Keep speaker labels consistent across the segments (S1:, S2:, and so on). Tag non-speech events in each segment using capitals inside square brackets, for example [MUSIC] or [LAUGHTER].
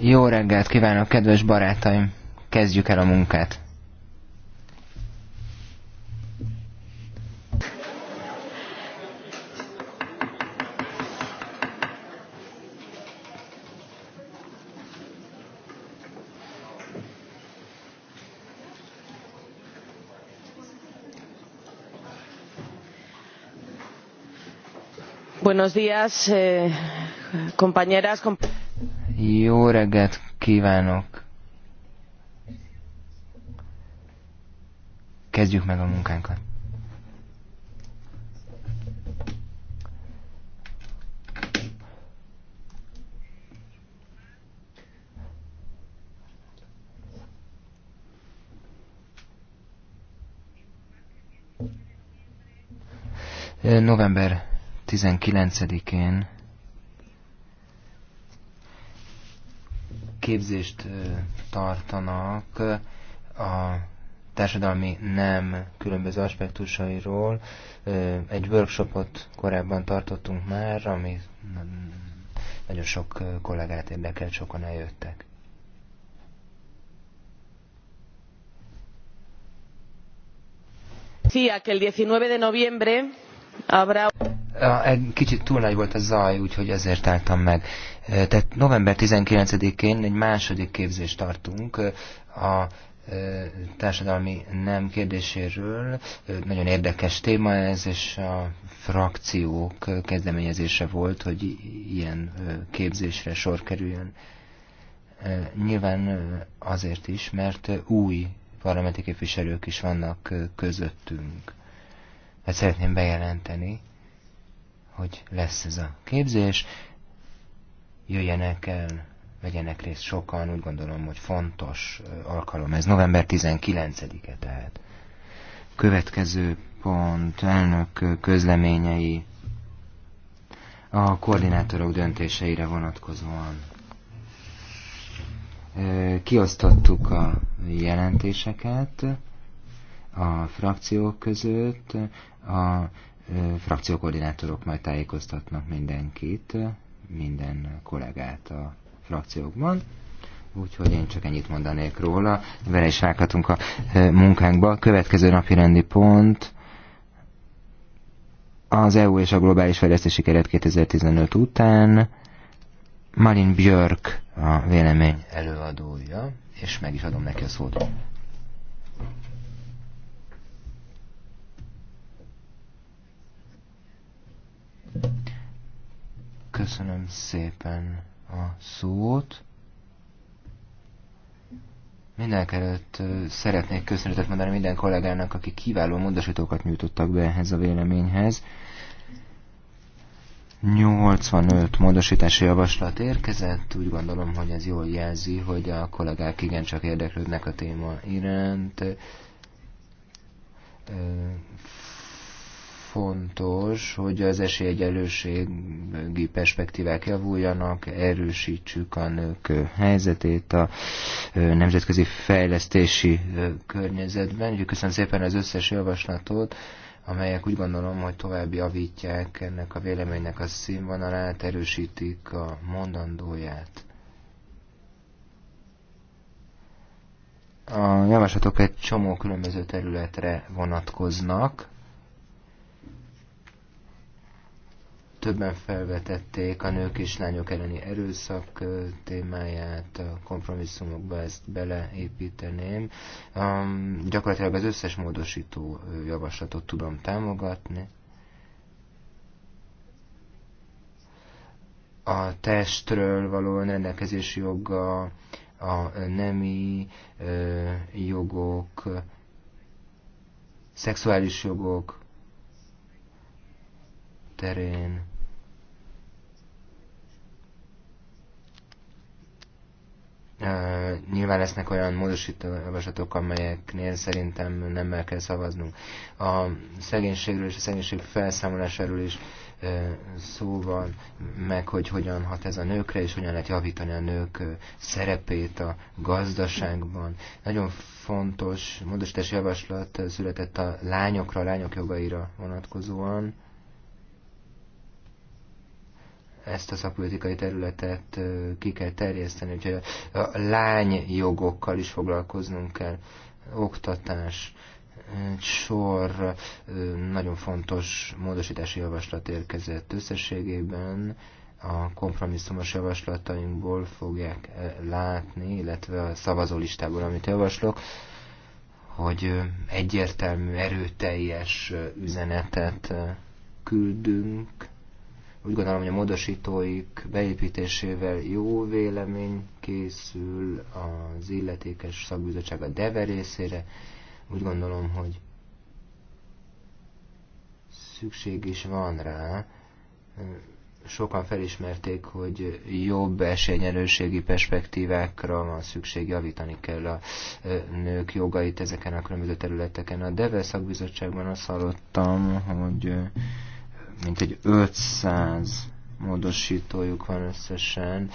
S1: Jó reggelt kívánok, kedves barátaim! Kezdjük el a munkát!
S2: Eh,
S1: Jó reggelt kívánok! Kezdjük meg a munkánkat. november 19-én képzést tartanak a társadalmi nem különböző aspektusairól. Egy workshopot korábban tartottunk már, ami nagyon sok kollégát érdekelt, sokan eljöttek.
S2: Decía que el 19 de noviembre habrá
S1: egy kicsit túl nagy volt a zaj, úgyhogy ezért álltam meg. Tehát november 19-én egy második képzést tartunk a társadalmi nem kérdéséről. Nagyon érdekes téma ez, és a frakciók kezdeményezése volt, hogy ilyen képzésre sor kerüljön. Nyilván azért is, mert új parlamenti képviselők is vannak közöttünk. Ezt szeretném bejelenteni, hogy lesz ez a képzés. Jöjjenek el, vegyenek részt sokan, úgy gondolom, hogy fontos alkalom. Ez november 19-e tehát. Következő pont, elnök közleményei a koordinátorok döntéseire vonatkozóan. Kiosztottuk a jelentéseket a frakciók között, a frakciókoordinátorok majd tájékoztatnak mindenkit, minden kollégát a frakciókban. Úgyhogy én csak ennyit mondanék róla. Vele is a eh, munkánkba. Következő napi rendi pont az EU és a globális fejlesztési keret 2015 után Malin Björk a vélemény előadója, és meg is adom neki a szót. Köszönöm szépen a szót. Mindenek előtt szeretnék köszönetet mondani minden kollégának, akik kiváló módosítókat nyújtottak be ehhez a véleményhez. 85 módosítási javaslat érkezett, úgy gondolom, hogy ez jól jelzi, hogy a kollégák igencsak érdeklődnek a téma iránt fontos, hogy az esélyegyelőségi perspektívák javuljanak, erősítsük a nők helyzetét a nemzetközi fejlesztési környezetben. Úgyhogy köszönöm szépen az összes javaslatot, amelyek úgy gondolom, hogy tovább javítják ennek a véleménynek a színvonalát, erősítik a mondandóját. a javaslatok egy csomó különböző területre vonatkoznak. Többen felvetették a nők és lányok elleni erőszak témáját, a kompromisszumokba ezt beleépíteném. Um, gyakorlatilag az összes módosító javaslatot tudom támogatni. A testről való rendelkezési joga, a nemi ö, jogok, szexuális jogok terén nyilván lesznek olyan módosító javaslatok, amelyeknél szerintem nem el kell szavaznunk. A szegénységről és a szegénység felszámolásáról is szó van, meg hogy hogyan hat ez a nőkre, és hogyan lehet javítani a nők szerepét a gazdaságban. Nagyon fontos módosítási javaslat született a lányokra, a lányok jogaira vonatkozóan, ezt a szakpolitikai területet ki kell terjeszteni, úgyhogy a lányjogokkal is foglalkoznunk kell, oktatás, sor nagyon fontos módosítási javaslat érkezett összességében, a kompromisszumos javaslatainkból fogják látni, illetve a szavazólistából, amit javaslok, hogy egyértelmű, erőteljes üzenetet küldünk úgy gondolom, hogy a módosítóik beépítésével jó vélemény készül az illetékes szakbizottság a DEVE részére. Úgy gondolom, hogy szükség is van rá. Sokan felismerték, hogy jobb esélynyerőségi perspektívákra van szükség, javítani kell a nők jogait ezeken a különböző területeken. A DEVE szakbizottságban azt hallottam, hogy mint egy 500 módosítójuk van összesen,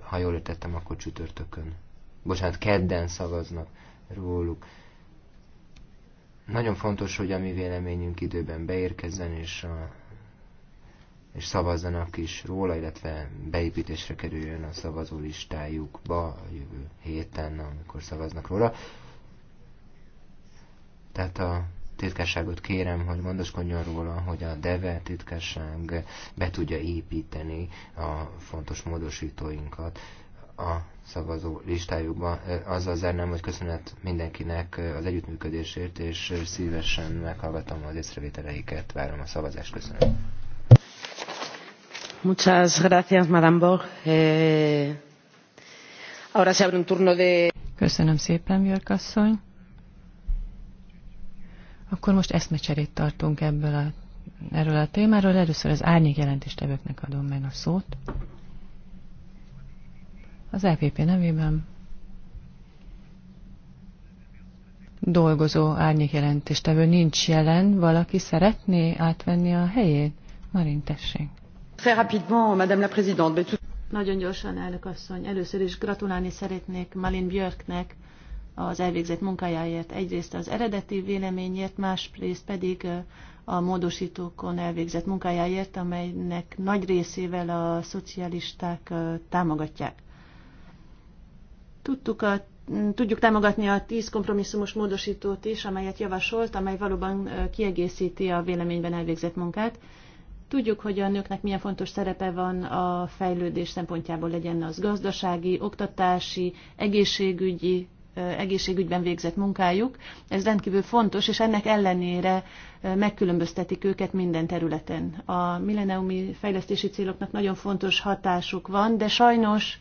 S1: ha jól értettem, akkor csütörtökön. Bocsánat, kedden szavaznak róluk. Nagyon fontos, hogy a mi véleményünk időben beérkezzen, és, a, és szavazzanak is róla, illetve beépítésre kerüljön a szavazó listájukba a jövő héten, amikor szavaznak róla. Tehát a titkárságot kérem, hogy gondoskodjon róla, hogy a DEVE titkárság be tudja építeni a fontos módosítóinkat a szavazó listájukba. Azzal zárnám, hogy köszönet mindenkinek az együttműködésért, és szívesen meghallgatom az észrevételeiket, várom a szavazást. Köszönöm.
S2: Muchas gracias, Madame Borg. Eh, ahora se abre un turno de...
S3: Köszönöm szépen, Björk asszony. Akkor most eszmecserét tartunk ebből a, erről a témáról. Először az árnyék jelentéstevőknek adom meg a szót. Az LPP e nevében dolgozó árnyék jelentéstevő nincs jelen. Valaki szeretné átvenni a helyét? Marin, tessék.
S2: Très rapidement,
S3: Madame la Présidente.
S2: Nagyon gyorsan, elnök asszony. Először is gratulálni szeretnék Malin Björknek az elvégzett munkájáért, egyrészt az eredeti véleményért, másrészt pedig a módosítókon elvégzett munkájáért, amelynek nagy részével a szocialisták támogatják. Tudtuk a, tudjuk támogatni a 10 kompromisszumos módosítót is, amelyet javasolt, amely valóban kiegészíti a véleményben elvégzett munkát. Tudjuk, hogy a nőknek milyen fontos szerepe van a fejlődés szempontjából, legyen az gazdasági, oktatási, egészségügyi egészségügyben végzett munkájuk. Ez rendkívül fontos, és ennek ellenére megkülönböztetik őket minden területen. A milleniumi fejlesztési céloknak nagyon fontos hatásuk van, de sajnos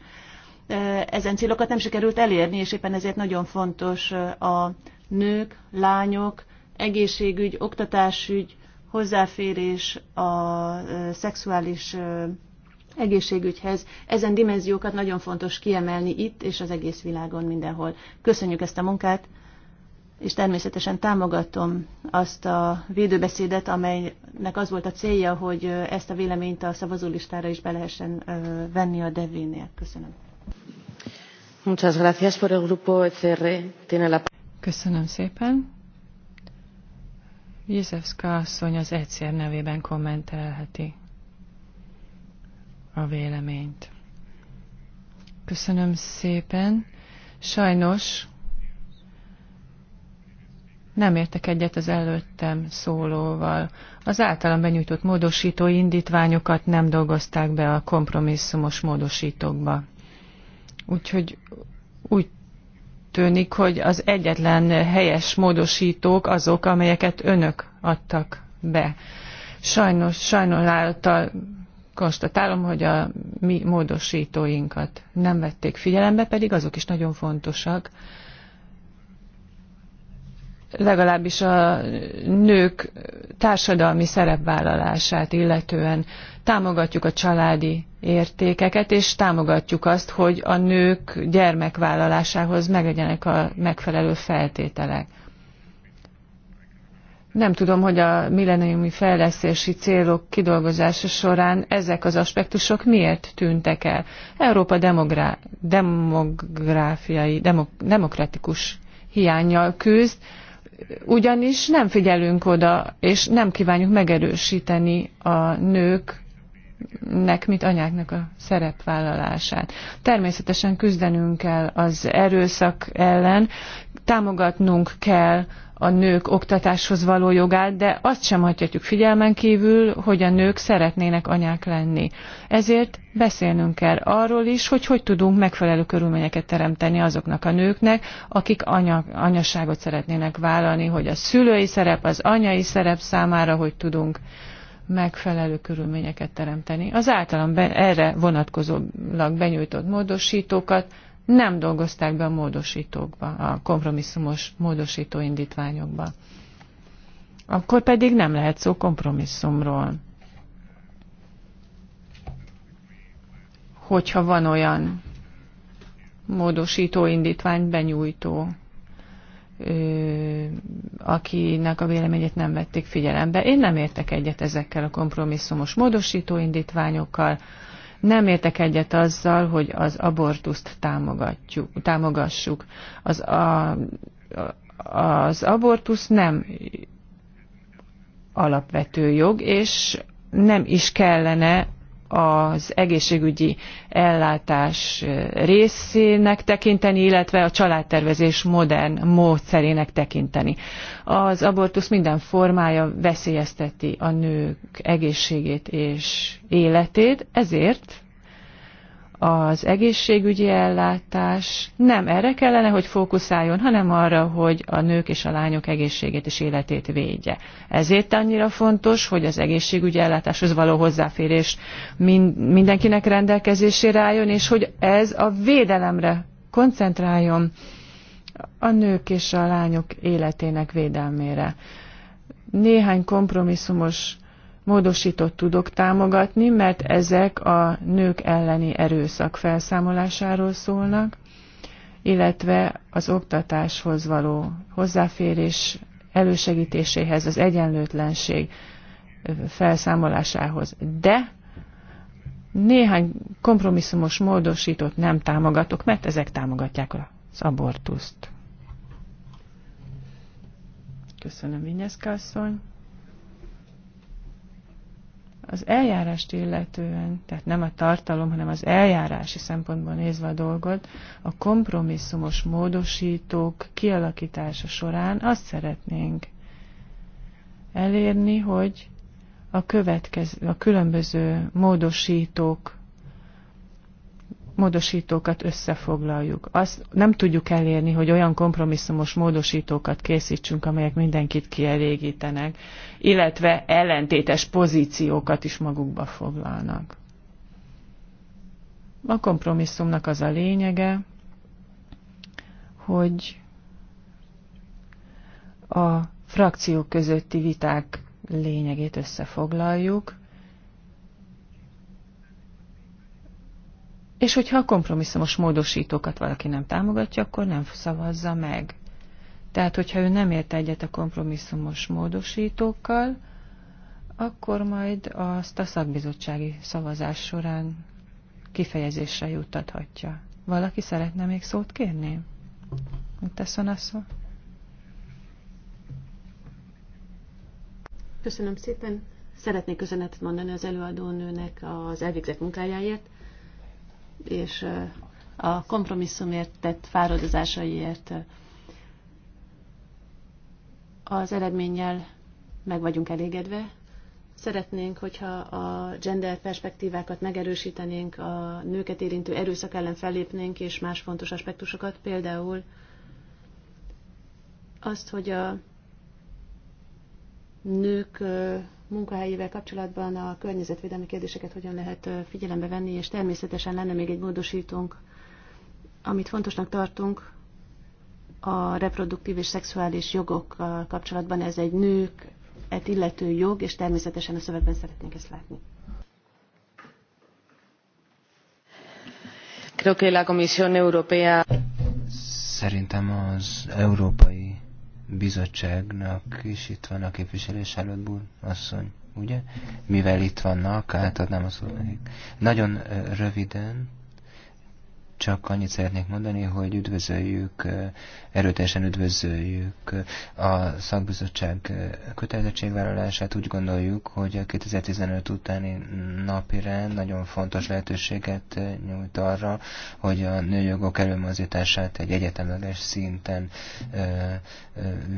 S2: ezen célokat nem sikerült elérni, és éppen ezért nagyon fontos a nők, lányok, egészségügy, oktatásügy, hozzáférés a szexuális egészségügyhez. Ezen dimenziókat nagyon fontos kiemelni itt és az egész világon mindenhol. Köszönjük ezt a munkát, és természetesen támogatom azt a védőbeszédet, amelynek az volt a célja, hogy ezt a véleményt a szavazólistára is be lehessen venni a devénél. Köszönöm.
S3: Muchas gracias por el grupo
S2: ECR. Tiene la...
S3: Köszönöm szépen. Jézevszka asszony az egyszer nevében kommentelheti a véleményt. Köszönöm szépen. Sajnos nem értek egyet az előttem szólóval. Az általam benyújtott módosító indítványokat nem dolgozták be a kompromisszumos módosítókba. Úgyhogy úgy tűnik, hogy az egyetlen helyes módosítók azok, amelyeket önök adtak be. Sajnos, sajnálattal konstatálom, hogy a mi módosítóinkat nem vették figyelembe, pedig azok is nagyon fontosak. Legalábbis a nők társadalmi szerepvállalását illetően támogatjuk a családi értékeket, és támogatjuk azt, hogy a nők gyermekvállalásához meglegyenek a megfelelő feltételek. Nem tudom, hogy a milleniumi fejlesztési célok kidolgozása során ezek az aspektusok miért tűntek el. Európa demogra- demográfiai, demok- demokratikus hiányjal küzd, ugyanis nem figyelünk oda, és nem kívánjuk megerősíteni a nők nek, mint anyáknak a szerepvállalását. Természetesen küzdenünk kell az erőszak ellen, támogatnunk kell a nők oktatáshoz való jogát, de azt sem hagyhatjuk figyelmen kívül, hogy a nők szeretnének anyák lenni. Ezért beszélnünk kell arról is, hogy hogy tudunk megfelelő körülményeket teremteni azoknak a nőknek, akik anya, anyaságot szeretnének vállalni, hogy a szülői szerep, az anyai szerep számára hogy tudunk megfelelő körülményeket teremteni. Az általam be, erre vonatkozólag benyújtott módosítókat nem dolgozták be a módosítókba, a kompromisszumos módosító indítványokba. Akkor pedig nem lehet szó kompromisszumról. Hogyha van olyan módosító indítvány, benyújtó, akinek a véleményét nem vették figyelembe. Én nem értek egyet ezekkel a kompromisszumos módosító indítványokkal, nem értek egyet azzal, hogy az abortuszt támogatjuk, támogassuk. Az, a, az abortusz nem alapvető jog, és nem is kellene az egészségügyi ellátás részének tekinteni, illetve a családtervezés modern módszerének tekinteni az abortusz minden formája veszélyezteti a nők egészségét és életét, ezért az egészségügyi ellátás nem erre kellene, hogy fókuszáljon, hanem arra, hogy a nők és a lányok egészségét és életét védje. Ezért annyira fontos, hogy az egészségügyi ellátáshoz való hozzáférés mindenkinek rendelkezésére álljon, és hogy ez a védelemre koncentráljon a nők és a lányok életének védelmére. Néhány kompromisszumos módosított tudok támogatni, mert ezek a nők elleni erőszak felszámolásáról szólnak, illetve az oktatáshoz való hozzáférés elősegítéséhez, az egyenlőtlenség felszámolásához. De néhány kompromisszumos módosított nem támogatok, mert ezek támogatják a az abortuszt. Köszönöm, Vinyeszka asszony. Az eljárást illetően, tehát nem a tartalom, hanem az eljárási szempontból nézve a dolgot, a kompromisszumos módosítók kialakítása során azt szeretnénk elérni, hogy a, következő, a különböző módosítók módosítókat összefoglaljuk. Azt nem tudjuk elérni, hogy olyan kompromisszumos módosítókat készítsünk, amelyek mindenkit kielégítenek, illetve ellentétes pozíciókat is magukba foglalnak. A kompromisszumnak az a lényege, hogy a frakciók közötti viták lényegét összefoglaljuk, És hogyha a kompromisszumos módosítókat valaki nem támogatja, akkor nem szavazza meg. Tehát, hogyha ő nem ért egyet a kompromisszumos módosítókkal, akkor majd azt a szakbizottsági szavazás során kifejezésre juttathatja. Valaki szeretne még szót kérni? Mit tesz a
S2: Köszönöm szépen. Szeretnék köszönetet mondani az előadónőnek az elvégzett munkájáért és a kompromisszumért tett fáradozásaiért az eredménnyel meg vagyunk elégedve. Szeretnénk, hogyha a gender perspektívákat megerősítenénk, a nőket érintő erőszak ellen fellépnénk, és más fontos aspektusokat, például azt, hogy a nők munkahelyével kapcsolatban a környezetvédelmi kérdéseket hogyan lehet figyelembe venni, és természetesen lenne még egy módosítónk, amit fontosnak tartunk, a reproduktív és szexuális jogok kapcsolatban ez egy et illető jog, és természetesen a szövegben szeretnénk ezt látni. Creo que la Comisión Europea...
S1: Szerintem az Európai bizottságnak is itt van a képviselés előtt Bull asszony, ugye? Mivel itt vannak, átadnám a szót nekik. Nagyon röviden, csak annyit szeretnék mondani, hogy üdvözöljük, erőteljesen üdvözöljük a szakbizottság kötelezettségvállalását. Úgy gondoljuk, hogy a 2015 utáni napirend nagyon fontos lehetőséget nyújt arra, hogy a nőjogok előmozdítását egy egyetemleges szinten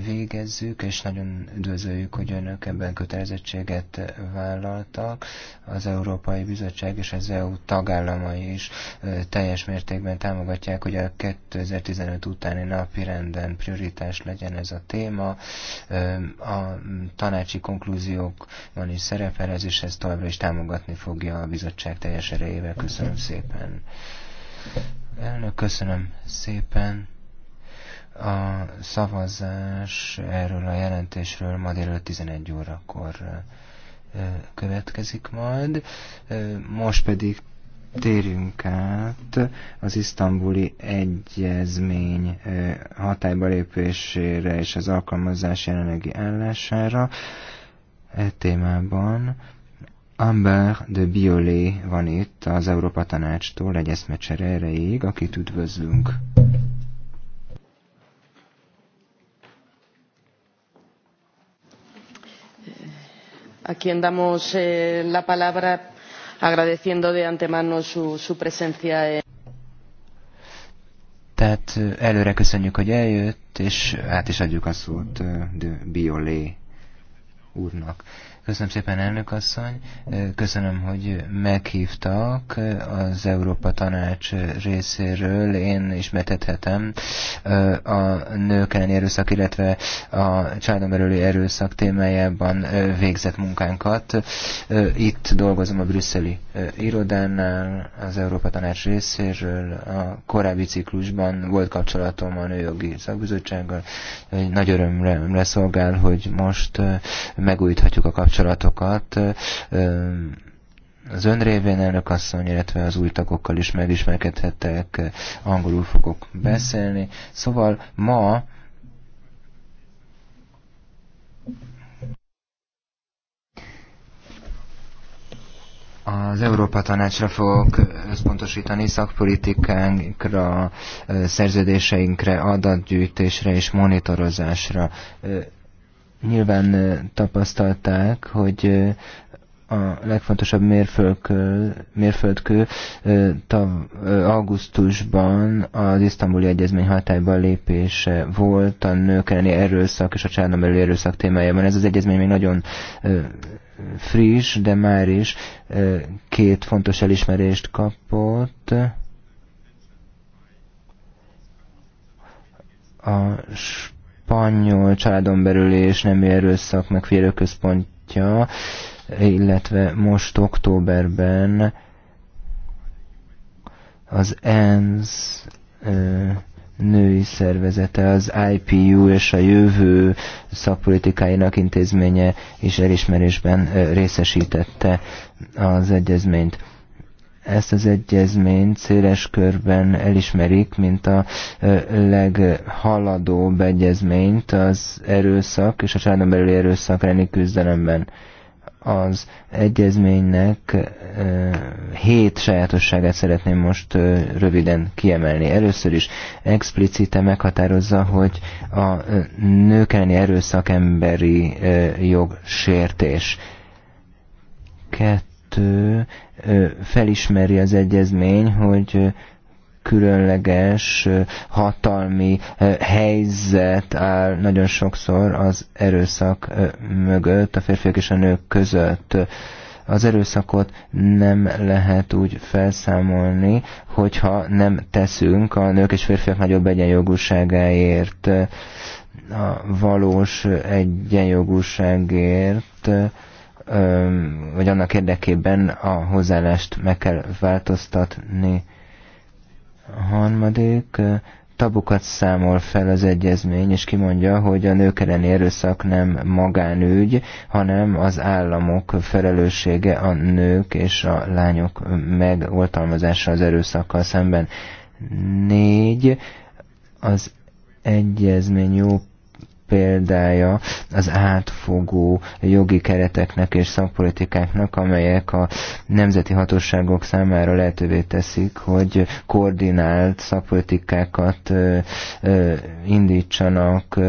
S1: végezzük, és nagyon üdvözöljük, hogy önök ebben kötelezettséget vállaltak. Az Európai Bizottság és az EU tagállamai is teljes mértékben mértékben támogatják, hogy a 2015 utáni napi renden prioritás legyen ez a téma. A tanácsi konklúziókban is szerepel ez, és ezt továbbra is támogatni fogja a bizottság teljes erejével. Köszönöm szépen. Elnök, köszönöm szépen. A szavazás erről a jelentésről ma délután 11 órakor következik majd. Most pedig térjünk át az isztambuli egyezmény hatályba lépésére és az alkalmazás jelenlegi állására. E témában Amber de Biolé van itt az Európa Tanácstól egy eszmecsere erejéig, akit üdvözlünk.
S2: Aquí damos eh, la palabra agradeciendo de antemano su, su presencia. En...
S1: Tehát előre köszönjük, hogy eljött, és át is adjuk a szót de Biolé úrnak. Köszönöm szépen, elnök asszony. Köszönöm, hogy meghívtak az Európa Tanács részéről. Én ismertethetem a nők elleni erőszak, illetve a családon belüli erőszak témájában végzett munkánkat. Itt dolgozom a brüsszeli irodánál, az Európa Tanács részéről. A korábbi ciklusban volt kapcsolatom a Nőjogi Szakbizottsággal. Nagy örömre szolgál, hogy most megújíthatjuk a kapcsolatot kapcsolatokat az önrévén elnök asszony, illetve az új tagokkal is megismerkedhettek, angolul fogok beszélni. Szóval ma Az Európa Tanácsra fogok összpontosítani szakpolitikánkra, szerződéseinkre, adatgyűjtésre és monitorozásra. Nyilván tapasztalták, hogy a legfontosabb mérföldkő, mérföldkő tav, augusztusban az isztambuli egyezmény hatályban lépése volt a nők elleni erőszak és a családon belüli erőszak témájában. Ez az egyezmény még nagyon friss, de már is két fontos elismerést kapott. A spanyol családon belül és nem erőszak központja, illetve most októberben az ENSZ női szervezete, az IPU és a jövő szakpolitikáinak intézménye is elismerésben részesítette az egyezményt ezt az egyezményt széles körben elismerik, mint a leghaladóbb egyezményt az erőszak és a családon belüli erőszak elleni küzdelemben. Az egyezménynek hét sajátosságát szeretném most röviden kiemelni. Először is explicite meghatározza, hogy a nők elleni erőszak emberi jogsértés. Kettő ö, felismeri az egyezmény, hogy különleges hatalmi helyzet áll nagyon sokszor az erőszak mögött, a férfiak és a nők között. Az erőszakot nem lehet úgy felszámolni, hogyha nem teszünk a nők és férfiak nagyobb egyenjogúságáért, a valós egyenjogúságért, vagy annak érdekében a hozzáállást meg kell változtatni. A harmadik, tabukat számol fel az egyezmény, és kimondja, hogy a nők elleni erőszak nem magánügy, hanem az államok felelőssége a nők és a lányok megoltalmazása az erőszakkal szemben. Négy, az egyezmény jó példája az átfogó jogi kereteknek és szakpolitikáknak, amelyek a nemzeti hatóságok számára lehetővé teszik, hogy koordinált szakpolitikákat indítsanak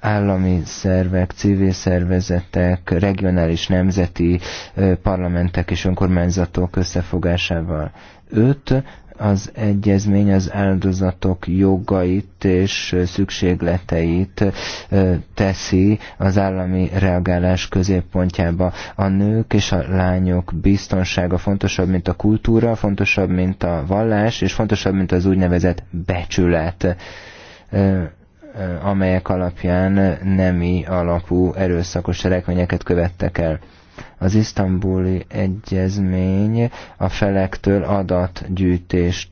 S1: állami szervek, civil szervezetek, regionális, nemzeti parlamentek és önkormányzatok összefogásával. Öt, az egyezmény az áldozatok jogait és szükségleteit teszi az állami reagálás középpontjába. A nők és a lányok biztonsága fontosabb, mint a kultúra, fontosabb, mint a vallás, és fontosabb, mint az úgynevezett becsület amelyek alapján nemi alapú erőszakos cselekményeket követtek el az isztambuli egyezmény a felektől adatgyűjtést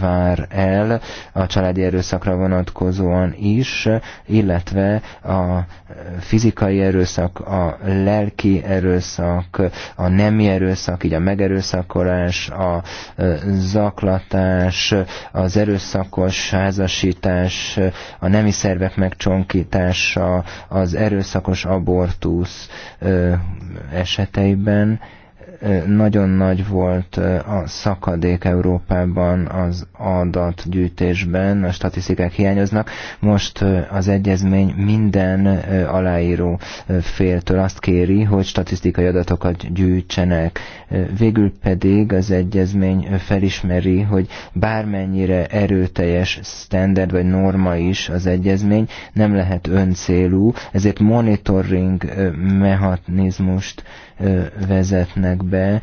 S1: vár el a családi erőszakra vonatkozóan is, illetve a fizikai erőszak, a lelki erőszak, a nemi erőszak, így a megerőszakolás, a zaklatás, az erőszakos házasítás, a nemi szervek megcsonkítása, az erőszakos abortusz, es eseteiben nagyon nagy volt a szakadék Európában az adatgyűjtésben, a statisztikák hiányoznak. Most az egyezmény minden aláíró féltől azt kéri, hogy statisztikai adatokat gyűjtsenek. Végül pedig az egyezmény felismeri, hogy bármennyire erőteljes standard vagy norma is az egyezmény, nem lehet öncélú, ezért monitoring mechanizmust vezetnek be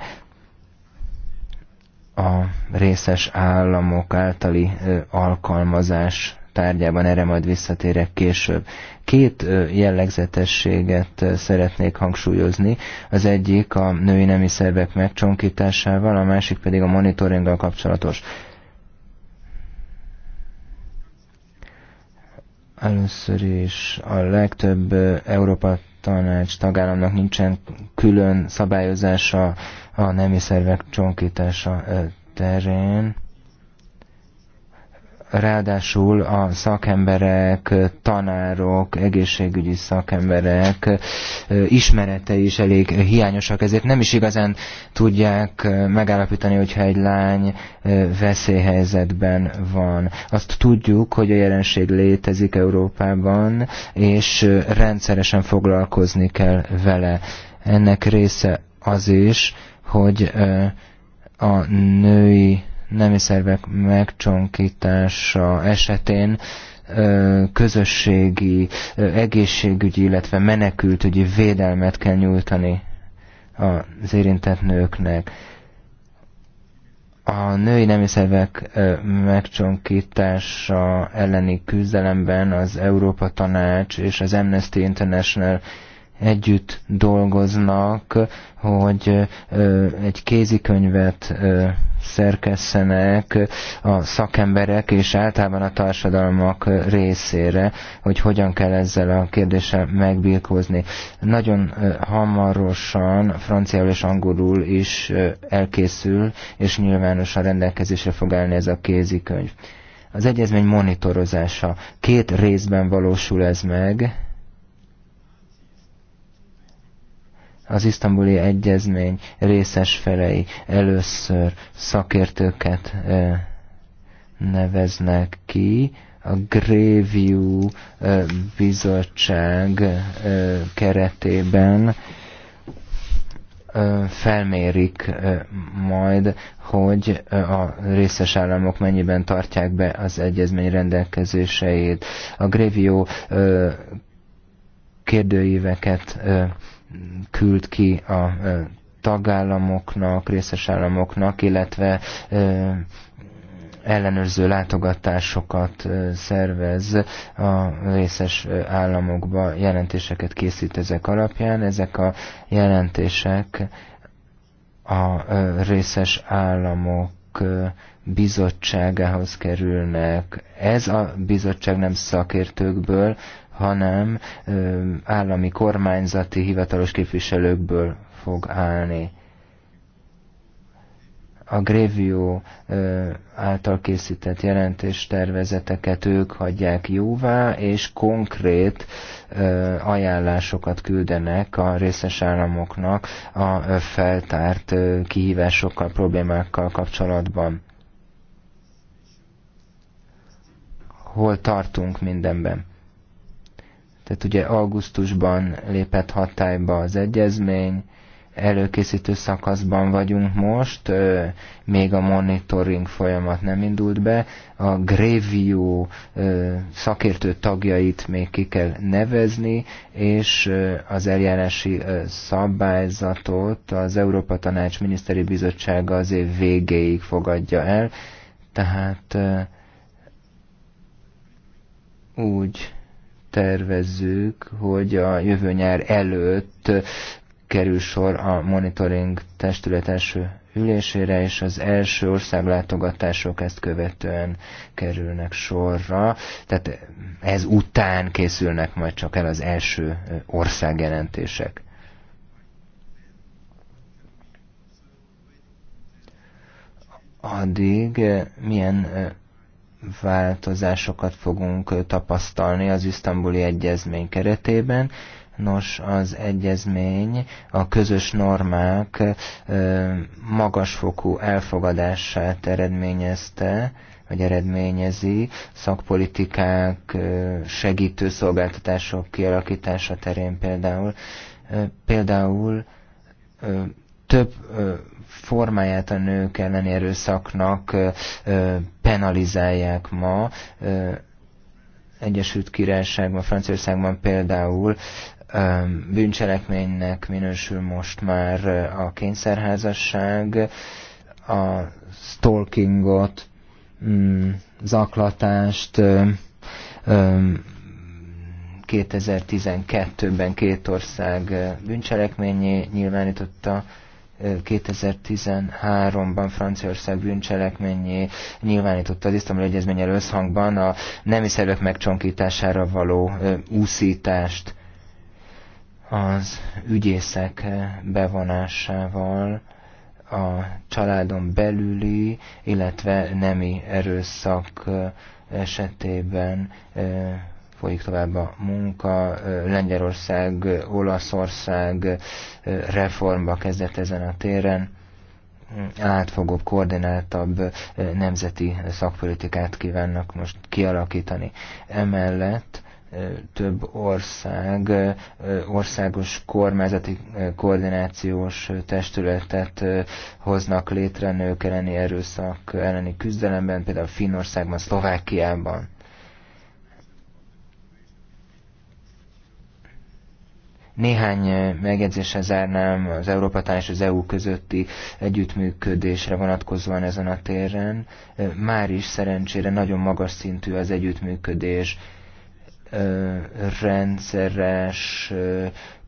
S1: a részes államok általi alkalmazás tárgyában, erre majd visszatérek később. Két jellegzetességet szeretnék hangsúlyozni, az egyik a női nemi szervek megcsonkításával, a másik pedig a monitoringgal kapcsolatos. Először is a legtöbb Európa tanács tagállamnak nincsen külön szabályozása a nemi szervek csonkítása eh, terén. Ráadásul a szakemberek, tanárok, egészségügyi szakemberek ismeretei is elég hiányosak, ezért nem is igazán tudják megállapítani, hogyha egy lány veszélyhelyzetben van. Azt tudjuk, hogy a jelenség létezik Európában, és rendszeresen foglalkozni kell vele. Ennek része az is, hogy a női nemi szervek megcsonkítása esetén közösségi, egészségügyi, illetve menekültügyi védelmet kell nyújtani az érintett nőknek. A női nemiszervek megcsonkítása elleni küzdelemben az Európa Tanács és az Amnesty International együtt dolgoznak, hogy egy kézikönyvet szerkesszenek a szakemberek és általában a társadalmak részére, hogy hogyan kell ezzel a kérdéssel megbírkozni. Nagyon hamarosan franciául és angolul is elkészül, és nyilvánosan rendelkezésre fog állni ez a kézikönyv. Az egyezmény monitorozása. Két részben valósul ez meg, az isztambuli egyezmény részes felei először szakértőket neveznek ki, a Gréview bizottság keretében felmérik majd, hogy a részes államok mennyiben tartják be az egyezmény rendelkezéseit. A Grévio kérdőíveket küld ki a tagállamoknak, részes államoknak, illetve ellenőrző látogatásokat szervez a részes államokba, jelentéseket készít ezek alapján. Ezek a jelentések a részes államok bizottságához kerülnek. Ez a bizottság nem szakértőkből, hanem állami kormányzati hivatalos képviselőkből fog állni. A Grevio által készített tervezeteket ők hagyják jóvá, és konkrét ajánlásokat küldenek a részes államoknak a feltárt kihívásokkal, problémákkal kapcsolatban. Hol tartunk mindenben? Tehát ugye augusztusban lépett hatályba az egyezmény, előkészítő szakaszban vagyunk most, még a monitoring folyamat nem indult be, a Grevio szakértő tagjait még ki kell nevezni, és az eljárási szabályzatot az Európa Tanács Miniszteri Bizottsága az év végéig fogadja el, tehát úgy tervezzük, hogy a jövő nyár előtt kerül sor a monitoring testület első ülésére, és az első országlátogatások ezt követően kerülnek sorra. Tehát ez után készülnek majd csak el az első országjelentések. Addig milyen változásokat fogunk tapasztalni az isztambuli egyezmény keretében. Nos, az egyezmény a közös normák magasfokú elfogadását eredményezte, vagy eredményezi szakpolitikák, segítő szolgáltatások kialakítása terén például. Például több formáját a nők elleni erőszaknak penalizálják ma. Egyesült Királyságban, Franciaországban például bűncselekménynek minősül most már a kényszerházasság, a stalkingot, mm, zaklatást, 2012-ben két ország bűncselekményé nyilvánította 2013-ban Franciaország bűncselekményé nyilvánította az isztambuli egyezménnyel összhangban a nemi szervek megcsonkítására való úszítást az ügyészek bevonásával a családon belüli, illetve nemi erőszak esetében folyik tovább a munka, Lengyelország, Olaszország reformba kezdett ezen a téren, átfogóbb, koordináltabb nemzeti szakpolitikát kívánnak most kialakítani. Emellett több ország országos kormányzati koordinációs testületet hoznak létre nők elleni erőszak elleni küzdelemben, például Finnországban, Szlovákiában. Néhány eh, megjegyzéssel zárnám az Európa és az EU közötti együttműködésre vonatkozóan ezen a téren. Eh, Már is szerencsére nagyon magas szintű az együttműködés, eh, rendszeres,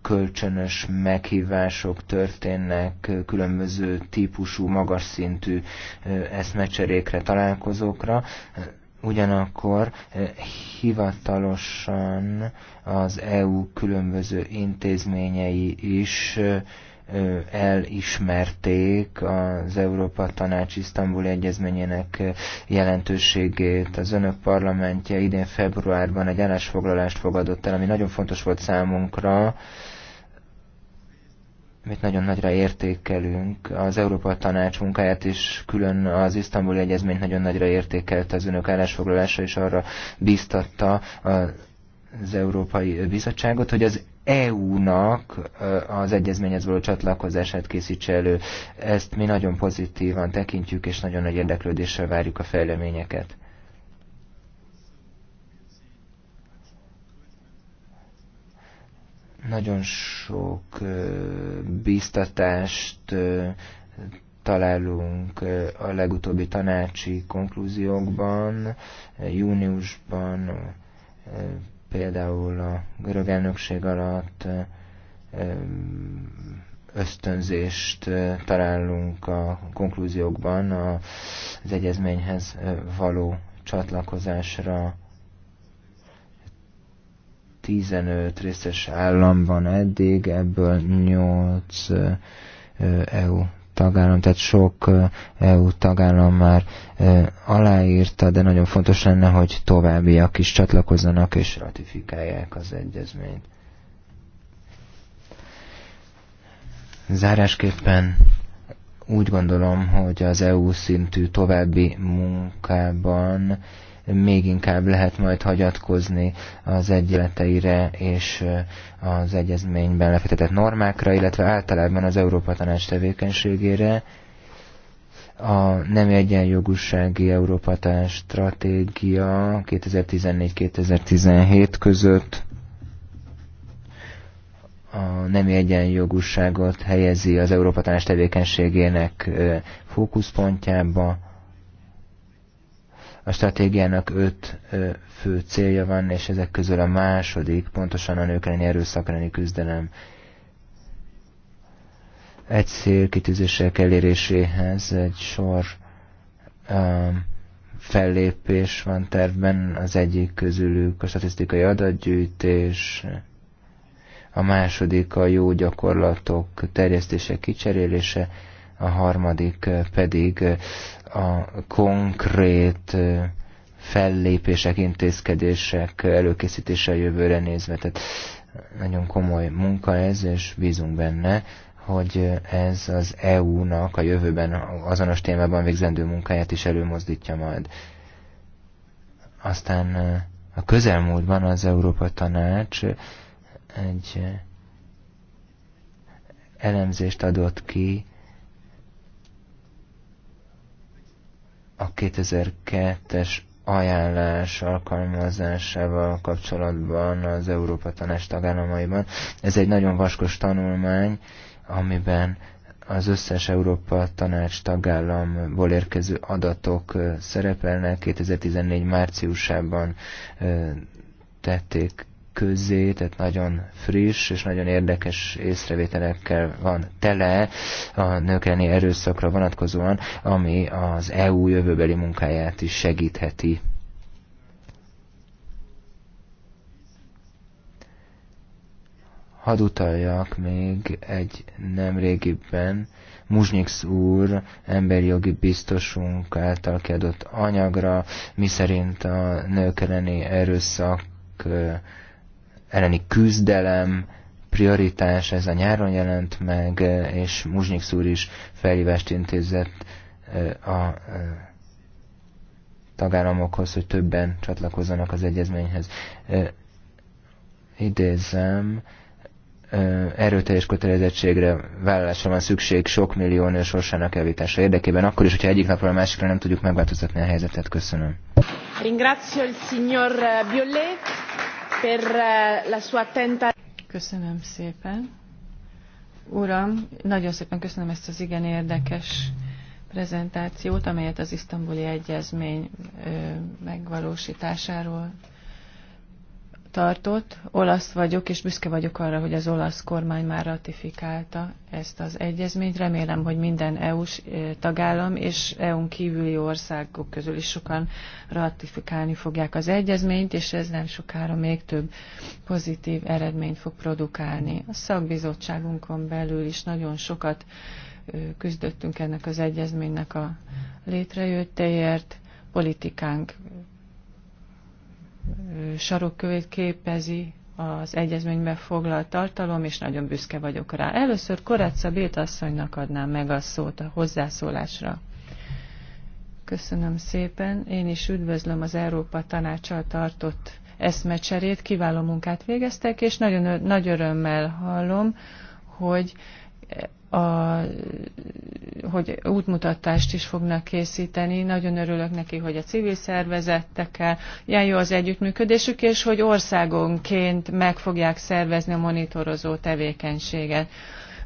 S1: kölcsönös meghívások történnek, különböző típusú, magas szintű eszmecserékre, találkozókra ugyanakkor eh, hivatalosan az EU különböző intézményei is eh, eh, elismerték az Európa Tanács Isztambul Egyezményének jelentőségét. Az önök parlamentje idén februárban egy állásfoglalást fogadott el, ami nagyon fontos volt számunkra, amit nagyon nagyra értékelünk. Az Európa Tanács munkáját is külön az isztambuli egyezményt nagyon nagyra értékelt az önök állásfoglalása, és arra bíztatta az Európai Bizottságot, hogy az EU-nak az egyezményhez való csatlakozását készítse elő. Ezt mi nagyon pozitívan tekintjük, és nagyon nagy érdeklődéssel várjuk a fejleményeket. Nagyon sok bíztatást találunk a legutóbbi tanácsi konklúziókban, júniusban, például a görög elnökség alatt ösztönzést találunk a konklúziókban az egyezményhez való csatlakozásra. 15 részes állam van eddig, ebből 8 EU tagállam, tehát sok EU tagállam már aláírta, de nagyon fontos lenne, hogy továbbiak is csatlakozzanak és ratifikálják az egyezményt. Zárásképpen úgy gondolom, hogy az EU szintű további munkában még inkább lehet majd hagyatkozni az egyleteire és az egyezményben lefetetett normákra, illetve általában az Európa Tanács tevékenységére, a nem egyenjogúsági Európa Tanács stratégia 2014-2017 között a nemi egyenjogúságot helyezi az Európa Tanács tevékenységének fókuszpontjába, a stratégiának öt fő célja van, és ezek közül a második, pontosan a nők elleni erőszak elleni küzdelem. Egy kitűzések eléréséhez egy sor ö, fellépés van tervben, az egyik közülük a statisztikai adatgyűjtés, a második a jó gyakorlatok terjesztése, kicserélése, a harmadik pedig a konkrét fellépések, intézkedések előkészítése a jövőre nézve. Tehát nagyon komoly munka ez, és bízunk benne, hogy ez az EU-nak a jövőben azonos témában végzendő munkáját is előmozdítja majd. Aztán a közelmúltban az Európa Tanács egy elemzést adott ki a 2002-es ajánlás alkalmazásával kapcsolatban az Európa Tanács tagállamaiban. Ez egy nagyon vaskos tanulmány, amiben az összes Európa Tanács tagállamból érkező adatok szerepelnek. 2014 márciusában tették közé, tehát nagyon friss és nagyon érdekes észrevételekkel van tele a nők erőszakra vonatkozóan, ami az EU jövőbeli munkáját is segítheti. Hadd utaljak még egy nem régiben Muzsnyix úr, emberi jogi biztosunk által kiadott anyagra, miszerint a nők elleni erőszak elleni küzdelem prioritás, ez a nyáron jelent meg, eh, és Muzsnyik szúr is felhívást intézett eh, a eh, tagállamokhoz, hogy többen csatlakozzanak az egyezményhez. Idézem, erőteljes kötelezettségre, vállalásra van szükség sok millió nő sorsának javítása érdekében, akkor is, hogyha egyik napról a másikra nem tudjuk megváltoztatni a helyzetet. Köszönöm.
S2: Ringrazio il signor
S3: Biolé. Eh, köszönöm szépen. Uram, nagyon szépen köszönöm ezt az igen érdekes prezentációt, amelyet az isztambuli egyezmény megvalósításáról tartott. Olasz vagyok, és büszke vagyok arra, hogy az olasz kormány már ratifikálta ezt az egyezményt. Remélem, hogy minden EU-s eh, tagállam és EU-n kívüli országok közül is sokan ratifikálni fogják az egyezményt, és ez nem sokára még több pozitív eredményt fog produkálni. A szakbizottságunkon belül is nagyon sokat eh, küzdöttünk ennek az egyezménynek a létrejöttéért. Politikánk sarokkövét képezi az egyezményben foglalt tartalom, és nagyon büszke vagyok rá. Először Koráca Bét asszonynak adnám meg a szót a hozzászólásra. Köszönöm szépen. Én is üdvözlöm az Európa Tanácsal tartott eszmecserét. Kiváló munkát végeztek, és nagyon nagy örömmel hallom, hogy a, hogy útmutatást is fognak készíteni. Nagyon örülök neki, hogy a civil szervezettekkel ilyen jó az együttműködésük, és hogy országonként meg fogják szervezni a monitorozó tevékenységet.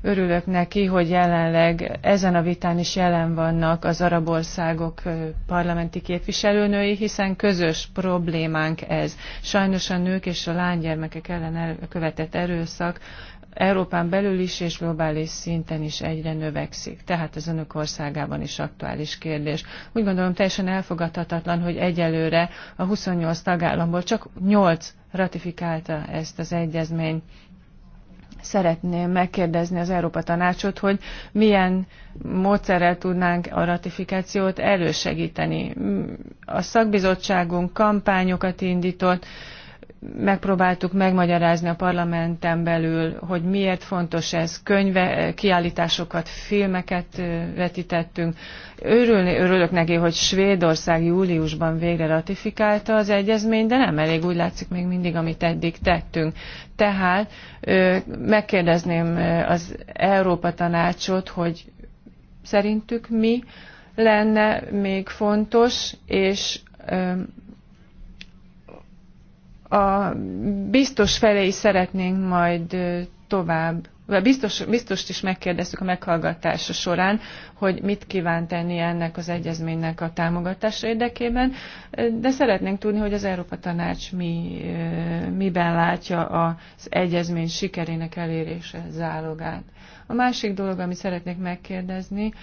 S3: Örülök neki, hogy jelenleg ezen a vitán is jelen vannak az arab országok parlamenti képviselőnői, hiszen közös problémánk ez. Sajnos a nők és a lánygyermekek ellen követett erőszak Európán belül is és globális szinten is egyre növekszik. Tehát az önök országában is aktuális kérdés. Úgy gondolom teljesen elfogadhatatlan, hogy egyelőre a 28 tagállamból csak 8 ratifikálta ezt az egyezményt szeretném megkérdezni az Európa Tanácsot, hogy milyen módszerrel tudnánk a ratifikációt elősegíteni. A szakbizottságunk kampányokat indított, megpróbáltuk megmagyarázni a parlamenten belül, hogy miért fontos ez, könyve, eh, kiállításokat, filmeket eh, vetítettünk. Örülni, örülök neki, hogy Svédország júliusban végre ratifikálta az egyezményt, de nem elég úgy látszik még mindig, amit eddig tettünk. Tehát eh, megkérdezném az Európa Tanácsot, hogy szerintük mi lenne még fontos, és a biztos felé is szeretnénk majd tovább, vagy biztos, biztos is megkérdeztük a meghallgatása során, hogy mit kíván tenni ennek az egyezménynek a támogatása érdekében, de szeretnénk tudni, hogy az Európa Tanács mi, miben látja az egyezmény sikerének elérése zálogát. A másik dolog, amit szeretnék megkérdezni,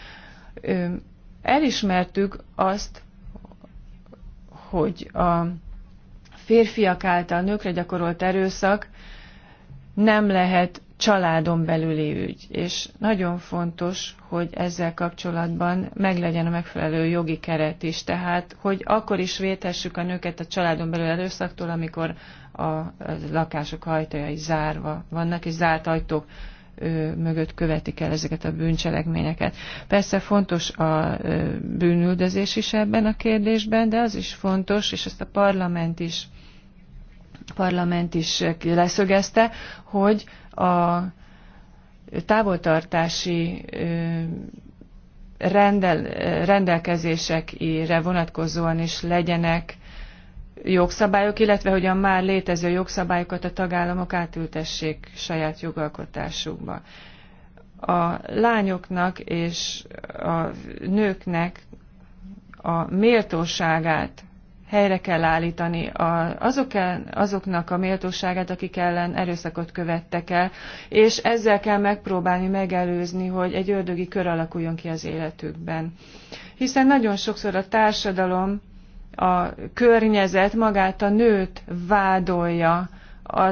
S3: elismertük azt, hogy a férfiak által nőkre gyakorolt erőszak nem lehet családon belüli ügy, és nagyon fontos, hogy ezzel kapcsolatban meglegyen a megfelelő jogi keret is, tehát hogy akkor is védhessük a nőket a családon belül erőszaktól, amikor a lakások ajtajai zárva vannak, és zárt ajtók mögött követik el ezeket a bűncselekményeket. Persze fontos a bűnüldözés is ebben a kérdésben, de az is fontos, és ezt a parlament is, parlament is leszögezte, hogy a távoltartási rendel, rendelkezésekre vonatkozóan is legyenek jogszabályok, illetve hogy a már létező jogszabályokat a tagállamok átültessék saját jogalkotásukba. A lányoknak és a nőknek a méltóságát helyre kell állítani a, azok el, azoknak a méltóságát, akik ellen erőszakot követtek el, és ezzel kell megpróbálni megelőzni, hogy egy ördögi kör alakuljon ki az életükben. Hiszen nagyon sokszor a társadalom a környezet magát a nőt vádolja a,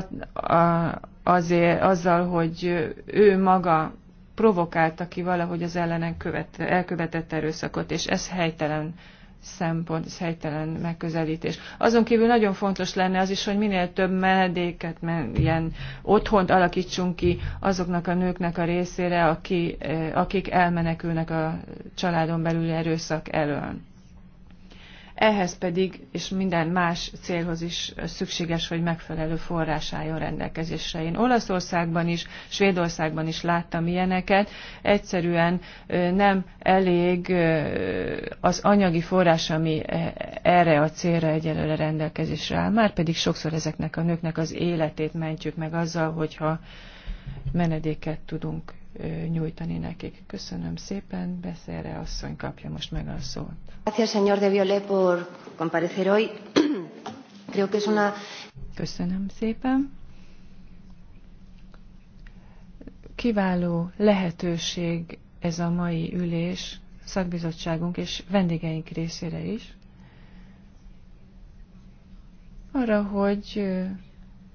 S3: a, azért, azzal, hogy ő maga provokálta ki valahogy az ellenen követ, elkövetett erőszakot, és ez helytelen szempont, ez helytelen megközelítés. Azon kívül nagyon fontos lenne az is, hogy minél több menedéket, ilyen otthont alakítsunk ki azoknak a nőknek a részére, aki, eh, akik elmenekülnek a családon belüli erőszak elől ehhez pedig, és minden más célhoz is szükséges, hogy megfelelő forrás álljon rendelkezésre. Én Olaszországban is, Svédországban is láttam ilyeneket. Egyszerűen nem elég az anyagi forrás, ami erre a célra egyelőre rendelkezésre áll. Már pedig sokszor ezeknek a nőknek az életét mentjük meg azzal, hogyha menedéket tudunk nyújtani nekik. Köszönöm szépen, beszélre asszony kapja most meg a szót.
S2: [CLEARS THROAT]
S3: Köszönöm szépen. Kiváló lehetőség ez a mai ülés szakbizottságunk és vendégeink részére is. Arra, hogy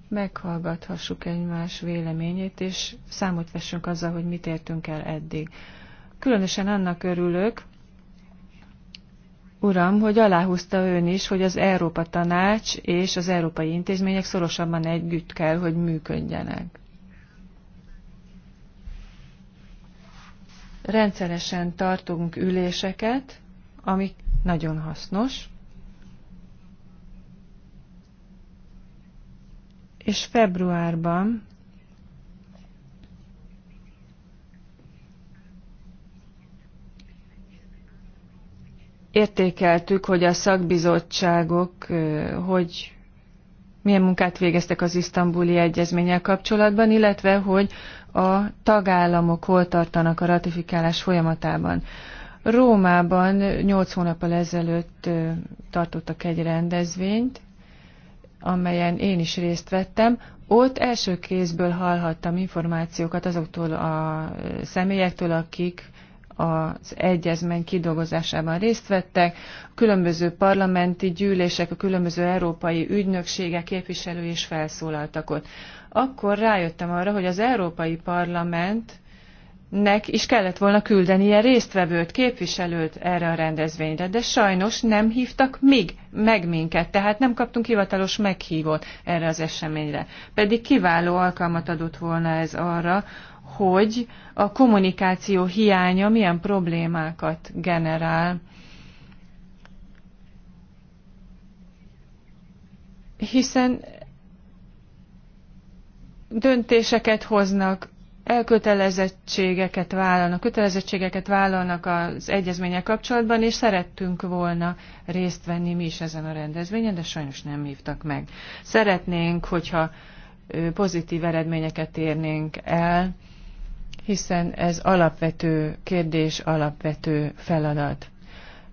S3: meghallgathassuk egymás véleményét, és számot vessünk azzal, hogy mit értünk el eddig. Különösen annak örülök, Uram, hogy aláhúzta ön is, hogy az Európa Tanács és az európai intézmények szorosabban együtt kell, hogy működjenek. Rendszeresen tartunk üléseket, ami nagyon hasznos, és februárban értékeltük, hogy a szakbizottságok hogy milyen munkát végeztek az isztambuli egyezménnyel kapcsolatban, illetve hogy a tagállamok hol tartanak a ratifikálás folyamatában. Rómában 8 hónappal ezelőtt tartottak egy rendezvényt, amelyen én is részt vettem, ott első kézből hallhattam információkat azoktól a személyektől, akik az egyezmény kidolgozásában részt vettek, a különböző parlamenti gyűlések, a különböző európai ügynökségek képviselői is felszólaltak ott. Akkor rájöttem arra, hogy az Európai Parlament nek is kellett volna küldenie résztvevőt, képviselőt erre a rendezvényre, de sajnos nem hívtak még meg minket, tehát nem kaptunk hivatalos meghívót erre az eseményre. Pedig kiváló alkalmat adott volna ez arra, hogy a kommunikáció hiánya milyen problémákat generál. Hiszen döntéseket hoznak elkötelezettségeket vállalnak, kötelezettségeket vállalnak az egyezmények kapcsolatban, és szerettünk volna részt venni mi is ezen a rendezvényen, de sajnos nem hívtak meg. Szeretnénk, hogyha pozitív eredményeket érnénk el, hiszen ez alapvető kérdés, alapvető feladat.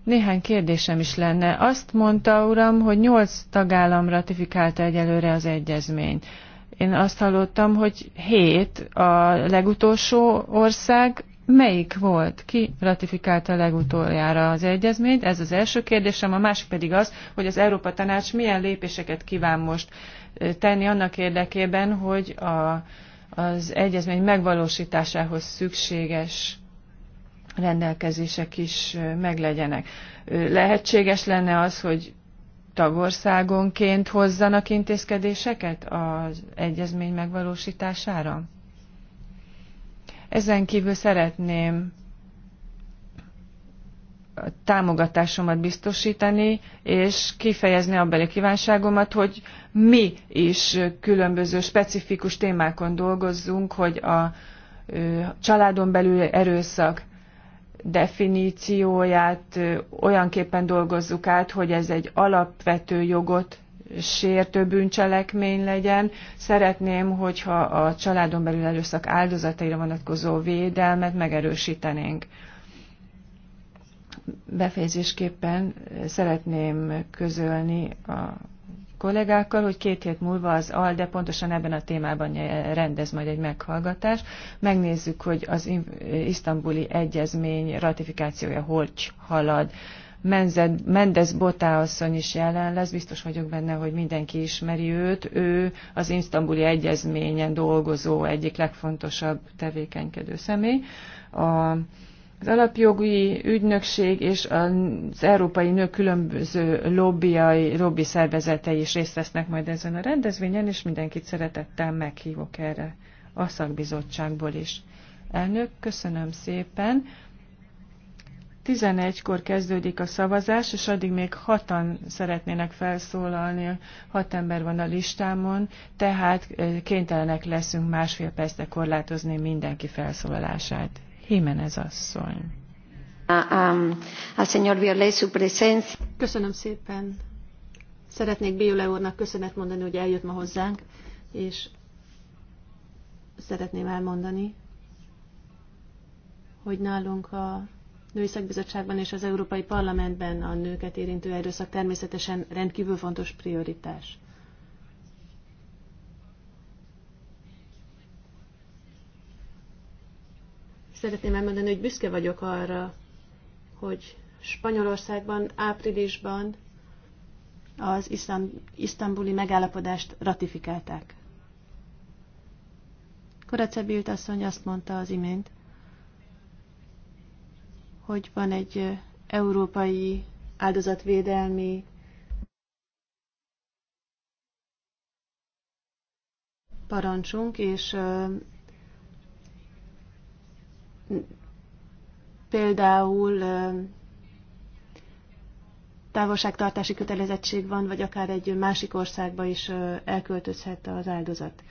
S3: Néhány kérdésem is lenne. Azt mondta, uram, hogy nyolc tagállam ratifikálta egyelőre az egyezményt. Én azt hallottam, hogy hét a legutolsó ország. Melyik volt? Ki ratifikálta legutoljára az egyezményt? Ez az első kérdésem. A másik pedig az, hogy az Európa Tanács milyen lépéseket kíván most tenni annak érdekében, hogy a, az egyezmény megvalósításához szükséges rendelkezések is meglegyenek. Lehetséges lenne az, hogy tagországonként hozzanak intézkedéseket az egyezmény megvalósítására? Ezen kívül szeretném a támogatásomat biztosítani, és kifejezni abbeli kívánságomat, hogy mi is különböző specifikus témákon dolgozzunk, hogy a családon belül erőszak definícióját olyanképpen dolgozzuk át, hogy ez egy alapvető jogot sértő bűncselekmény legyen. Szeretném, hogyha a családon belül erőszak áldozataira vonatkozó védelmet megerősítenénk. Befejezésképpen szeretném közölni a kollégákkal, hogy két hét múlva az ALDE pontosan ebben a témában rendez majd egy meghallgatás. Megnézzük, hogy az isztambuli egyezmény ratifikációja hol halad. Menzed, Mendes Botá asszony is jelen lesz, biztos vagyok benne, hogy mindenki ismeri őt. Ő az isztambuli egyezményen dolgozó egyik legfontosabb tevékenykedő személy. A, az alapjogi ügynökség és az európai nők különböző lobbyai, lobby szervezetei is részt vesznek majd ezen a rendezvényen, és mindenkit szeretettel meghívok erre a szakbizottságból is. Elnök, köszönöm szépen. 11-kor kezdődik a szavazás, és addig még hatan szeretnének felszólalni, hat ember van a listámon, tehát eh, kénytelenek leszünk másfél percre korlátozni mindenki felszólalását. Jiménez asszony. A señor
S2: Köszönöm szépen. Szeretnék Biole úrnak köszönet mondani, hogy eljött ma hozzánk, és szeretném elmondani, hogy nálunk a Női Szakbizottságban és az Európai Parlamentben a nőket érintő erőszak természetesen rendkívül fontos prioritás. szeretném elmondani, hogy büszke vagyok arra, hogy Spanyolországban áprilisban az iszlám, isztambuli megállapodást ratifikálták. Koracebilt asszony azt mondta az imént, hogy van egy európai áldozatvédelmi parancsunk, és például távolságtartási kötelezettség van, vagy akár egy másik országba is elköltözhet az áldozat.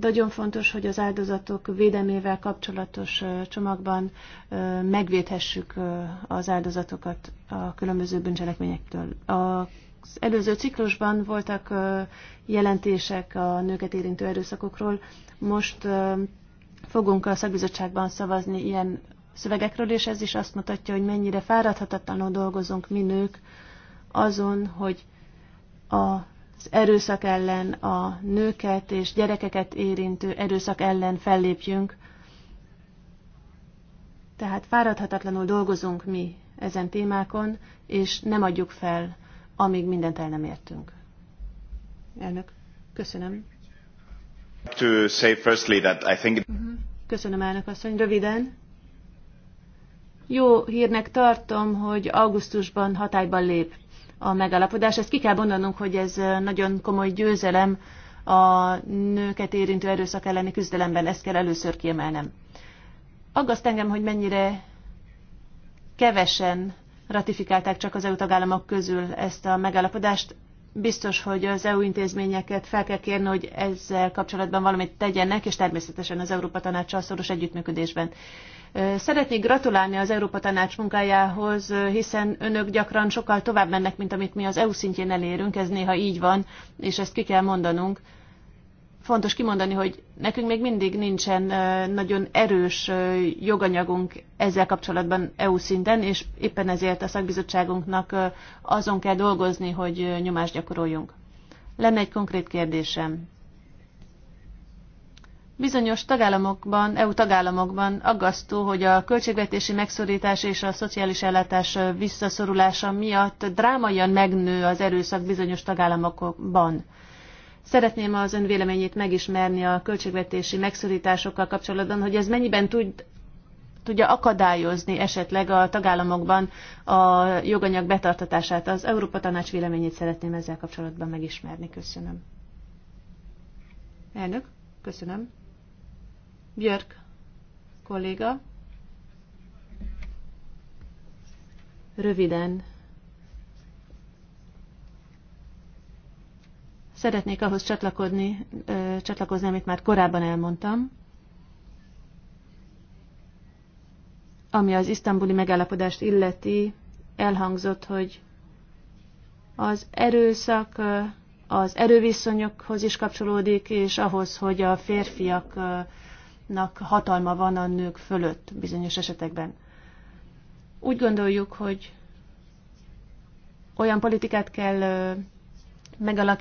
S2: Nagyon fontos, hogy az áldozatok védelmével kapcsolatos csomagban megvédhessük az áldozatokat a különböző bűncselekményektől. Az előző ciklusban voltak jelentések a nőket érintő erőszakokról, most fogunk a szakbizottságban szavazni ilyen szövegekről, és ez is azt mutatja, hogy mennyire fáradhatatlanul dolgozunk mi nők azon, hogy az erőszak ellen, a nőket és gyerekeket érintő erőszak ellen fellépjünk. Tehát fáradhatatlanul dolgozunk mi ezen témákon, és nem adjuk fel, amíg mindent el nem értünk. Elnök, köszönöm. Mhm. Köszönöm, elnök asszony. Röviden. Jó hírnek tartom, hogy augusztusban hatályban lép a megállapodás. Ezt ki kell mondanunk, hogy ez nagyon komoly győzelem a nőket érintő erőszak elleni küzdelemben. Ezt kell először kiemelnem. Aggaszt engem, hogy mennyire kevesen ratifikálták csak az EU tagállamok közül ezt a megállapodást biztos, hogy az EU intézményeket fel kell kérni, hogy ezzel kapcsolatban valamit tegyenek, és természetesen az Európa Tanácssal szoros együttműködésben. Szeretnék gratulálni az Európa Tanács munkájához, hiszen önök gyakran sokkal tovább mennek, mint amit mi az EU szintjén elérünk, ez néha így van, és ezt ki kell mondanunk fontos kimondani, hogy nekünk még mindig nincsen nagyon erős joganyagunk ezzel kapcsolatban EU szinten, és éppen ezért a szakbizottságunknak azon kell dolgozni, hogy nyomást gyakoroljunk. Lenne egy konkrét kérdésem. Bizonyos tagállamokban, EU tagállamokban aggasztó, hogy a költségvetési megszorítás és a szociális ellátás visszaszorulása miatt drámaian megnő az erőszak bizonyos tagállamokban Szeretném az ön véleményét megismerni a költségvetési megszorításokkal kapcsolatban, hogy ez mennyiben tud, tudja akadályozni esetleg a tagállamokban a joganyag betartatását. Az Európa Tanács véleményét szeretném ezzel kapcsolatban megismerni. Köszönöm. Elnök, köszönöm. Björk, kolléga. Röviden Szeretnék ahhoz csatlakozni, csatlakozni, amit már korábban elmondtam, ami az isztambuli megállapodást illeti, elhangzott, hogy az erőszak az erőviszonyokhoz is kapcsolódik, és ahhoz, hogy a férfiaknak hatalma van a nők fölött bizonyos esetekben. Úgy gondoljuk, hogy olyan politikát kell megalak,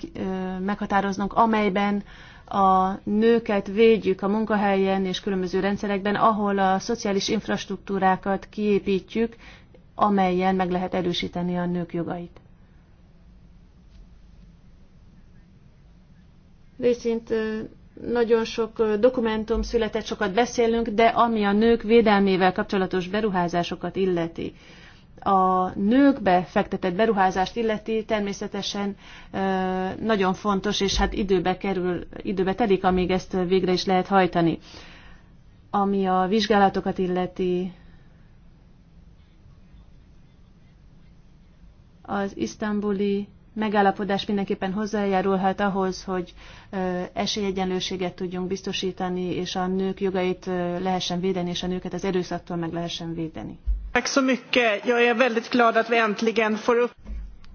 S2: meghatároznunk, amelyben a nőket védjük a munkahelyen és különböző rendszerekben, ahol a szociális infrastruktúrákat kiépítjük, amelyen meg lehet erősíteni a nők jogait. Részint nagyon sok dokumentum született, sokat beszélünk, de ami a nők védelmével kapcsolatos beruházásokat illeti, a nőkbe fektetett beruházást illeti, természetesen nagyon fontos, és hát időbe kerül, időbe telik, amíg ezt végre is lehet hajtani. Ami a vizsgálatokat illeti, az isztambuli megállapodás mindenképpen hozzájárulhat ahhoz, hogy esélyegyenlőséget tudjunk biztosítani, és a nők jogait lehessen védeni, és a nőket az erőszaktól meg lehessen védeni.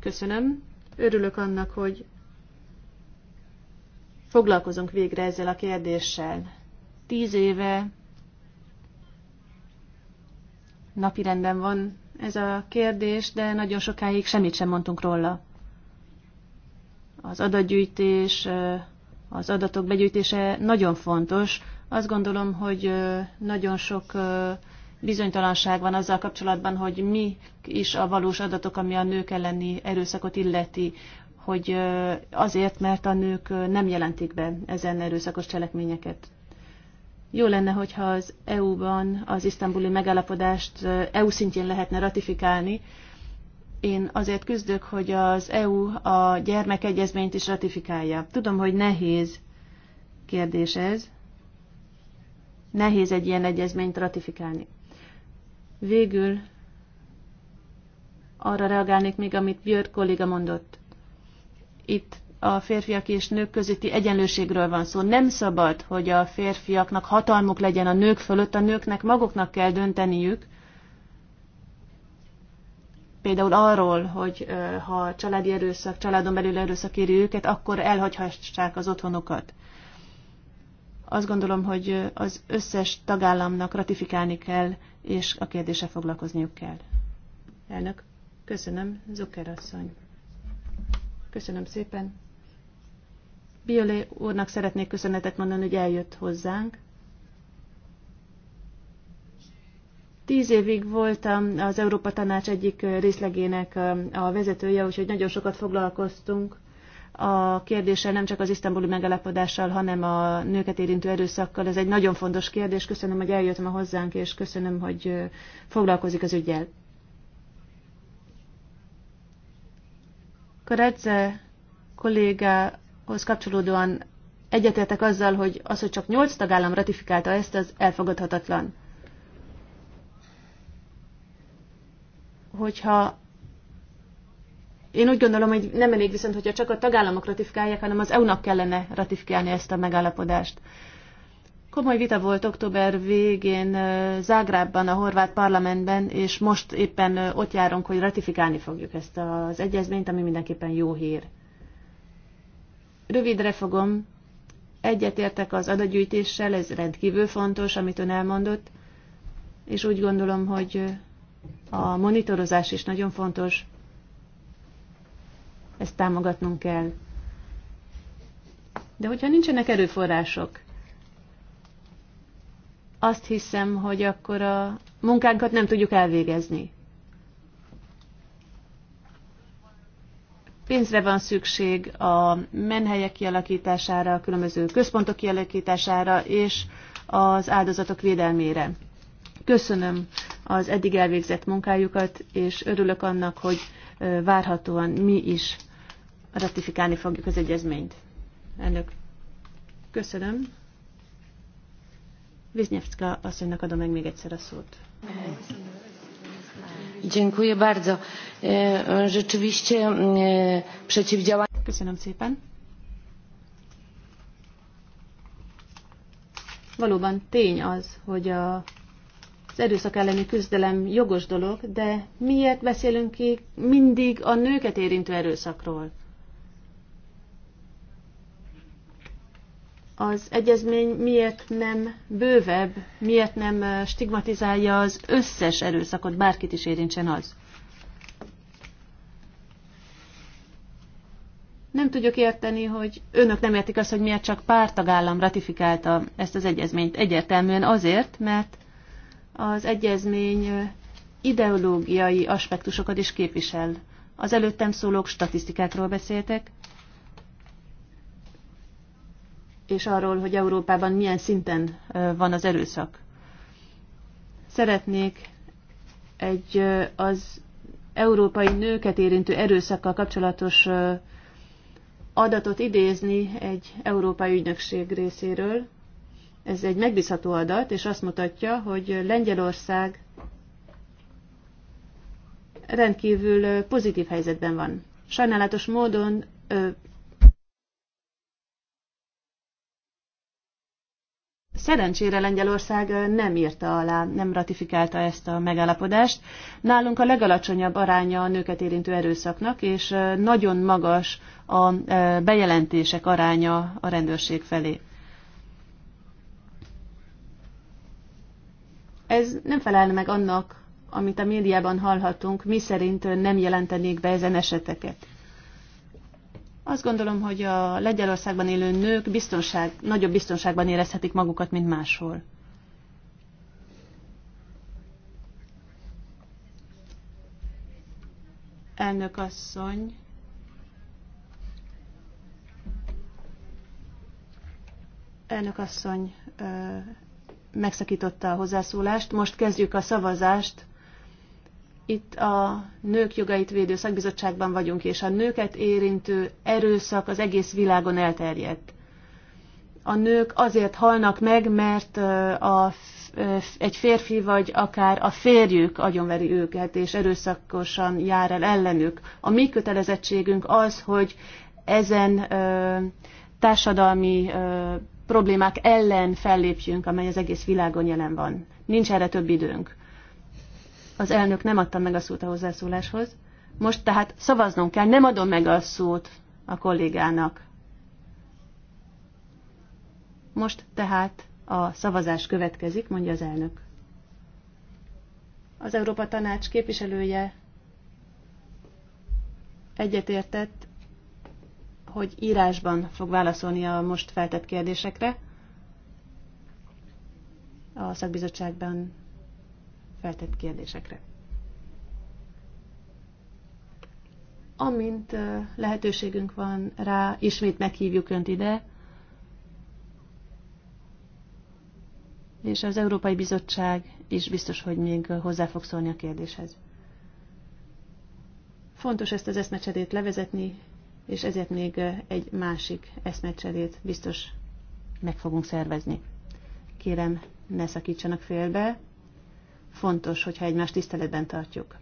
S2: Köszönöm. Örülök annak, hogy foglalkozunk végre ezzel a kérdéssel. Tíz éve napirenden van ez a kérdés, de nagyon sokáig semmit sem mondtunk róla az adatgyűjtés, az adatok begyűjtése nagyon fontos. Azt gondolom, hogy nagyon sok bizonytalanság van azzal kapcsolatban, hogy mi is a valós adatok, ami a nők elleni erőszakot illeti, hogy azért, mert a nők nem jelentik be ezen erőszakos cselekményeket. Jó lenne, hogyha az EU-ban az isztambuli megállapodást EU szintjén lehetne ratifikálni, én azért küzdök, hogy az EU a gyermekegyezményt is ratifikálja. Tudom, hogy nehéz kérdés ez. Nehéz egy ilyen egyezményt ratifikálni. Végül arra reagálnék még, amit Björk kolléga mondott. Itt a férfiak és nők közötti egyenlőségről van szó. Nem szabad, hogy a férfiaknak hatalmuk legyen a nők fölött, a nőknek maguknak kell dönteniük, például arról, hogy ha családi erőszak, családon belül erőszak éri őket, akkor elhagyhassák az otthonukat. Azt gondolom, hogy az összes tagállamnak ratifikálni kell, és a kérdése foglalkozniuk kell. Elnök, köszönöm, Zucker asszony. Köszönöm szépen. Biolé úrnak szeretnék köszönetet mondani, hogy eljött hozzánk Tíz évig voltam az Európa Tanács egyik részlegének a vezetője, úgyhogy nagyon sokat foglalkoztunk a kérdéssel, nem csak az isztambuli megállapodással, hanem a nőket érintő erőszakkal. Ez egy nagyon fontos kérdés. Köszönöm, hogy eljött ma hozzánk, és köszönöm, hogy foglalkozik az ügyel. Karedze kollégához kapcsolódóan egyetértek azzal, hogy az, hogy csak nyolc tagállam ratifikálta ezt, az elfogadhatatlan. hogyha én úgy gondolom, hogy nem elég viszont, hogyha csak a tagállamok ratifikálják, hanem az EU-nak kellene ratifikálni ezt a megállapodást. Komoly vita volt október végén Zágrábban, a horvát parlamentben, és most éppen ott járunk, hogy ratifikálni fogjuk ezt az egyezményt, ami mindenképpen jó hír. Rövidre fogom, egyetértek az adagyűjtéssel, ez rendkívül fontos, amit ön elmondott, és úgy gondolom, hogy a monitorozás is nagyon fontos, ezt támogatnunk kell. De hogyha nincsenek erőforrások, azt hiszem, hogy akkor a munkánkat nem tudjuk elvégezni. Pénzre van szükség a menhelyek kialakítására, a különböző központok kialakítására és az áldozatok védelmére. Köszönöm az eddig elvégzett munkájukat, és örülök annak, hogy várhatóan mi is ratifikálni fogjuk az egyezményt. Elnök, köszönöm. Wisniewska asszonynak adom meg még egyszer a szót. Dziękuję bardzo. E, rzeczywiście e, przeciwdziałanie... Köszönöm szépen. Valóban tény az, hogy a az erőszak elleni küzdelem jogos dolog, de miért beszélünk ki mindig a nőket érintő erőszakról? Az egyezmény miért nem bővebb, miért nem stigmatizálja az összes erőszakot, bárkit is érintsen az? nem tudjuk érteni, hogy önök nem értik azt, hogy miért csak pár tagállam ratifikálta ezt az egyezményt. Egyértelműen azért, mert az egyezmény ideológiai aspektusokat is képvisel. Az előttem szólók statisztikákról beszéltek, és arról, hogy Európában milyen szinten van az erőszak. Szeretnék egy az európai nőket érintő erőszakkal kapcsolatos adatot idézni egy európai ügynökség részéről. Ez egy megbízható adat, és azt mutatja, hogy Lengyelország rendkívül pozitív helyzetben van. Sajnálatos módon ö, Szerencsére Lengyelország nem írta alá, nem ratifikálta ezt a megállapodást. Nálunk a legalacsonyabb aránya a nőket érintő erőszaknak, és nagyon magas a bejelentések aránya a rendőrség felé. Ez nem felelne meg annak, amit a médiában hallhatunk, mi szerint nem jelentenék be ezen eseteket. Azt gondolom, hogy a Lengyelországban élő nők biztonság, nagyobb biztonságban érezhetik magukat, mint máshol. Elnök asszony. Elnök asszony, megszakította a hozzászólást. Most kezdjük a szavazást. Itt a nők jogait védő szakbizottságban vagyunk, és a nőket érintő erőszak az egész világon elterjedt. A nők azért halnak meg, mert a, egy férfi vagy akár a férjük agyonveri őket, és erőszakosan jár el ellenük. A mi kötelezettségünk az, hogy ezen ö, társadalmi ö, problémák ellen fellépjünk, amely az egész világon jelen van. Nincs erre több időnk. Az elnök nem adta meg a szót a hozzászóláshoz. Most tehát szavaznom kell, nem adom meg a szót a kollégának. Most tehát a szavazás következik, mondja az elnök. Az Európa Tanács képviselője egyetértett hogy írásban fog válaszolni a most feltett kérdésekre. A szakbizottságban feltett kérdésekre. Amint lehetőségünk van rá, ismét meghívjuk Önt ide, és az Európai Bizottság is biztos, hogy még hozzá fog szólni a kérdéshez. Fontos ezt az eszmecserét levezetni, és ezért még egy másik eszmecserét biztos meg fogunk szervezni. Kérem, ne szakítsanak félbe. Fontos, hogyha egymást tiszteletben tartjuk.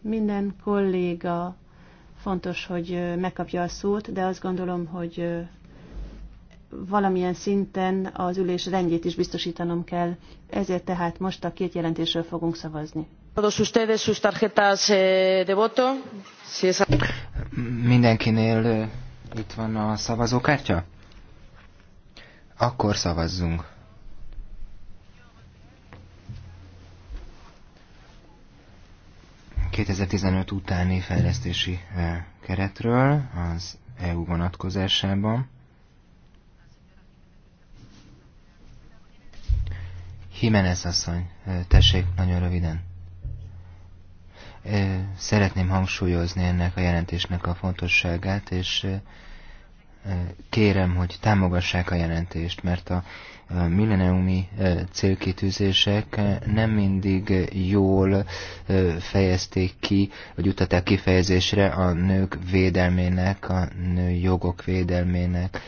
S2: Minden kolléga fontos, hogy megkapja a szót, de azt gondolom, hogy valamilyen szinten az ülés rendjét is biztosítanom kell, ezért tehát most a két jelentésről fogunk szavazni. Todos ustedes sus tarjetas eh, de voto.
S1: Mindenkinél itt van a szavazókártya? Akkor szavazzunk. ...2015 utáni fejlesztési keretről az EU vonatkozásában. Jimenez asszony, tessék, nagyon röviden. Szeretném hangsúlyozni ennek a jelentésnek a fontosságát, és kérem, hogy támogassák a jelentést, mert a milleniumi e, célkitűzések e, nem mindig jól e, fejezték ki, vagy utaták kifejezésre a nők védelmének, a nő jogok védelmének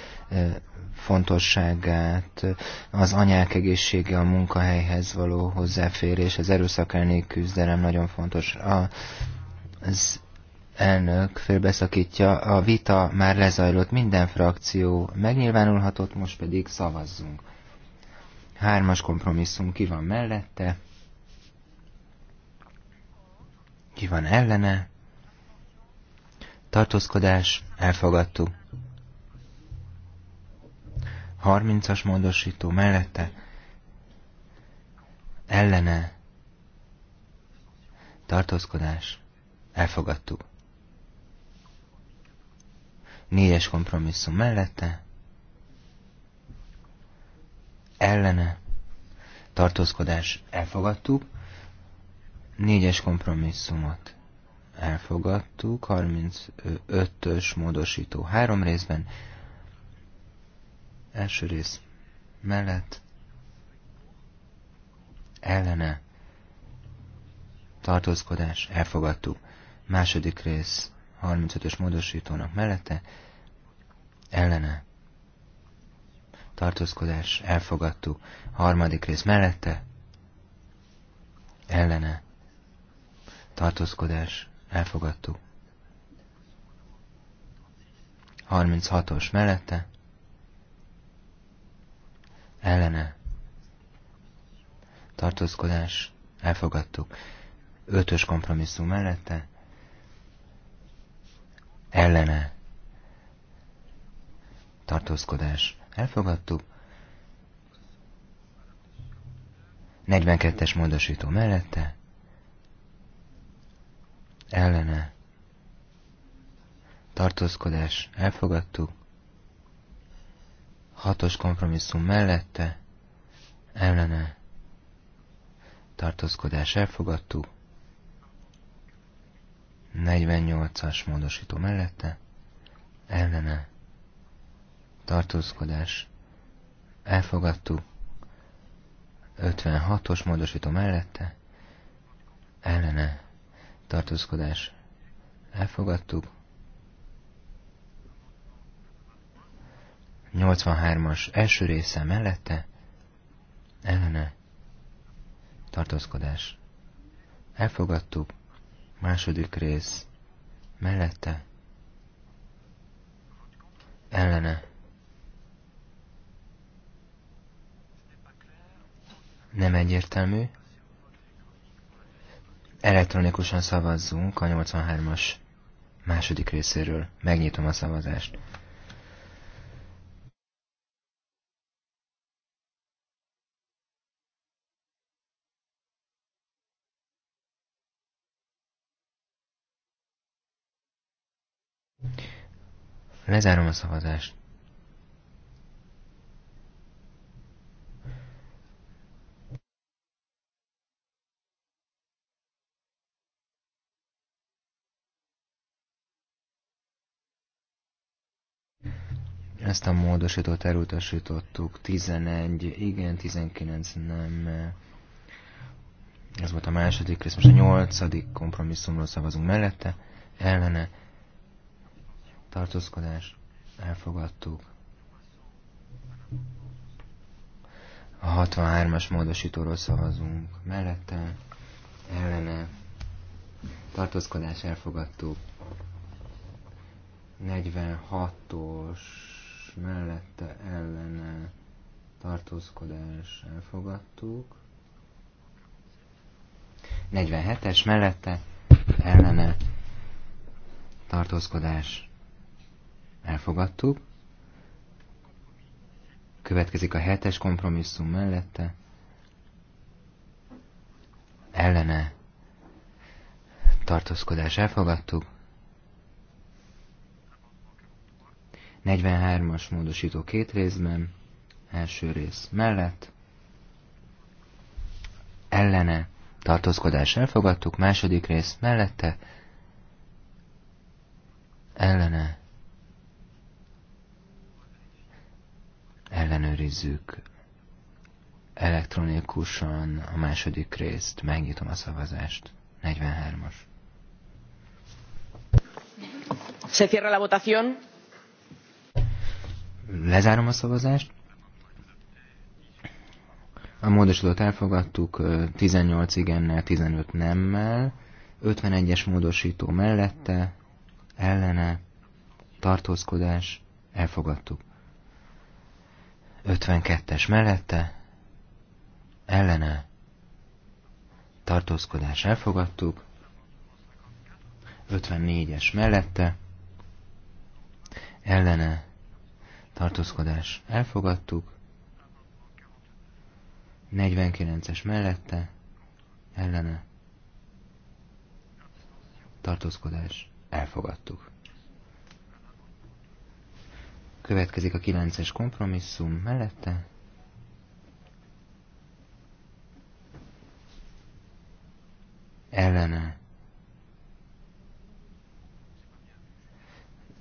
S1: fontosságát, az anyák egészsége, a munkahelyhez való hozzáférés, az erőszak elnék küzdelem nagyon fontos. A, az elnök félbeszakítja, a vita már lezajlott, minden frakció megnyilvánulhatott, most pedig szavazzunk. Hármas kompromisszum ki van mellette, ki van ellene, tartózkodás, elfogadtuk. harmincas módosító mellette, ellene, tartózkodás, elfogadtuk. Négyes kompromisszum mellette, ellene, tartózkodás elfogadtuk, négyes kompromisszumot elfogadtuk, 35-ös módosító három részben, első rész mellett, ellene, tartózkodás elfogadtuk, második rész 35-ös módosítónak mellette, ellene, tartózkodás, elfogadtuk, harmadik rész mellette, ellene, tartózkodás, elfogadtuk. 36-os mellette, ellene, tartózkodás, elfogadtuk. 5-ös kompromisszum mellette, ellene tartózkodás elfogadtuk, 42-es módosító mellette, ellene tartózkodás elfogadtuk, 6-os kompromisszum mellette, ellene tartózkodás elfogadtuk, 48-as módosító mellette, ellene, tartózkodás, elfogadtuk, 56-os módosító mellette, ellene, tartózkodás, elfogadtuk, 83-as első része mellette, ellene, tartózkodás, elfogadtuk, Második rész. Mellette. Ellene. Nem egyértelmű. Elektronikusan szavazzunk a 83-as második részéről. Megnyitom a szavazást. Lezárom a szavazást. Ezt a módosítót elutasítottuk. 11, igen, 19, nem. Ez volt a második rész. Most a nyolcadik kompromisszumról szavazunk mellette. Ellene tartózkodás, elfogadtuk. A 63-as módosítóról szavazunk, mellette, ellene, tartózkodás, elfogadtuk. 46-os mellette ellene tartózkodás elfogadtuk. 47-es mellette ellene tartózkodás elfogadtuk. Következik a hetes kompromisszum mellette. Ellene tartózkodás elfogadtuk. 43-as módosító két részben, első rész mellett, ellene tartózkodás elfogadtuk, második rész mellette, ellene ellenőrizzük elektronikusan a második részt, megnyitom a szavazást, 43-as. Se cierra la votación. Lezárom a szavazást. A módosítót elfogadtuk 18 igennel, 15 nemmel, 51-es módosító mellette, ellene, tartózkodás, elfogadtuk. 52-es mellette, ellene, tartózkodás elfogadtuk, 54-es mellette, ellene, tartózkodás elfogadtuk, 49-es mellette, ellene, tartózkodás elfogadtuk. Következik a 9-es kompromisszum mellette. Ellene.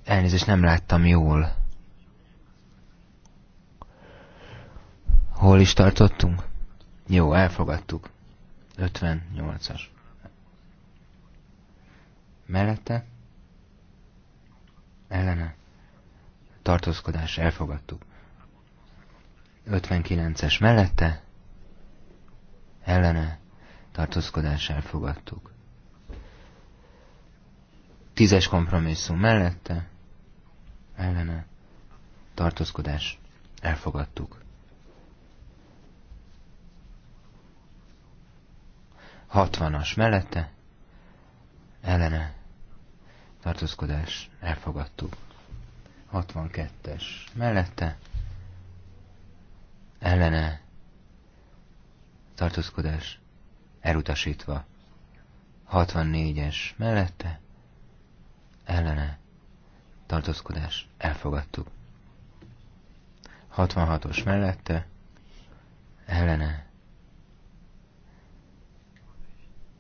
S1: Elnézést, nem láttam jól. Hol is tartottunk? Jó, elfogadtuk. 58-as. Mellette? Ellene? tartózkodás elfogadtuk. 59-es mellette, ellene, tartózkodás elfogadtuk. 10-es kompromisszum mellette, ellene, tartózkodás elfogadtuk. 60-as mellette, ellene, tartózkodás elfogadtuk. 62-es mellette ellene tartózkodás elutasítva. 64-es mellette ellene tartózkodás elfogadtuk. 66-os mellette ellene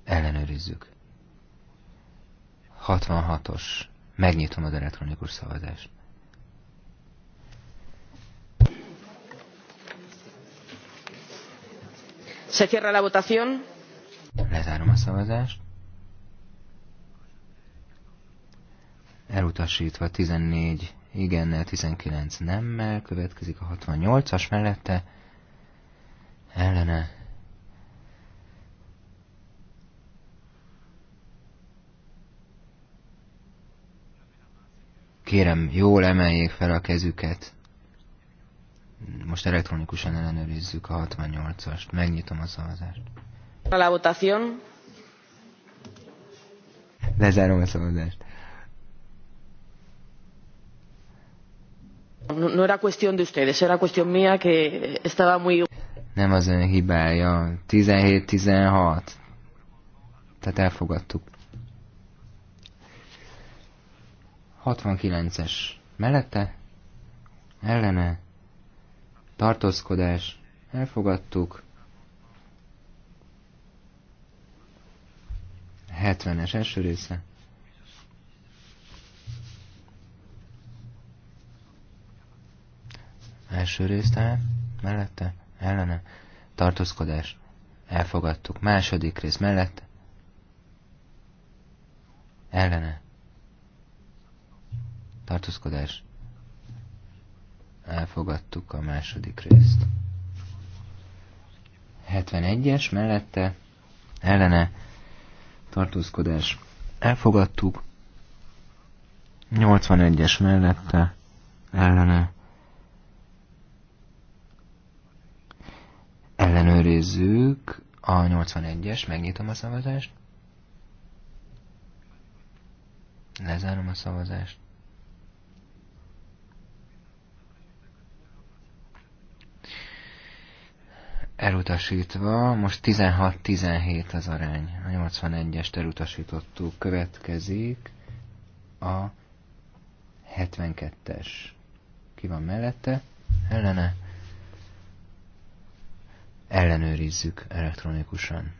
S1: ellenőrizzük. 66-os. Megnyitom az elektronikus szavazást.
S2: Se cierra la votación.
S1: Lezárom a szavazást. Elutasítva 14 igennel, 19 nemmel, következik a 68-as mellette, ellene Kérem, jól emeljék fel a kezüket. Most elektronikusan ellenőrizzük a 68-ast. Megnyitom a szavazást.
S2: A la votación.
S1: Lezárom a szavazást.
S2: No, no era cuestión de ustedes, era cuestión mía que estaba muy...
S1: Nem az ön hibája. 17-16. Tehát elfogadtuk. 69-es. Mellette? Ellene? tartózkodás, elfogadtuk. 70-es első része. Első rész tehát, mellette, ellene, tartózkodás, elfogadtuk. Második rész mellette, ellene, tartózkodás, elfogadtuk a második részt. 71-es mellette ellene tartózkodás elfogadtuk, 81-es mellette ellene ellenőrizzük a 81-es, megnyitom a szavazást, lezárom a szavazást, elutasítva, most 16-17 az arány, a 81-est elutasítottuk, következik a 72-es. Ki van mellette? Ellene? Ellenőrizzük elektronikusan.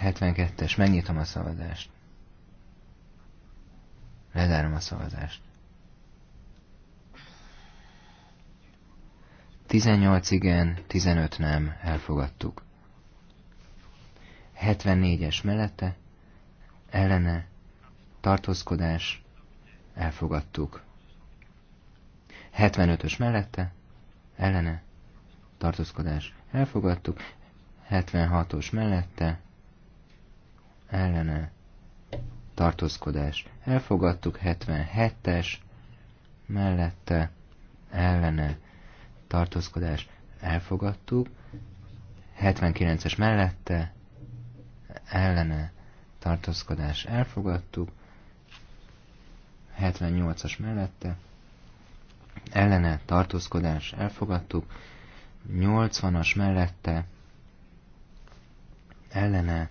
S1: 72-es, megnyitom a szavazást. Lezárom a szavazást. 18 igen, 15 nem, elfogadtuk. 74-es mellette, ellene, tartózkodás, elfogadtuk. 75-ös mellette, ellene, tartózkodás, elfogadtuk. 76-os mellette, ellene, tartózkodás, elfogadtuk. 77-es mellette, ellene, tartózkodás elfogadtuk, 79-es mellette, ellene tartózkodás elfogadtuk, 78-as mellette, ellene tartózkodás elfogadtuk, 80-as mellette, ellene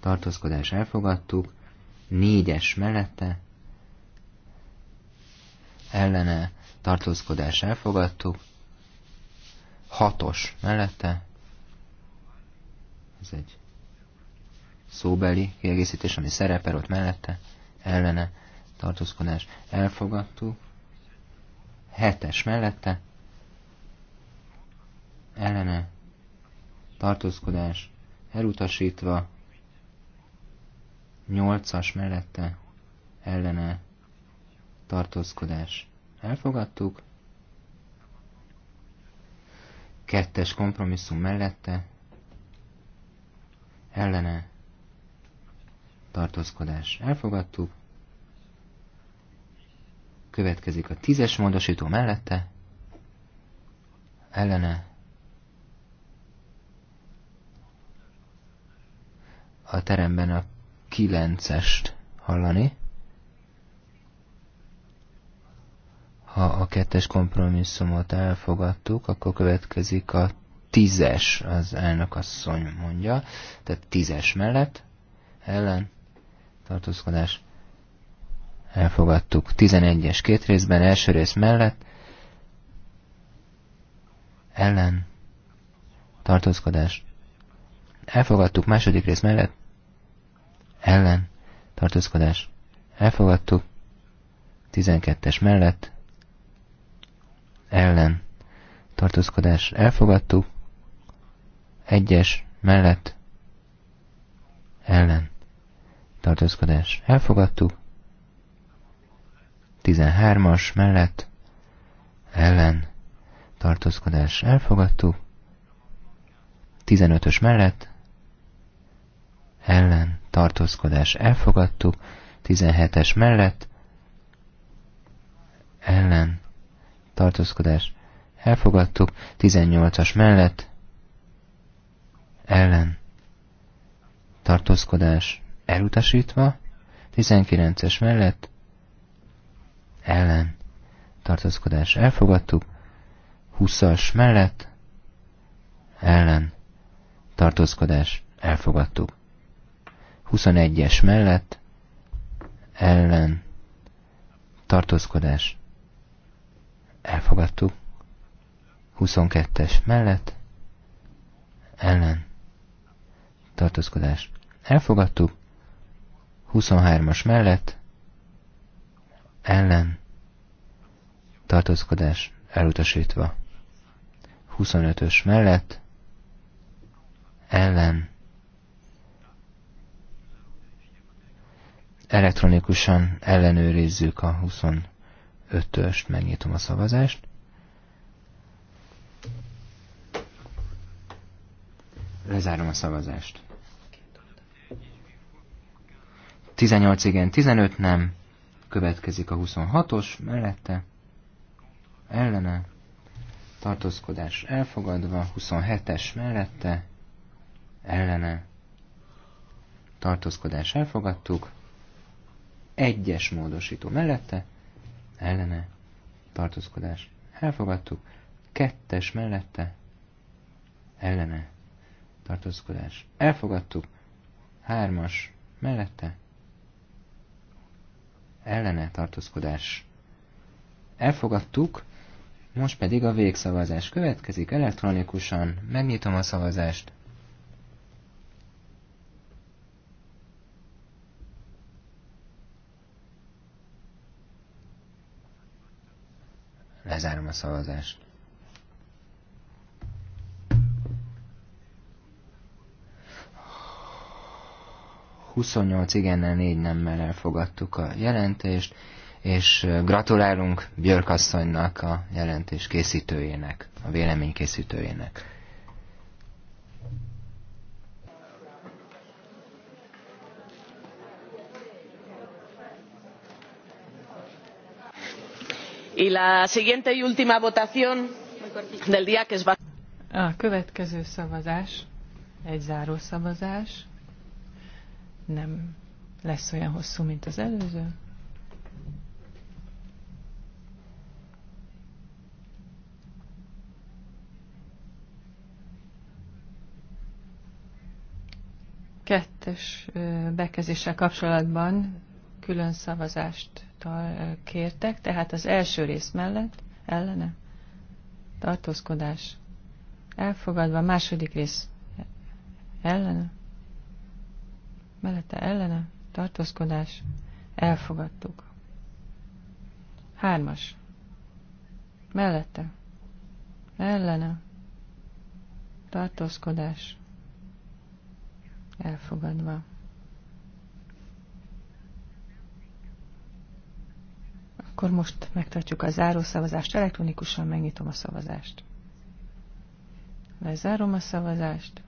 S1: tartózkodás elfogadtuk, 4-es mellette, ellene tartózkodás elfogadtuk, hatos mellette. Ez egy szóbeli kiegészítés, ami szerepel ott mellette, ellene, tartózkodás, elfogadtuk. Hetes mellette, ellene, tartózkodás, elutasítva, nyolcas mellette, ellene, tartózkodás. Elfogadtuk. Kettes kompromisszum mellette ellene tartózkodás. Elfogadtuk. Következik a tízes módosító mellette ellene a teremben a kilencest hallani. Ha a kettes kompromisszumot elfogadtuk, akkor következik a tízes, az asszony mondja, tehát tízes mellett ellen tartózkodás elfogadtuk. 11-es két részben, első rész mellett ellen tartózkodás elfogadtuk, második rész mellett ellen tartózkodás elfogadtuk, 12-es mellett ellen tartózkodás elfogadtuk, egyes mellett ellen tartózkodás elfogadtuk, 13-as mellett ellen tartózkodás elfogadtuk, 15-ös mellett ellen tartózkodás elfogadtuk, 17-es mellett ellen tartózkodás elfogadtuk, 18-as mellett ellen tartózkodás elutasítva, 19-es mellett ellen tartózkodás elfogadtuk, 20-as mellett ellen tartózkodás elfogadtuk. 21-es mellett ellen tartózkodás elfogadtuk. 22-es mellett, ellen, tartózkodás, elfogadtuk. 23-as mellett, ellen, tartózkodás, elutasítva. 25-ös mellett, ellen, elektronikusan ellenőrizzük a 25 ötöst, megnyitom a szavazást. Lezárom a szavazást. 18 igen, 15 nem. Következik a 26-os mellette. Ellene. Tartózkodás elfogadva. 27-es mellette. Ellene. Tartózkodás elfogadtuk. Egyes módosító mellette ellene, tartózkodás, elfogadtuk, kettes mellette, ellene, tartózkodás, elfogadtuk, hármas mellette, ellene, tartózkodás, elfogadtuk, most pedig a végszavazás következik elektronikusan, megnyitom a szavazást, Lezárom a szavazást. Huszonnyolc igennel, négy nemmel elfogadtuk a jelentést, és gratulálunk Björk asszonynak, a jelentés készítőjének, a vélemény készítőjének.
S2: y la siguiente y última votación del día que es
S3: a következő szavazás egy záró szavazás nem lesz olyan hosszú, mint az előző. Kettes bekezdéssel kapcsolatban külön szavazást szavazattal kértek, tehát az első rész mellett ellene tartózkodás elfogadva, második rész ellene mellette ellene tartózkodás elfogadtuk. Hármas mellette ellene tartózkodás elfogadva. Akkor most megtartjuk a zárószavazást elektronikusan, megnyitom a szavazást. Lezárom a szavazást.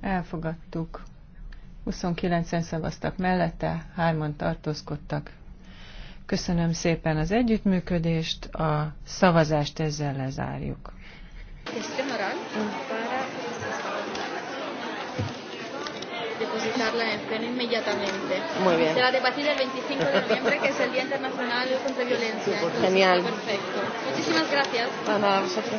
S3: Elfogadtuk. 29-en szavaztak mellette, hárman tartózkodtak. Köszönöm szépen az együttműködést, a szavazást ezzel lezárjuk.
S1: Köszönöm.
S2: darla en el inmediatamente. Muy bien. De la debatir el 25 de noviembre, que es el Día Internacional contra Violencia. Genial. perfecto. Muchísimas gracias. Nada, a vosotros.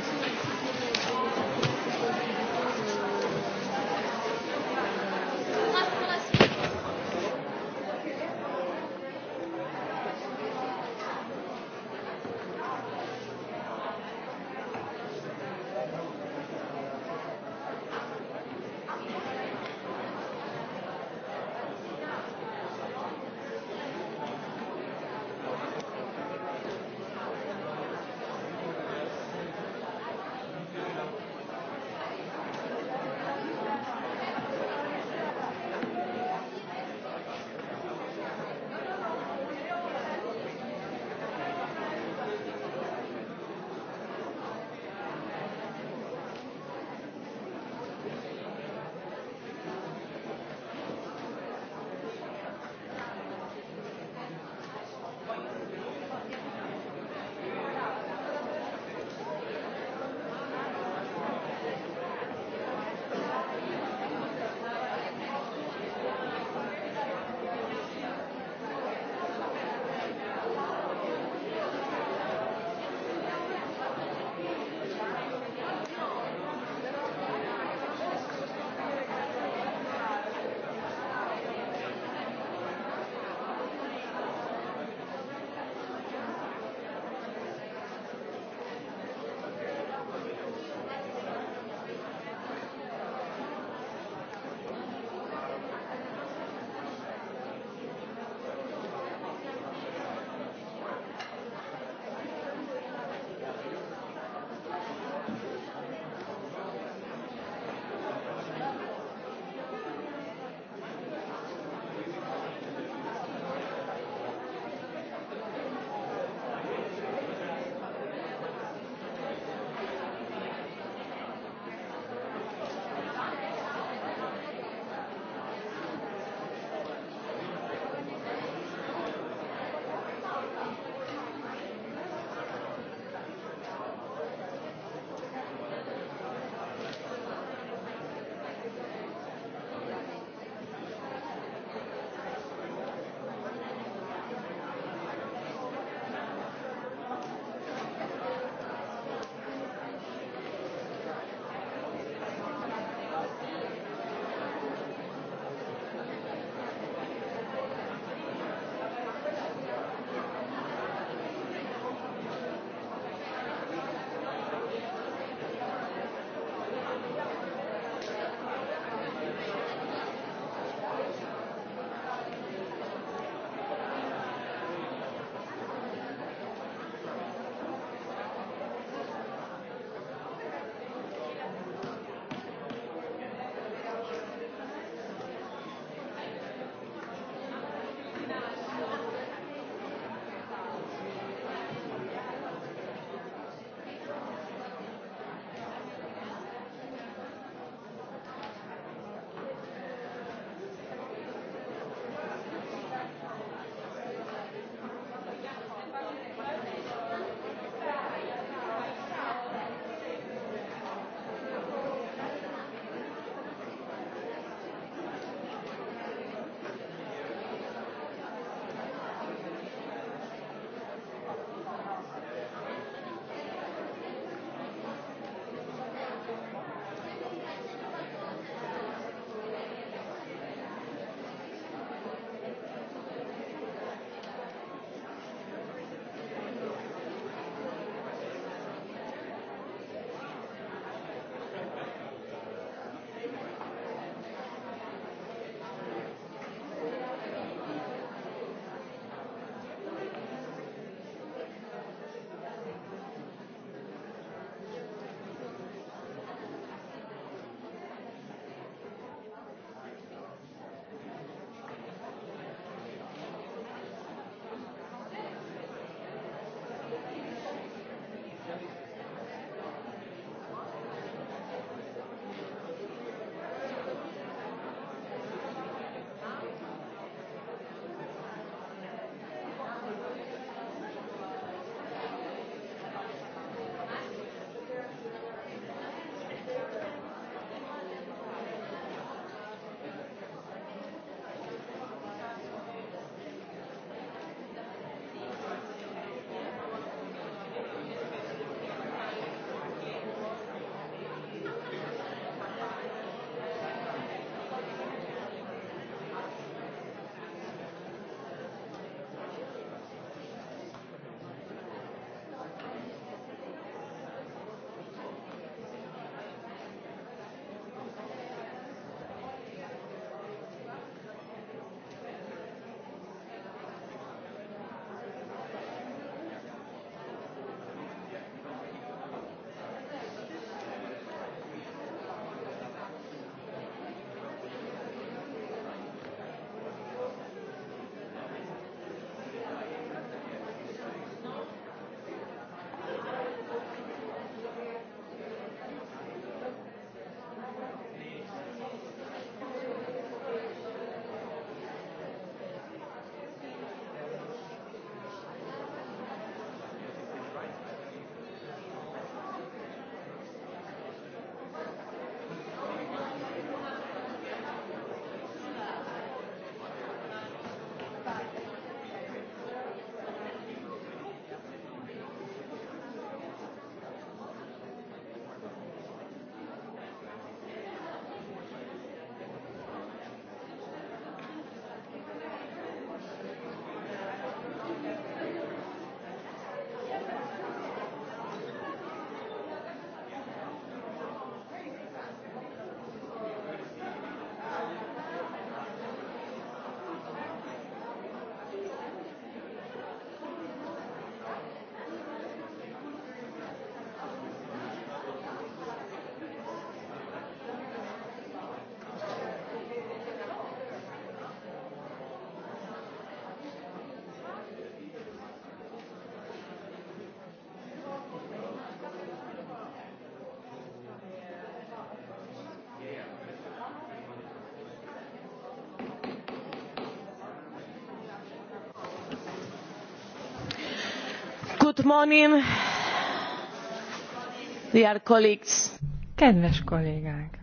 S3: Kedves kollégák!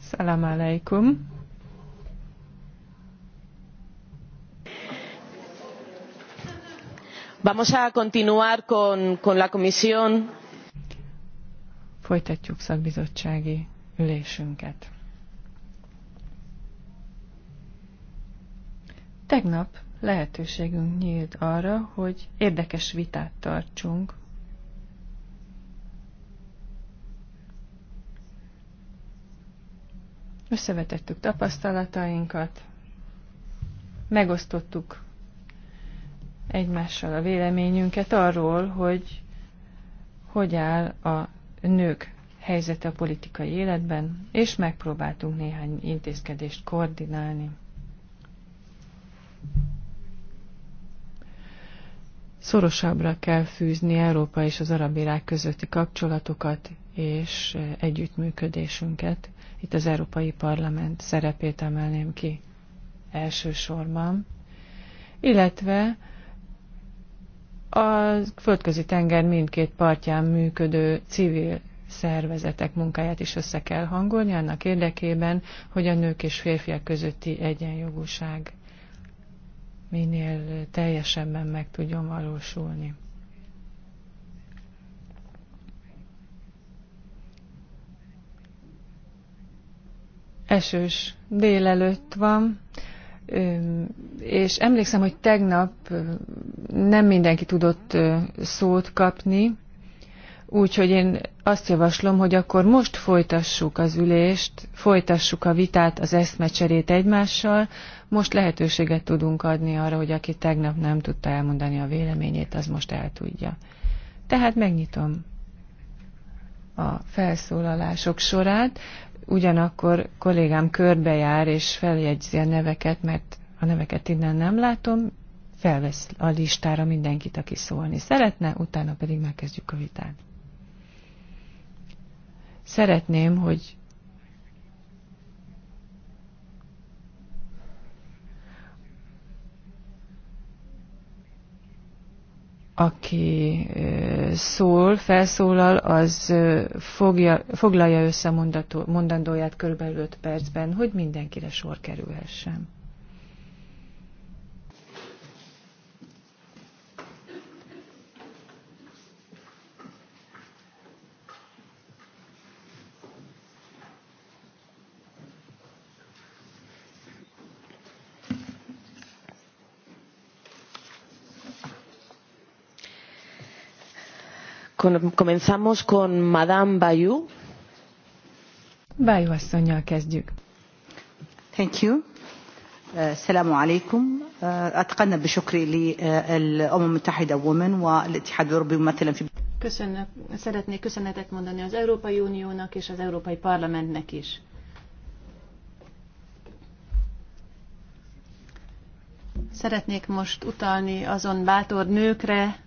S3: Szalam aleikum.
S2: Vamos a continuar con, con la comisión.
S3: Folytatjuk szakbizottsági ülésünket. Tegnap lehetőségünk nyílt arra, hogy érdekes vitát tartsunk. Összevetettük tapasztalatainkat, megosztottuk egymással a véleményünket arról, hogy hogy áll a nők helyzete a politikai életben, és megpróbáltunk néhány intézkedést koordinálni. Szorosabbra kell fűzni Európa és az arab világ közötti kapcsolatokat és eh, együttműködésünket. Itt az Európai Parlament szerepét emelném ki elsősorban. Illetve a földközi tenger mindkét partján működő civil szervezetek munkáját is össze kell hangolni annak érdekében, hogy a nők és férfiak közötti egyenjogúság minél teljesebben meg tudjon valósulni. Esős délelőtt van, és emlékszem, hogy tegnap nem mindenki tudott szót kapni, Úgyhogy én azt javaslom, hogy akkor most folytassuk az ülést, folytassuk a vitát, az eszmecserét egymással. Most lehetőséget tudunk adni arra, hogy aki tegnap nem tudta elmondani a véleményét, az most el tudja. Tehát megnyitom a felszólalások sorát, ugyanakkor kollégám körbejár és feljegyzi a neveket, mert a neveket innen nem látom, felvesz a listára mindenkit, aki szólni szeretne, utána pedig megkezdjük a vitát. Szeretném, hogy aki szól, felszólal, az fogja, foglalja össze mondató, mondandóját körülbelül 5 percben, hogy mindenkire sor kerülhessen.
S2: Comenzamos con Madame
S3: Bayou. Bayou asszonynal kezdjük. Thank you.
S2: السلام uh, عليكم uh, أتقن بشكري للأمم uh, المتحدة وومن والاتحاد الأوروبي ممثلا في Köszönök, szeretnék köszönetet mondani az Európai Uniónak és az Európai Parlamentnek is. Szeretnék most utalni azon bátor nőkre,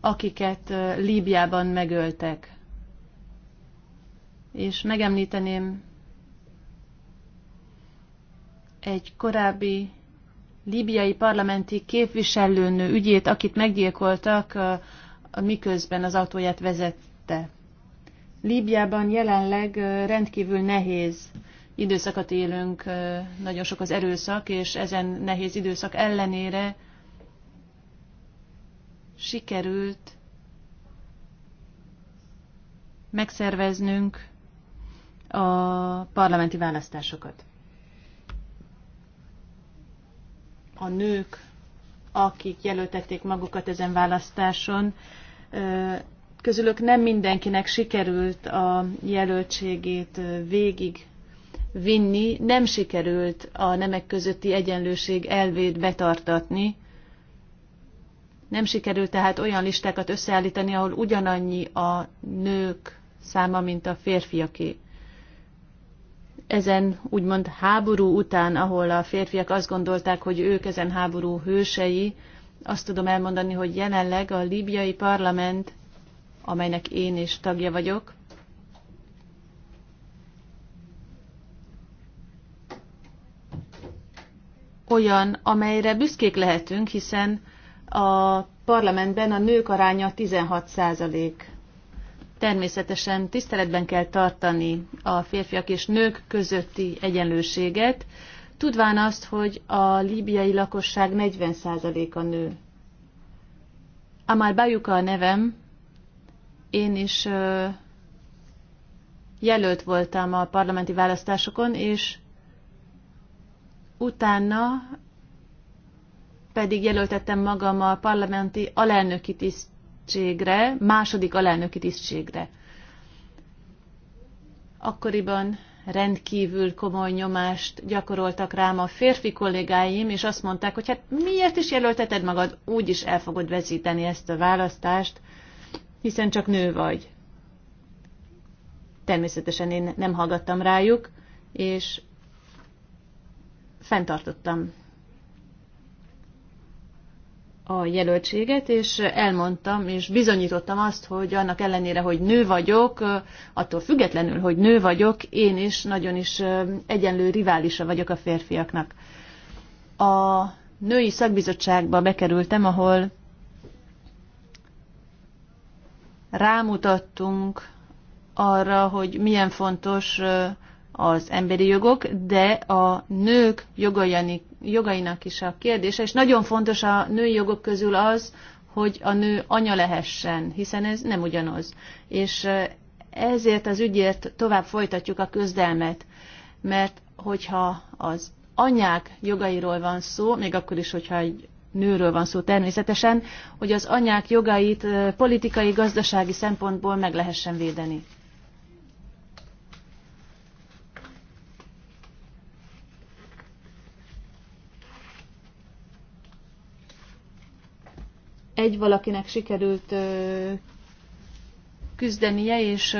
S2: akiket Líbiában megöltek. És megemlíteném egy korábbi líbiai parlamenti képviselőnő ügyét, akit meggyilkoltak, miközben az autóját vezette. Líbiában jelenleg rendkívül nehéz időszakot élünk, nagyon sok az erőszak, és ezen nehéz időszak ellenére sikerült megszerveznünk a parlamenti választásokat. A nők, akik jelöltették magukat ezen választáson, közülük nem mindenkinek sikerült a jelöltségét végig vinni, nem sikerült a nemek közötti egyenlőség elvét betartatni, nem sikerült tehát olyan listákat összeállítani, ahol ugyanannyi a nők száma, mint a férfiaké. Ezen úgymond háború után, ahol a férfiak azt gondolták, hogy ők ezen háború hősei, azt tudom elmondani, hogy jelenleg a líbiai parlament, amelynek én is tagja vagyok, olyan, amelyre büszkék lehetünk, hiszen a parlamentben a nők aránya 16 százalék. Természetesen tiszteletben kell tartani a férfiak és nők közötti egyenlőséget, tudván azt, hogy a líbiai lakosság 40%-a nő. Amal Bajuka a nevem, én is jelölt voltam a parlamenti választásokon, és utána pedig jelöltettem magam a parlamenti alelnöki tisztségre, második alelnöki tisztségre. Akkoriban rendkívül komoly nyomást gyakoroltak rám a férfi kollégáim, és azt mondták, hogy hát miért is jelölteted magad, úgy is el fogod veszíteni ezt a választást, hiszen csak nő vagy. Természetesen én nem hallgattam rájuk, és fenntartottam a jelöltséget, és elmondtam, és bizonyítottam azt, hogy annak ellenére, hogy nő vagyok, attól függetlenül, hogy nő vagyok, én is nagyon is egyenlő riválisa vagyok a férfiaknak. A női szakbizottságba bekerültem, ahol rámutattunk arra, hogy milyen fontos az emberi jogok, de a nők jogainak jogainak is a kérdése, és nagyon fontos a női jogok közül az, hogy a nő anya lehessen, hiszen ez nem ugyanaz. És ezért az ügyért tovább folytatjuk a közdelmet, mert hogyha az anyák jogairól van szó, még akkor is, hogyha egy nőről van szó természetesen, hogy az anyák jogait politikai, gazdasági szempontból meg lehessen védeni. egy valakinek sikerült küzdenie, és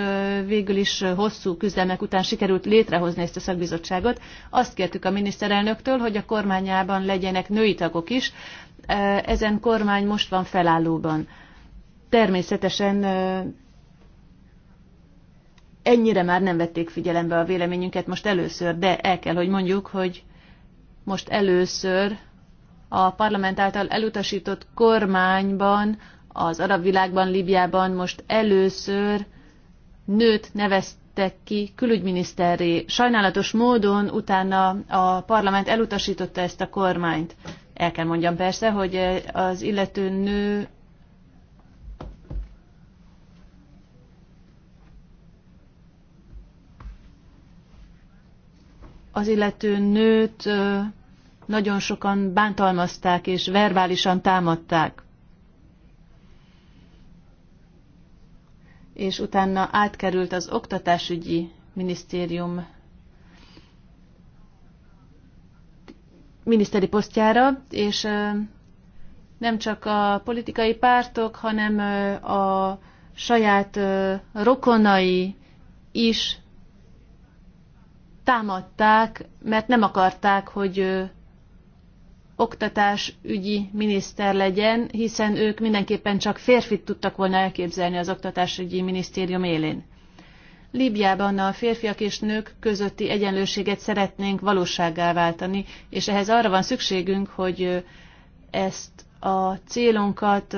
S2: végül is hosszú küzdelmek után sikerült létrehozni ezt a szakbizottságot. Azt kértük a miniszterelnöktől, hogy a kormányában legyenek női tagok is. Ezen kormány most van felállóban. Természetesen ennyire már nem vették figyelembe a véleményünket most először, de el kell, hogy mondjuk, hogy most először a parlament által elutasított kormányban, az arab világban, Libiában most először nőt neveztek ki külügyminiszterré. Sajnálatos módon utána a parlament elutasította ezt a kormányt. El kell mondjam persze, hogy eh, az illető nő az illető nőt eh, nagyon sokan bántalmazták és verbálisan támadták. És utána átkerült az oktatásügyi minisztérium miniszteri posztjára, és nem csak a politikai pártok, hanem a saját rokonai is támadták, mert nem akarták, hogy oktatás ügyi miniszter legyen, hiszen ők mindenképpen csak férfit tudtak volna elképzelni az oktatásügyi minisztérium élén. Líbiában a férfiak és nők közötti egyenlőséget szeretnénk valósággá váltani, és ehhez arra van szükségünk, hogy ezt a célunkat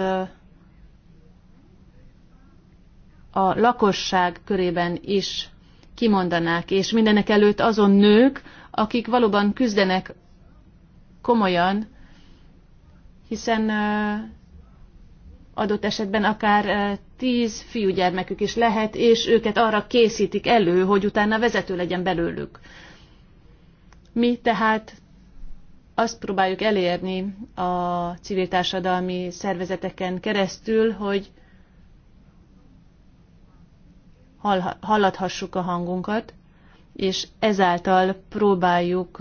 S2: a lakosság körében is kimondanák, és mindenek előtt azon nők, akik valóban küzdenek komolyan, hiszen adott esetben akár tíz fiúgyermekük is lehet, és őket arra készítik elő, hogy utána vezető legyen belőlük. Mi tehát azt próbáljuk elérni a civil társadalmi szervezeteken keresztül, hogy hallathassuk a hangunkat, és ezáltal próbáljuk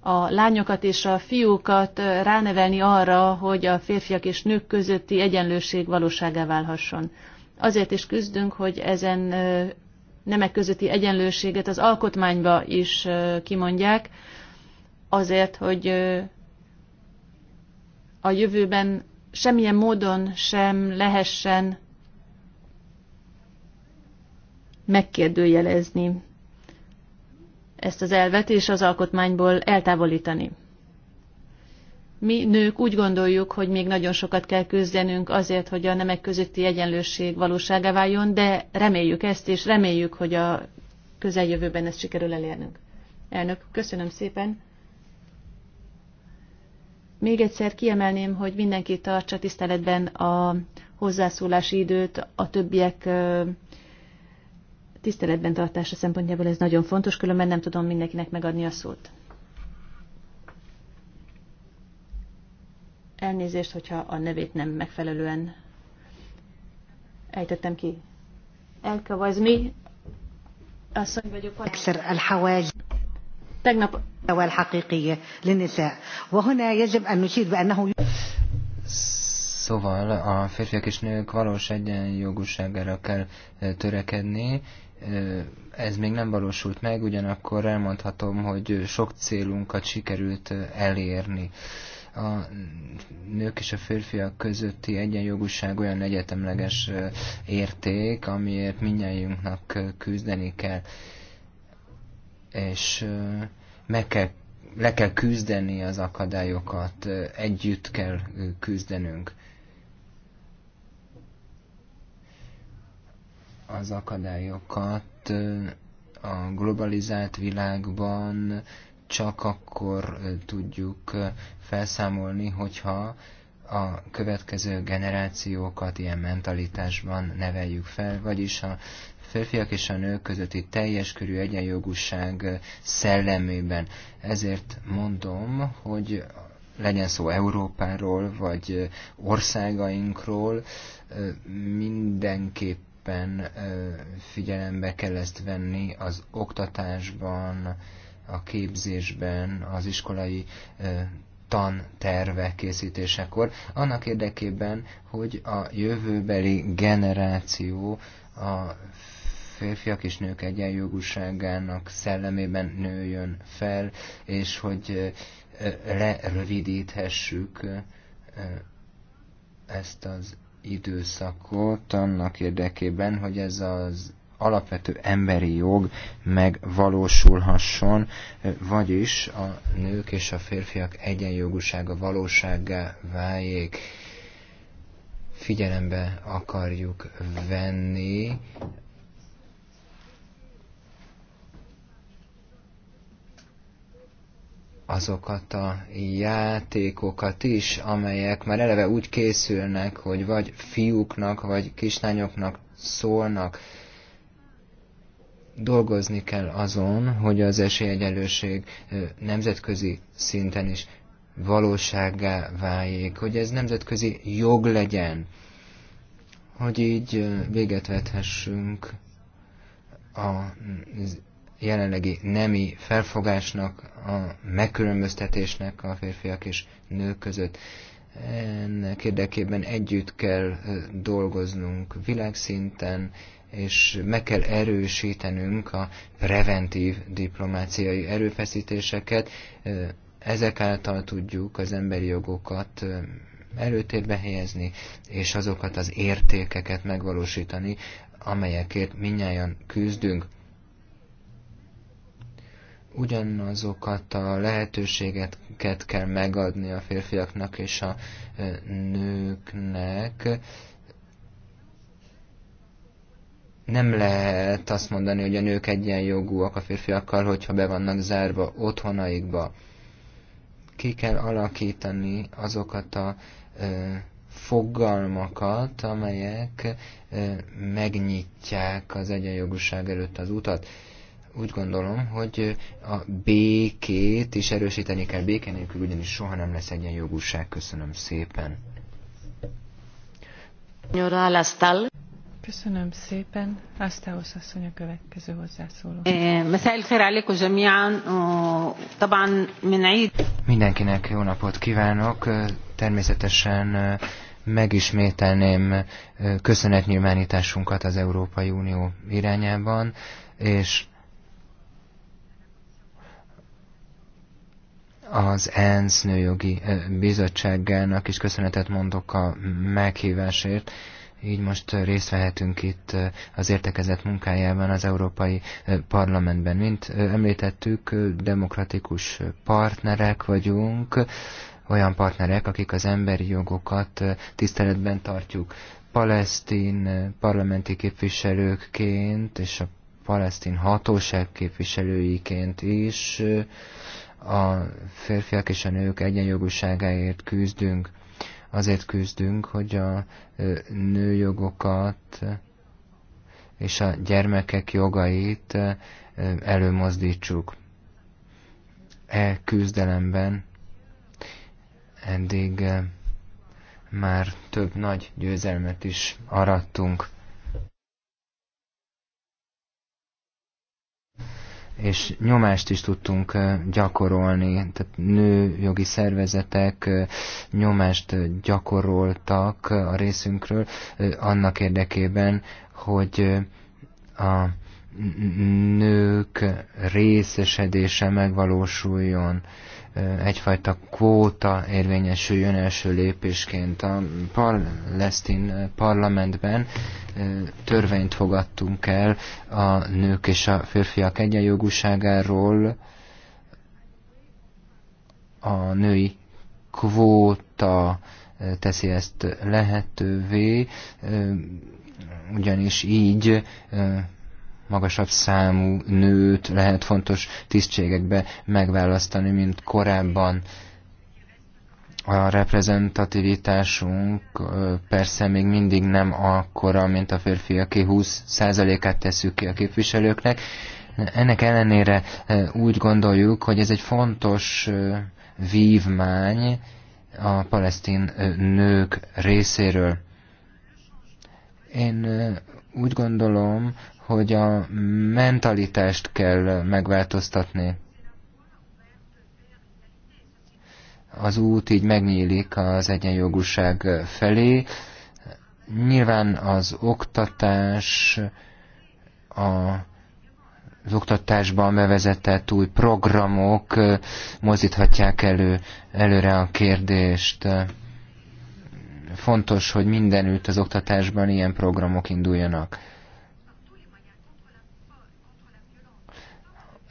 S2: a lányokat és a fiúkat ránevelni arra, hogy a férfiak és nők közötti egyenlőség valóságá válhasson. Azért is küzdünk, hogy ezen nemek közötti egyenlőséget az alkotmányba is kimondják, azért, hogy a jövőben semmilyen módon sem lehessen megkérdőjelezni ezt az elvet és az alkotmányból eltávolítani. Mi nők úgy gondoljuk, hogy még nagyon sokat kell küzdenünk azért, hogy a nemek közötti egyenlőség valóságá váljon, de reméljük ezt, és reméljük, hogy a közeljövőben ezt sikerül elérnünk. Elnök, köszönöm szépen. Még egyszer kiemelném, hogy mindenki tartsa tiszteletben a hozzászólási időt, a többiek tiszteletben tartása szempontjából ez nagyon fontos, különben nem tudom mindenkinek megadni a szót. Elnézést, hogyha a nevét nem megfelelően ejtettem ki. Elka Vazmi, asszony vagyok. Tegnap الحقيقية للنساء وهنا
S1: Szóval a férfiak és nők valós egyenjogúságára kell eh, törekedni, ez még nem valósult meg, ugyanakkor elmondhatom, hogy sok célunkat sikerült elérni a nők és a férfiak közötti egyenjogúság olyan egyetemleges érték, amiért mindnyájunknak küzdeni kell, és meg kell, le kell küzdeni az akadályokat, együtt kell küzdenünk. az akadályokat a globalizált világban csak akkor tudjuk felszámolni, hogyha a következő generációkat ilyen mentalitásban neveljük fel, vagyis a férfiak és a nők közötti teljes körű egyenjogúság szellemében. Ezért mondom, hogy legyen szó Európáról, vagy országainkról, mindenképp mindenképpen figyelembe kell ezt venni az oktatásban, a képzésben, az iskolai tanterve készítésekor, annak érdekében, hogy a jövőbeli generáció a férfiak és nők egyenjogúságának szellemében nőjön fel, és hogy lerövidíthessük ezt az időszakot annak érdekében, hogy ez az alapvető emberi jog megvalósulhasson, vagyis a nők és a férfiak egyenjogúsága valósággá váljék. Figyelembe akarjuk venni azokat a játékokat is, amelyek már eleve úgy készülnek, hogy vagy fiúknak, vagy kislányoknak szólnak. Dolgozni kell azon, hogy az esélyegyelőség nemzetközi szinten is valósággá váljék, hogy ez nemzetközi jog legyen, hogy így véget vethessünk az jelenlegi nemi felfogásnak, a megkülönböztetésnek a férfiak és nők között. Ennek érdekében együtt kell dolgoznunk világszinten, és meg kell erősítenünk a preventív diplomáciai erőfeszítéseket. Ezek által tudjuk az emberi jogokat előtérbe helyezni, és azokat az értékeket megvalósítani, amelyekért minnyáján küzdünk ugyanazokat a lehetőségeket kell megadni a férfiaknak és a nőknek. Nem lehet azt mondani, hogy a nők egyenjogúak a férfiakkal, hogyha be vannak zárva otthonaikba. Ki kell alakítani azokat a fogalmakat, amelyek megnyitják az egyenjogúság előtt az utat úgy gondolom, hogy a békét is erősíteni kell. Béke nélkül ugyanis soha nem lesz egyenjogúság. Köszönöm szépen.
S3: Köszönöm szépen. Asztához asszony a következő hozzászóló. Eh,
S1: Mindenkinek jó napot kívánok. Természetesen eh, megismételném eh, köszönetnyilvánításunkat az Európai Unió irányában, és az ENSZ nőjogi bizottságának is köszönetet mondok a meghívásért. Így most részt vehetünk itt az értekezett munkájában az Európai Parlamentben. Mint említettük, demokratikus partnerek vagyunk, olyan partnerek, akik az emberi jogokat tiszteletben tartjuk. Palesztin parlamenti képviselőkként és a palesztin hatóság képviselőiként is a férfiak és a nők egyenjogúságáért küzdünk. Azért küzdünk, hogy a nőjogokat és a gyermekek jogait előmozdítsuk. E küzdelemben eddig már több nagy győzelmet is arattunk. és nyomást is tudtunk gyakorolni, tehát nőjogi szervezetek nyomást gyakoroltak a részünkről annak érdekében, hogy a nők részesedése megvalósuljon egyfajta kvóta érvényesüljön első lépésként. A palesztin parlamentben törvényt fogadtunk el a nők és a férfiak egyenjogúságáról, a női kvóta teszi ezt lehetővé, ugyanis így magasabb számú nőt lehet fontos tisztségekbe megválasztani, mint korábban. A reprezentativitásunk persze még mindig nem akkora, mint a férfiaké 20%-át tesszük ki a képviselőknek. Ennek ellenére úgy gondoljuk, hogy ez egy fontos vívmány a palesztin nők részéről. Én úgy gondolom, hogy a mentalitást kell megváltoztatni. Az út így megnyílik az egyenjogúság felé. Nyilván az oktatás, a az oktatásban bevezetett új programok mozdíthatják elő, előre a kérdést. Fontos, hogy mindenütt az oktatásban ilyen programok induljanak.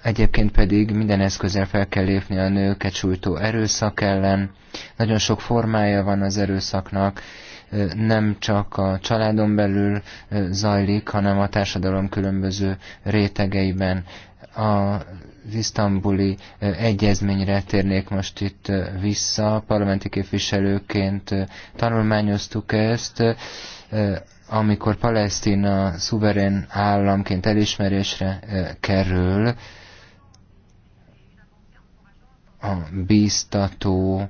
S1: Egyébként pedig minden eszközzel fel kell lépni a nőket sújtó erőszak ellen. Nagyon sok formája van az erőszaknak, nem csak a családon belül zajlik, hanem a társadalom különböző rétegeiben. A isztambuli egyezményre térnék most itt vissza. Parlamenti képviselőként tanulmányoztuk ezt, amikor Palesztina szuverén államként elismerésre kerül, a bíztató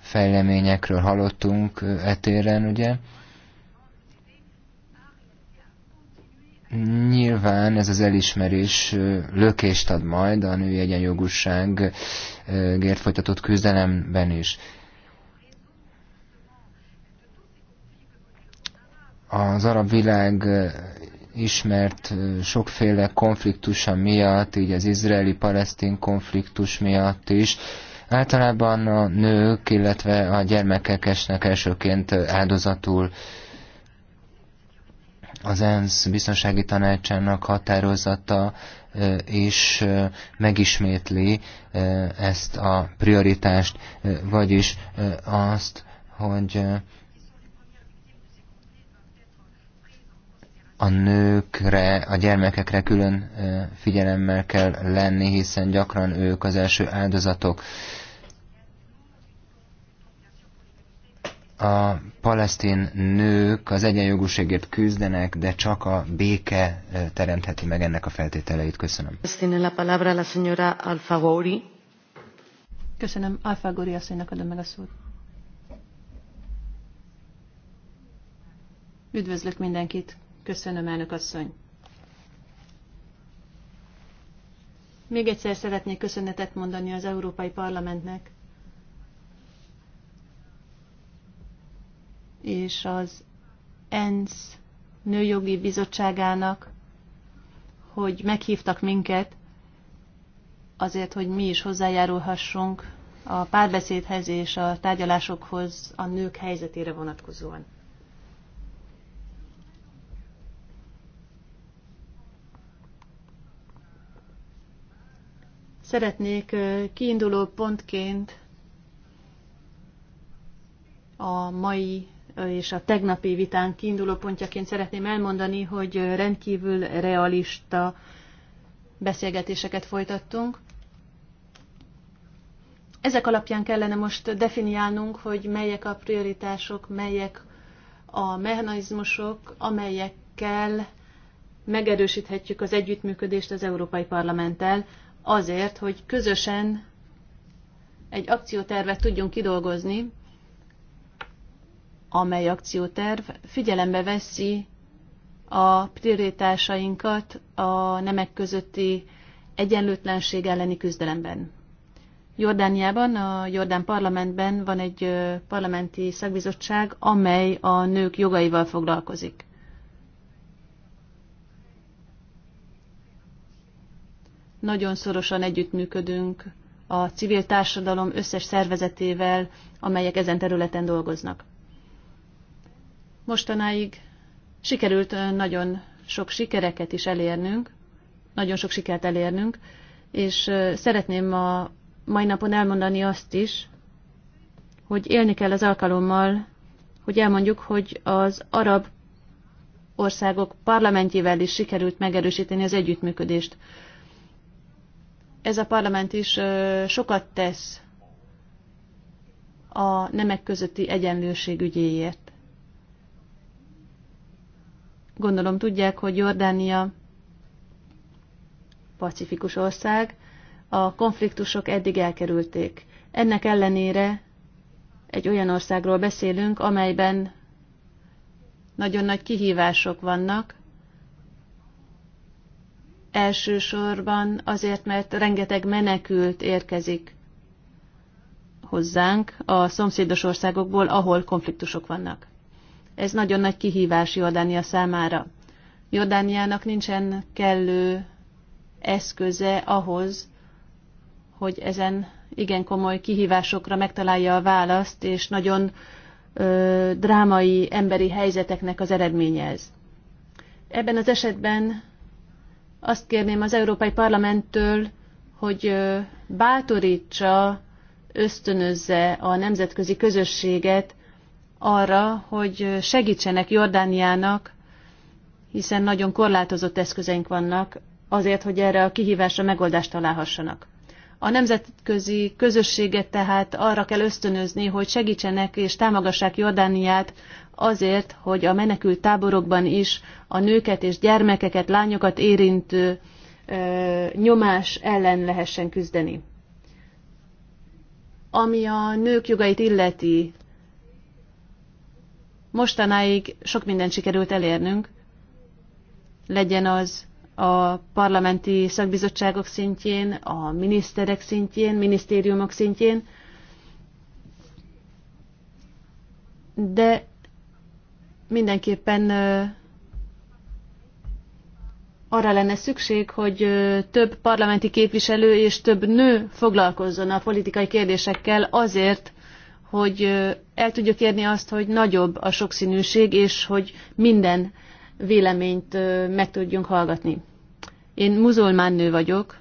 S1: fejleményekről hallottunk etéren, ugye? Nyilván ez az elismerés lökést ad majd a női egyenjogúságért folytatott küzdelemben is. Az arab világ ismert sokféle konfliktusa miatt, így az izraeli-palesztin konfliktus miatt is, általában a nők, illetve a gyermekek esnek elsőként áldozatul az ENSZ biztonsági tanácsának határozata és megismétli ezt a prioritást, vagyis azt, hogy a nőkre, a gyermekekre külön figyelemmel kell lenni, hiszen gyakran ők az első áldozatok. A palesztin nők az egyenjogúségért küzdenek, de csak a béke teremtheti meg ennek a feltételeit. Köszönöm.
S2: Köszönöm. Alfagori asszonynak adom meg a szót. Üdvözlök mindenkit! Köszönöm, elnök asszony. Még egyszer szeretnék köszönetet mondani az Európai Parlamentnek és az ENSZ Nőjogi Bizottságának, hogy meghívtak minket azért, hogy mi is hozzájárulhassunk a párbeszédhez és a tárgyalásokhoz a nők helyzetére vonatkozóan. Szeretnék kiinduló pontként a mai és a tegnapi vitán kiinduló pontjaként szeretném elmondani, hogy rendkívül realista beszélgetéseket folytattunk. Ezek alapján kellene most definiálnunk, hogy melyek a prioritások, melyek a mechanizmusok, amelyekkel megerősíthetjük az együttműködést az Európai Parlamenttel, azért, hogy közösen egy akciótervet tudjunk kidolgozni, amely akcióterv figyelembe veszi a prioritásainkat a nemek közötti egyenlőtlenség elleni küzdelemben. Jordániában, a Jordán parlamentben van egy parlamenti szakbizottság, amely a nők jogaival foglalkozik. Nagyon szorosan együttműködünk a civil társadalom összes szervezetével, amelyek ezen területen dolgoznak. Mostanáig sikerült nagyon sok sikereket is elérnünk, nagyon sok sikert elérnünk, és szeretném a mai napon elmondani azt is, hogy élni kell az alkalommal, hogy elmondjuk, hogy az arab országok parlamentjével is sikerült megerősíteni az együttműködést ez a parlament is sokat tesz a nemek közötti egyenlőség ügyéért. Gondolom tudják, hogy Jordánia pacifikus ország, a konfliktusok eddig elkerülték. Ennek ellenére egy olyan országról beszélünk, amelyben nagyon nagy kihívások vannak, elsősorban azért, mert rengeteg menekült érkezik hozzánk a szomszédos országokból, ahol konfliktusok vannak. Ez nagyon nagy kihívás Jordánia számára. Jordániának nincsen kellő eszköze ahhoz, hogy ezen igen komoly kihívásokra megtalálja a választ, és nagyon ö, drámai emberi helyzeteknek az eredménye ez. Ebben az esetben azt kérném az Európai Parlamenttől, hogy bátorítsa, ösztönözze a nemzetközi közösséget arra, hogy segítsenek Jordániának, hiszen nagyon korlátozott eszközeink vannak azért, hogy erre a kihívásra megoldást találhassanak. A nemzetközi közösséget tehát arra kell ösztönözni, hogy segítsenek és támogassák Jordániát azért, hogy a menekült táborokban is a nőket és gyermekeket, lányokat érintő nyomás ellen lehessen küzdeni. Ami a nők jogait illeti, mostanáig sok mindent sikerült elérnünk, legyen az a parlamenti szakbizottságok szintjén, a miniszterek szintjén, minisztériumok szintjén, de mindenképpen arra lenne szükség, hogy több parlamenti képviselő és több nő foglalkozzon a politikai kérdésekkel azért, hogy el tudjuk érni azt, hogy nagyobb a sokszínűség, és hogy minden véleményt meg tudjunk hallgatni. Én muzulmán nő vagyok,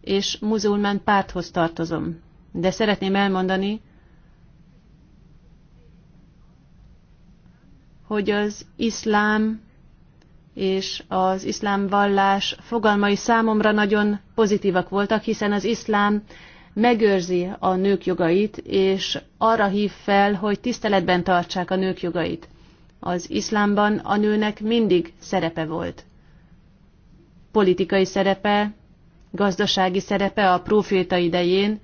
S2: és muzulmán párthoz tartozom. De szeretném elmondani, hogy az iszlám és az iszlám vallás fogalmai számomra nagyon pozitívak voltak, hiszen az iszlám megőrzi a nők jogait, és arra hív fel, hogy tiszteletben tartsák a nők jogait. Az iszlámban a nőnek mindig szerepe volt. Politikai szerepe, gazdasági szerepe a próféta idején.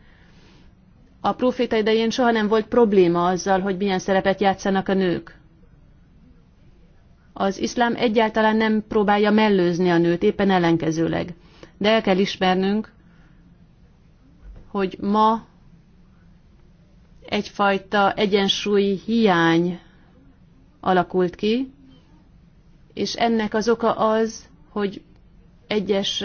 S2: A próféta idején soha nem volt probléma azzal, hogy milyen szerepet játszanak a nők. Az iszlám egyáltalán nem próbálja mellőzni a nőt, éppen ellenkezőleg. De el kell ismernünk, hogy ma egyfajta egyensúly hiány alakult ki, és ennek az oka az, hogy egyes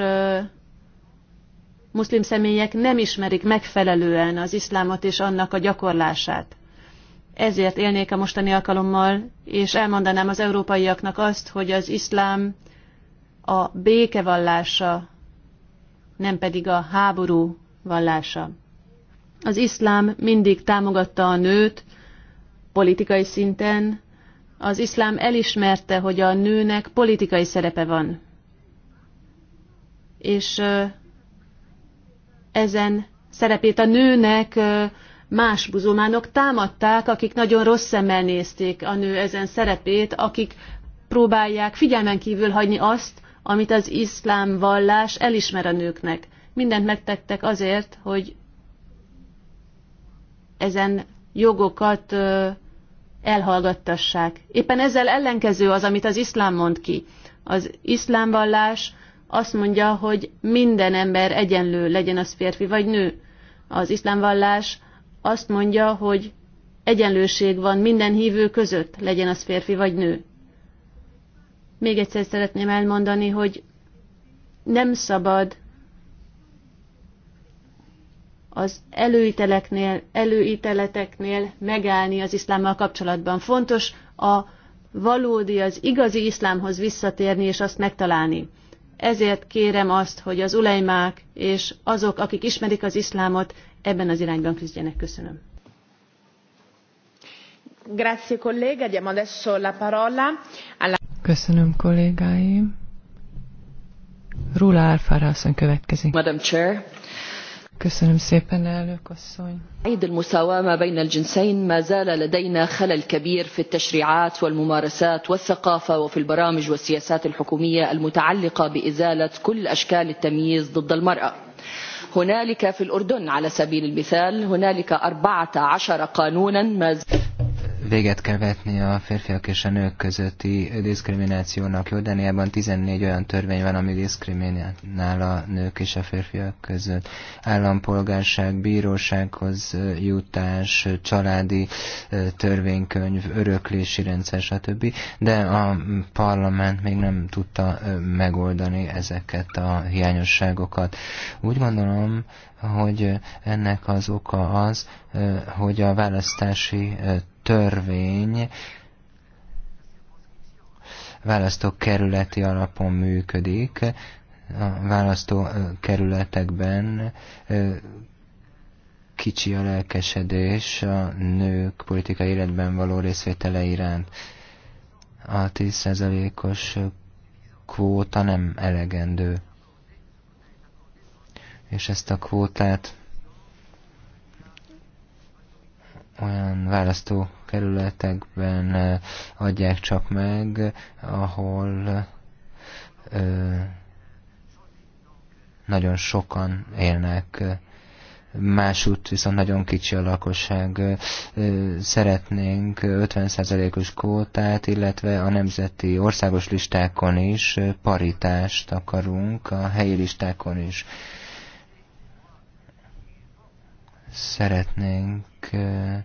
S2: muszlim személyek nem ismerik megfelelően az iszlámot és annak a gyakorlását. Ezért élnék a mostani alkalommal, és elmondanám az európaiaknak azt, hogy az iszlám a béke vallása, nem pedig a háború vallása. Az iszlám mindig támogatta a nőt, politikai szinten, az iszlám elismerte, hogy a nőnek politikai szerepe van. És ezen szerepét a nőnek más buzománok támadták, akik nagyon rossz szemmel nézték a nő ezen szerepét, akik próbálják figyelmen kívül hagyni azt, amit az iszlám vallás elismer a nőknek. Mindent megtettek azért, hogy ezen jogokat elhallgattassák. Éppen ezzel ellenkező az, amit az iszlám mond ki. Az iszlám vallás azt mondja, hogy minden ember egyenlő, legyen az férfi vagy nő. Az iszlám vallás azt mondja, hogy egyenlőség van minden hívő között, legyen az férfi vagy nő. Még egyszer szeretném elmondani, hogy nem szabad az előíteleknél, előíteleteknél megállni az iszlámmal kapcsolatban. Fontos a valódi, az igazi iszlámhoz visszatérni és azt megtalálni. Ezért kérem azt, hogy az ulejmák és azok, akik ismerik az iszlámot, ebben az irányban küzdjenek. Köszönöm. Grazie collega, diamo adesso la parola alla...
S3: Köszönöm kollégáim. Rula Alfara következik. Madam Chair, Köszönöm szépen, elnök asszony.
S2: عيد المساومة بين الجنسين ما زال لدينا خلل كبير في التشريعات والممارسات والثقافة وفي البرامج والسياسات الحكومية المتعلقة بإزالة كل أشكال التمييز ضد المرأة. هنالك في الأردن على سبيل المثال هنالك 14 قانونا ما زال
S1: véget kell vetni a férfiak és a nők közötti diszkriminációnak. Jordániában 14 olyan törvény van, ami diszkriminál a nők és a férfiak között. Állampolgárság, bírósághoz jutás, családi törvénykönyv, öröklési rendszer, stb. De a parlament még nem tudta megoldani ezeket a hiányosságokat. Úgy gondolom, hogy ennek az oka az, hogy a választási törvény választókerületi alapon működik. A választókerületekben kicsi a lelkesedés a nők politikai életben való részvétele iránt. A 10%-os kvóta nem elegendő. És ezt a kvótát olyan választókerületekben adják csak meg, ahol ö, nagyon sokan élnek. Másút viszont nagyon kicsi a lakosság. Szeretnénk 50%-os kótát, illetve a nemzeti országos listákon is paritást akarunk, a helyi listákon is. Szeretnénk Eh,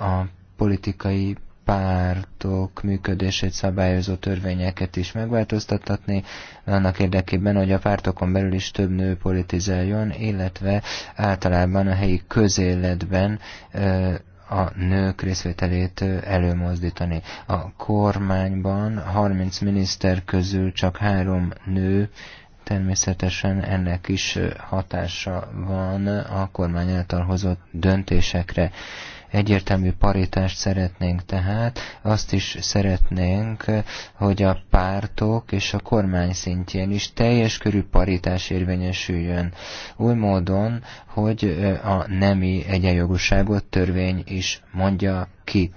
S1: a politikai pártok működését szabályozó törvényeket is megváltoztatni, annak érdekében, hogy a pártokon belül is több nő politizáljon, illetve általában a helyi közéletben eh, a nők részvételét eh, előmozdítani. A kormányban 30 miniszter közül csak három nő Természetesen ennek is hatása van a kormány által hozott döntésekre. Egyértelmű paritást szeretnénk tehát, azt is szeretnénk, hogy a pártok és a kormány szintjén is teljes körű paritás érvényesüljön, Új módon, hogy a nemi egyenjogúságot törvény is mondja ki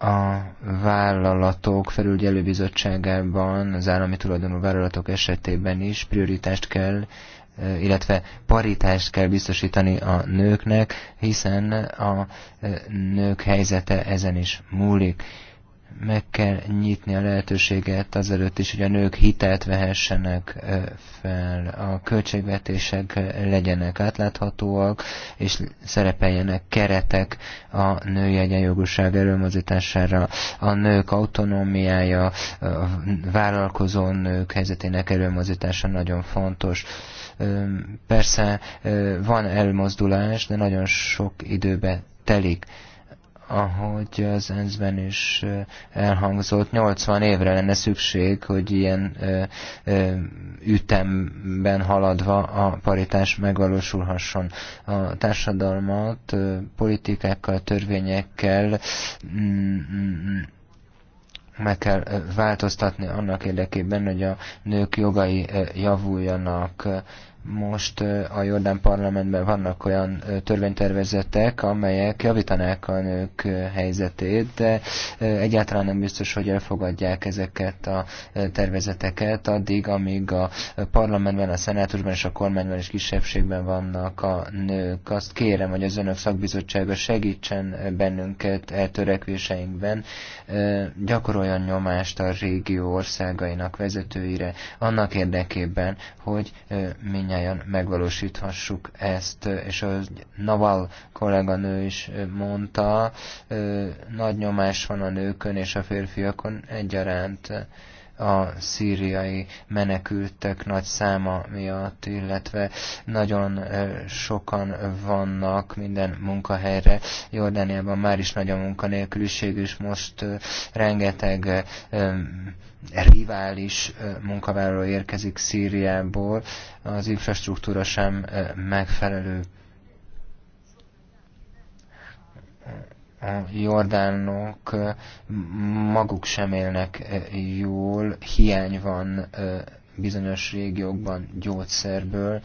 S1: a vállalatok felügyelőbizottságában, az állami tulajdonú vállalatok esetében is prioritást kell, e, illetve paritást kell biztosítani a nőknek, hiszen a e, nők helyzete ezen is múlik meg kell nyitni a lehetőséget azelőtt is, hogy a nők hitelt vehessenek fel, a költségvetések legyenek átláthatóak, és szerepeljenek keretek a női egyenjogúság előmozítására. a nők autonómiája, a vállalkozó nők helyzetének előmozítása nagyon fontos. Persze van elmozdulás, de nagyon sok időbe telik ahogy az ENSZ-ben is elhangzott, 80 évre lenne szükség, hogy ilyen ütemben haladva a paritás megvalósulhasson. A társadalmat politikákkal, törvényekkel mm, mm, mm, meg kell változtatni annak érdekében, hogy a nők jogai javuljanak, most a Jordán parlamentben vannak olyan törvénytervezetek, amelyek javítanák a nők helyzetét, de egyáltalán nem biztos, hogy elfogadják ezeket a tervezeteket addig, amíg a parlamentben, a szenátusban és a kormányban is kisebbségben vannak a nők. Azt kérem, hogy az önök szakbizottsága segítsen bennünket eltörekvéseinkben, gyakoroljon nyomást a régió országainak vezetőire annak érdekében, hogy minnyi minnyáján megvalósíthassuk ezt, és a Naval kolléganő is mondta, nagy nyomás van a nőkön és a férfiakon egyaránt a szíriai menekültek nagy száma miatt, illetve nagyon sokan vannak minden munkahelyre. Jordániában már is nagy a munkanélküliség, és most rengeteg rivális munkavállaló érkezik Szíriából, az infrastruktúra sem megfelelő. A jordánok maguk sem élnek jól, hiány van bizonyos régiókban gyógyszerből,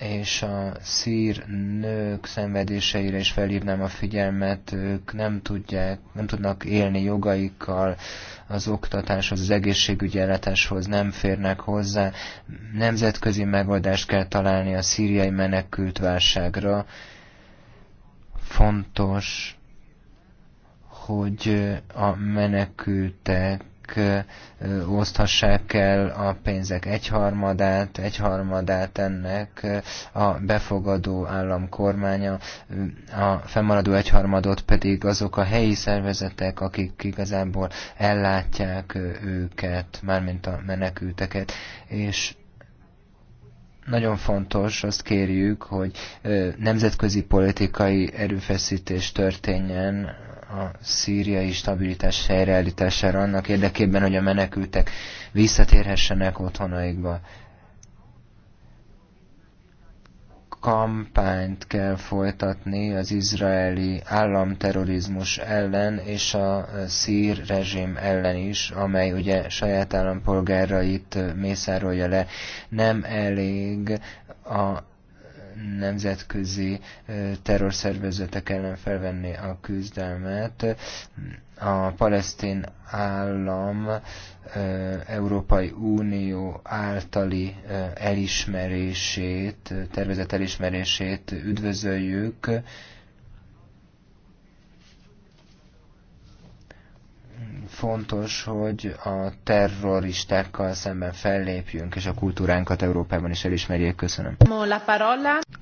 S1: és a szír nők szenvedéseire is felhívnám a figyelmet, ők nem tudják, nem tudnak élni jogaikkal, az oktatáshoz, az egészségügyi ellátáshoz nem férnek hozzá. Nemzetközi megoldást kell találni a szíriai menekült válságra. Fontos, hogy a menekültek oszthassák el a pénzek egyharmadát, egyharmadát ennek a befogadó állam kormánya, a fennmaradó egyharmadot pedig azok a helyi szervezetek, akik igazából ellátják őket, mármint a menekülteket, és nagyon fontos, azt kérjük, hogy nemzetközi politikai erőfeszítés történjen a szíriai stabilitás helyreállítására annak érdekében, hogy a menekültek visszatérhessenek otthonaikba. Kampányt kell folytatni az izraeli államterrorizmus ellen és a szír rezsim ellen is, amely ugye saját állampolgárait mészárolja le. Nem elég a nemzetközi terrorszervezetek ellen felvenni a küzdelmet. A palesztin állam Európai Unió általi elismerését, tervezett elismerését üdvözöljük, fontos, hogy a terroristákkal szemben fellépjünk, és a kultúránkat Európában is elismerjék. Köszönöm.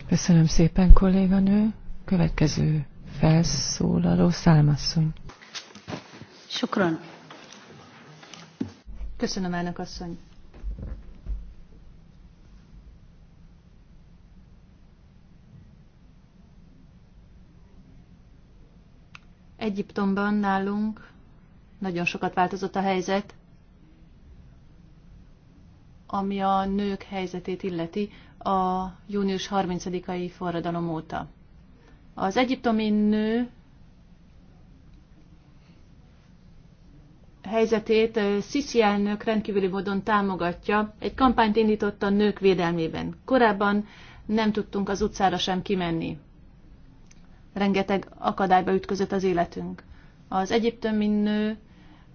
S3: Köszönöm szépen, kolléganő. Következő felszólaló, Szálmasszony. Sokran.
S2: Köszönöm, elnök asszony. Egyiptomban nálunk nagyon sokat változott a helyzet, ami a nők helyzetét illeti a június 30-ai forradalom óta. Az egyiptomi nő helyzetét Sisi elnök rendkívüli módon támogatja. Egy kampányt indított a nők védelmében. Korábban nem tudtunk az utcára sem kimenni. Rengeteg akadályba ütközött az életünk az egyiptomi nő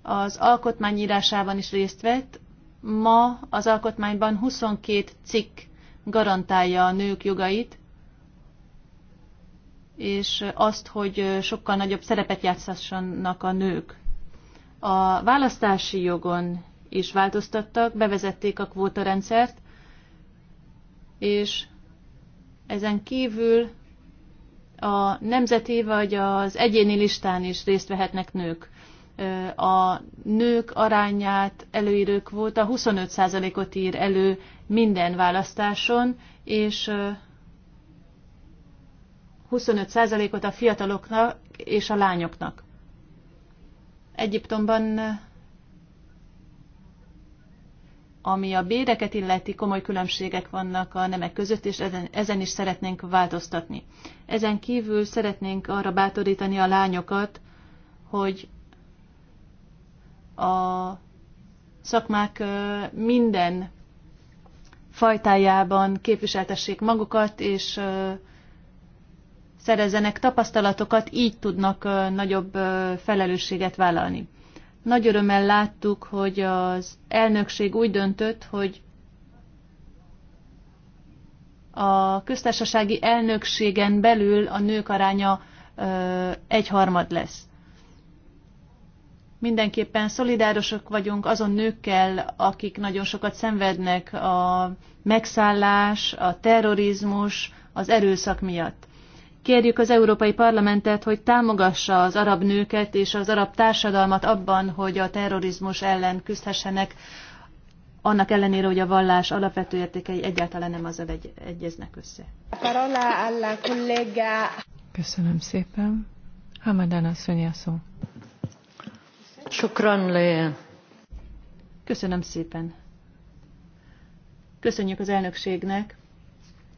S2: az alkotmányírásában is részt vett. Ma az alkotmányban 22 cikk garantálja a nők jogait, és azt, hogy sokkal nagyobb szerepet játszassanak a nők. A választási jogon is változtattak, bevezették a kvótarendszert, és ezen kívül a nemzeti vagy az egyéni listán is részt vehetnek nők. A nők arányát előírő kvóta 25%-ot ír elő minden választáson, és 25%-ot a fiataloknak és a lányoknak. Egyiptomban ami a béreket illeti, komoly különbségek vannak a nemek között, és ezen, ezen is szeretnénk változtatni. Ezen kívül szeretnénk arra bátorítani a lányokat, hogy a szakmák minden fajtájában képviseltessék magukat, és szerezzenek tapasztalatokat, így tudnak nagyobb felelősséget vállalni. Nagy örömmel láttuk, hogy az elnökség úgy döntött, hogy a köztársasági elnökségen belül a nők aránya egyharmad lesz. Mindenképpen szolidárosok vagyunk azon nőkkel, akik nagyon sokat szenvednek a megszállás, a terrorizmus, az erőszak miatt. Kérjük az Európai Parlamentet, hogy támogassa az arab nőket és az arab társadalmat abban, hogy a terrorizmus ellen küzdhessenek, annak ellenére, hogy a vallás alapvető értékei egyáltalán nem azzal egy, egyeznek össze.
S3: Köszönöm szépen. Hamadán asszony a szó.
S2: Köszönöm szépen. Köszönjük az elnökségnek,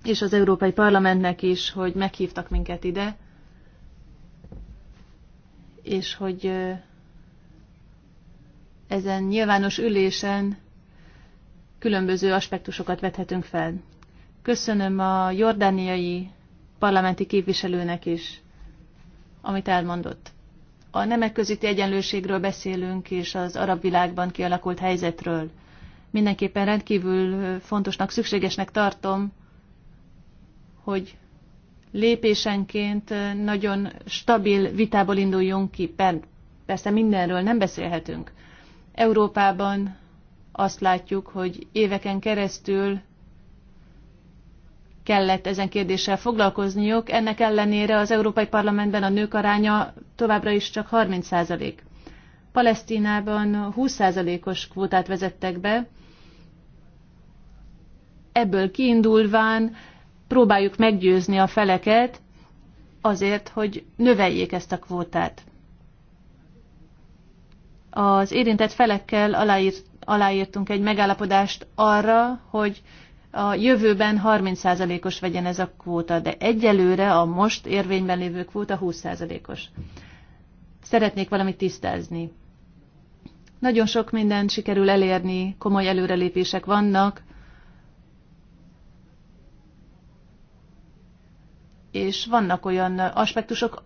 S2: és az Európai Parlamentnek is, hogy meghívtak minket ide, és hogy ezen nyilvános ülésen különböző aspektusokat vethetünk fel. Köszönöm a jordániai parlamenti képviselőnek is, amit elmondott. A nemek közötti egyenlőségről beszélünk, és az arab világban kialakult helyzetről. Mindenképpen rendkívül fontosnak, szükségesnek tartom, hogy lépésenként nagyon stabil vitából induljunk ki. Persze mindenről nem beszélhetünk. Európában azt látjuk, hogy éveken keresztül kellett ezen kérdéssel foglalkozniuk. Ennek ellenére az Európai Parlamentben a nők aránya továbbra is csak 30 százalék. Palesztinában 20 százalékos kvótát vezettek be, ebből kiindulván próbáljuk meggyőzni a feleket azért, hogy növeljék ezt a kvótát. Az érintett felekkel aláírt, aláírtunk egy megállapodást arra, hogy a jövőben 30%-os vegyen ez a kvóta, de egyelőre a most érvényben lévő kvóta 20%-os. Szeretnék valamit tisztázni. Nagyon sok mindent sikerül elérni, komoly előrelépések vannak, és vannak olyan aspektusok,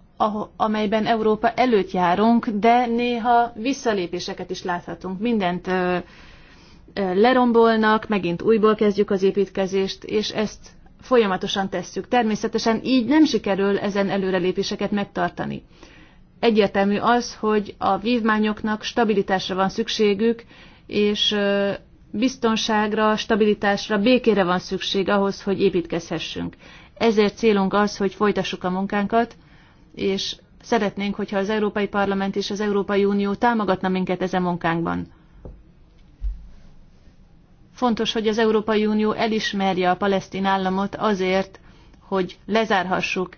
S2: amelyben Európa előtt járunk, de néha visszalépéseket is láthatunk. Mindent lerombolnak, megint újból kezdjük az építkezést, és ezt folyamatosan tesszük. Természetesen így nem sikerül ezen előrelépéseket megtartani. Egyértelmű az, hogy a vívmányoknak stabilitásra van szükségük, és biztonságra, stabilitásra, békére van szükség ahhoz, hogy építkezhessünk. Ezért célunk az, hogy folytassuk a munkánkat, és szeretnénk, hogyha az Európai Parlament és az Európai Unió támogatna minket ezen munkánkban. Fontos, hogy az Európai Unió elismerje a palesztin államot azért, hogy lezárhassuk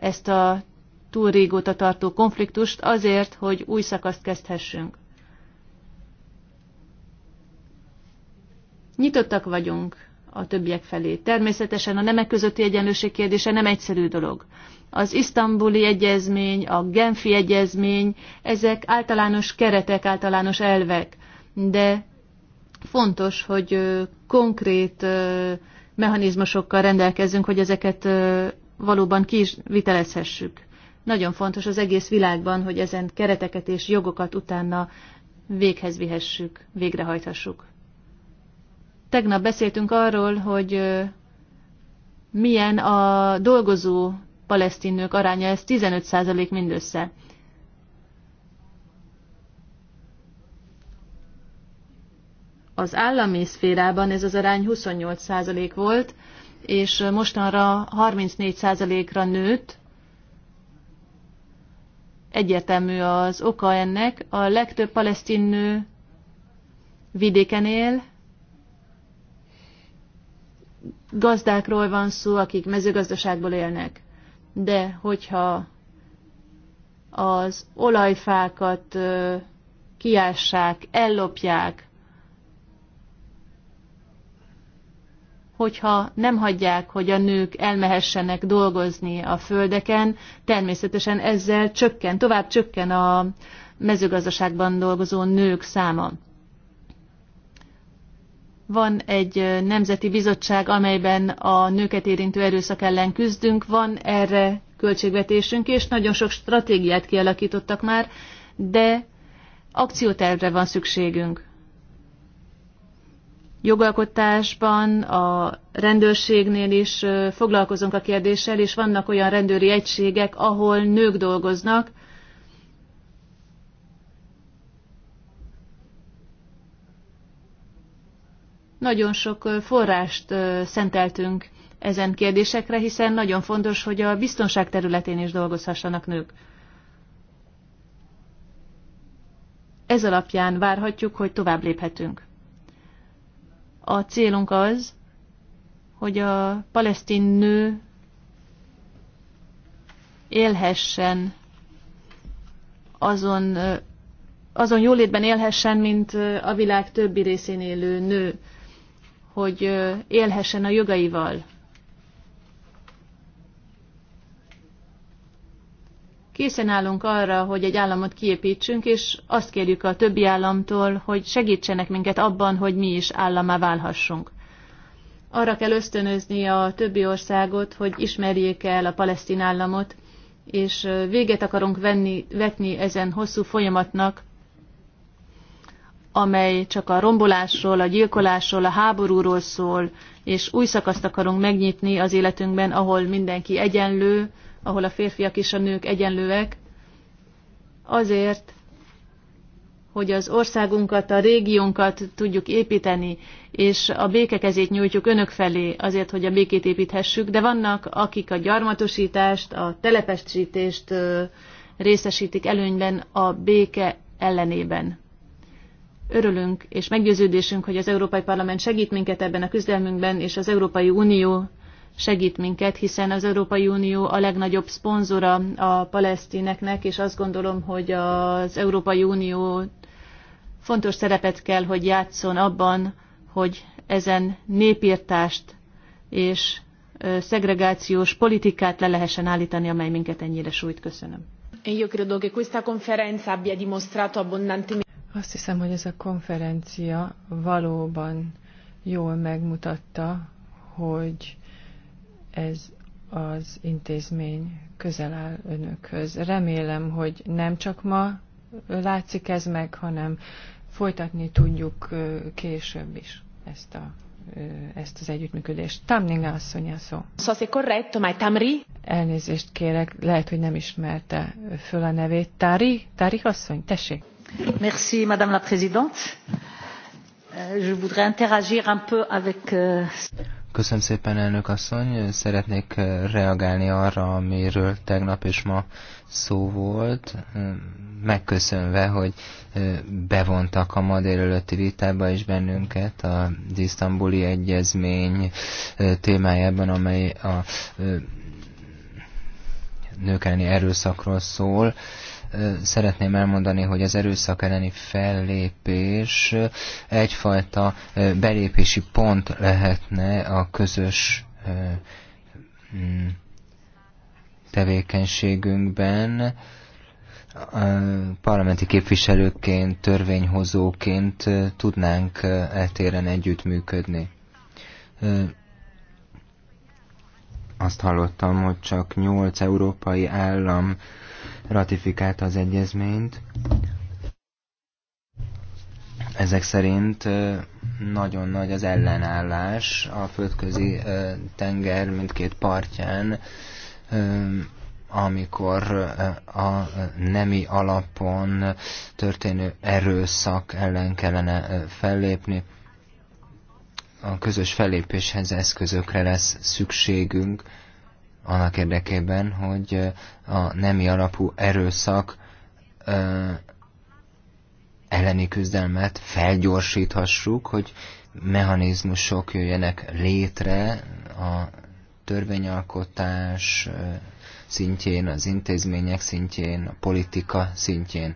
S2: ezt a túl régóta tartó konfliktust, azért, hogy új szakaszt kezdhessünk. Nyitottak vagyunk a többiek felé. Természetesen a nemek közötti egyenlőség kérdése nem egyszerű dolog. Az isztambuli egyezmény, a genfi egyezmény, ezek általános keretek, általános elvek, de fontos, hogy konkrét mechanizmusokkal rendelkezzünk, hogy ezeket valóban ki is vitelezhessük. Nagyon fontos az egész világban, hogy ezen kereteket és jogokat utána véghez vihessük, végrehajthassuk. Tegnap beszéltünk arról, hogy milyen a dolgozó palesztin aránya, ez 15% mindössze. Az állami szférában ez az arány 28% volt, és mostanra 34%-ra nőtt. Egyértelmű az oka ennek. A legtöbb palesztin nő vidéken él, gazdákról van szó, akik mezőgazdaságból élnek. De hogyha az olajfákat kiássák, ellopják, hogyha nem hagyják, hogy a nők elmehessenek dolgozni a földeken, természetesen ezzel csökken, tovább csökken a mezőgazdaságban dolgozó nők száma. Van egy nemzeti bizottság, amelyben a nőket érintő erőszak ellen küzdünk, van erre költségvetésünk, és nagyon sok stratégiát kialakítottak már, de akciótervre van szükségünk. Jogalkotásban, a rendőrségnél is foglalkozunk a kérdéssel, és vannak olyan rendőri egységek, ahol nők dolgoznak, Nagyon sok forrást szenteltünk ezen kérdésekre, hiszen nagyon fontos, hogy a biztonság területén is dolgozhassanak nők. Ez alapján várhatjuk, hogy tovább léphetünk. A célunk az, hogy a palesztin nő élhessen azon, azon jólétben élhessen, mint a világ többi részén élő nő hogy élhessen a jogaival. Készen állunk arra, hogy egy államot kiépítsünk, és azt kérjük a többi államtól, hogy segítsenek minket abban, hogy mi is államá válhassunk. Arra kell ösztönözni a többi országot, hogy ismerjék el a palesztin államot, és véget akarunk venni, vetni ezen hosszú folyamatnak, amely csak a rombolásról, a gyilkolásról, a háborúról szól, és új szakaszt akarunk megnyitni az életünkben, ahol mindenki egyenlő, ahol a férfiak és a nők egyenlőek, azért, hogy az országunkat, a régiónkat tudjuk építeni, és a békekezét nyújtjuk önök felé, azért, hogy a békét építhessük, de vannak, akik a gyarmatosítást, a telepesítést részesítik előnyben a béke ellenében örülünk, és meggyőződésünk, hogy az Európai Parlament segít minket ebben a küzdelmünkben, és az Európai Unió segít minket, hiszen az Európai Unió a legnagyobb szponzora a palesztineknek, és azt gondolom, hogy az Európai Unió fontos szerepet kell, hogy játszon abban, hogy ezen népírtást és szegregációs politikát le lehessen
S3: állítani, amely minket ennyire sújt. Köszönöm.
S2: E io credo che questa conferenza abbia dimostrato
S3: abbondantemente azt hiszem, hogy ez a konferencia valóban jól megmutatta, hogy ez az intézmény közel áll önökhöz. Remélem, hogy nem csak ma látszik ez meg, hanem folytatni tudjuk később is ezt a ezt az együttműködést. Tamninga asszony a szó. Szóval Elnézést kérek, lehet, hogy nem ismerte föl a nevét. Tári, Tári asszony, tessék.
S2: Madame la Présidente. Euh, je voudrais interagir un peu avec... Euh,
S1: Köszönöm szépen, elnök asszony. Szeretnék euh, reagálni arra, amiről tegnap és ma szó volt, megköszönve, hogy bevontak a ma délelőtti vitába is bennünket az isztambuli egyezmény témájában, amely a nők elleni erőszakról szól szeretném elmondani, hogy az erőszak elleni fellépés egyfajta belépési pont lehetne a közös mm, tevékenységünkben parlamenti képviselőként, törvényhozóként tudnánk eltéren együttműködni. Azt hallottam, hogy csak nyolc európai állam ratifikálta az egyezményt. Ezek szerint nagyon nagy az ellenállás a földközi tenger mindkét partján, amikor a nemi alapon történő erőszak ellen kellene fellépni. A közös fellépéshez eszközökre lesz szükségünk, annak érdekében, hogy a nemi alapú erőszak elleni küzdelmet felgyorsíthassuk, hogy mechanizmusok jöjjenek létre a törvényalkotás szintjén, az intézmények szintjén, a politika szintjén.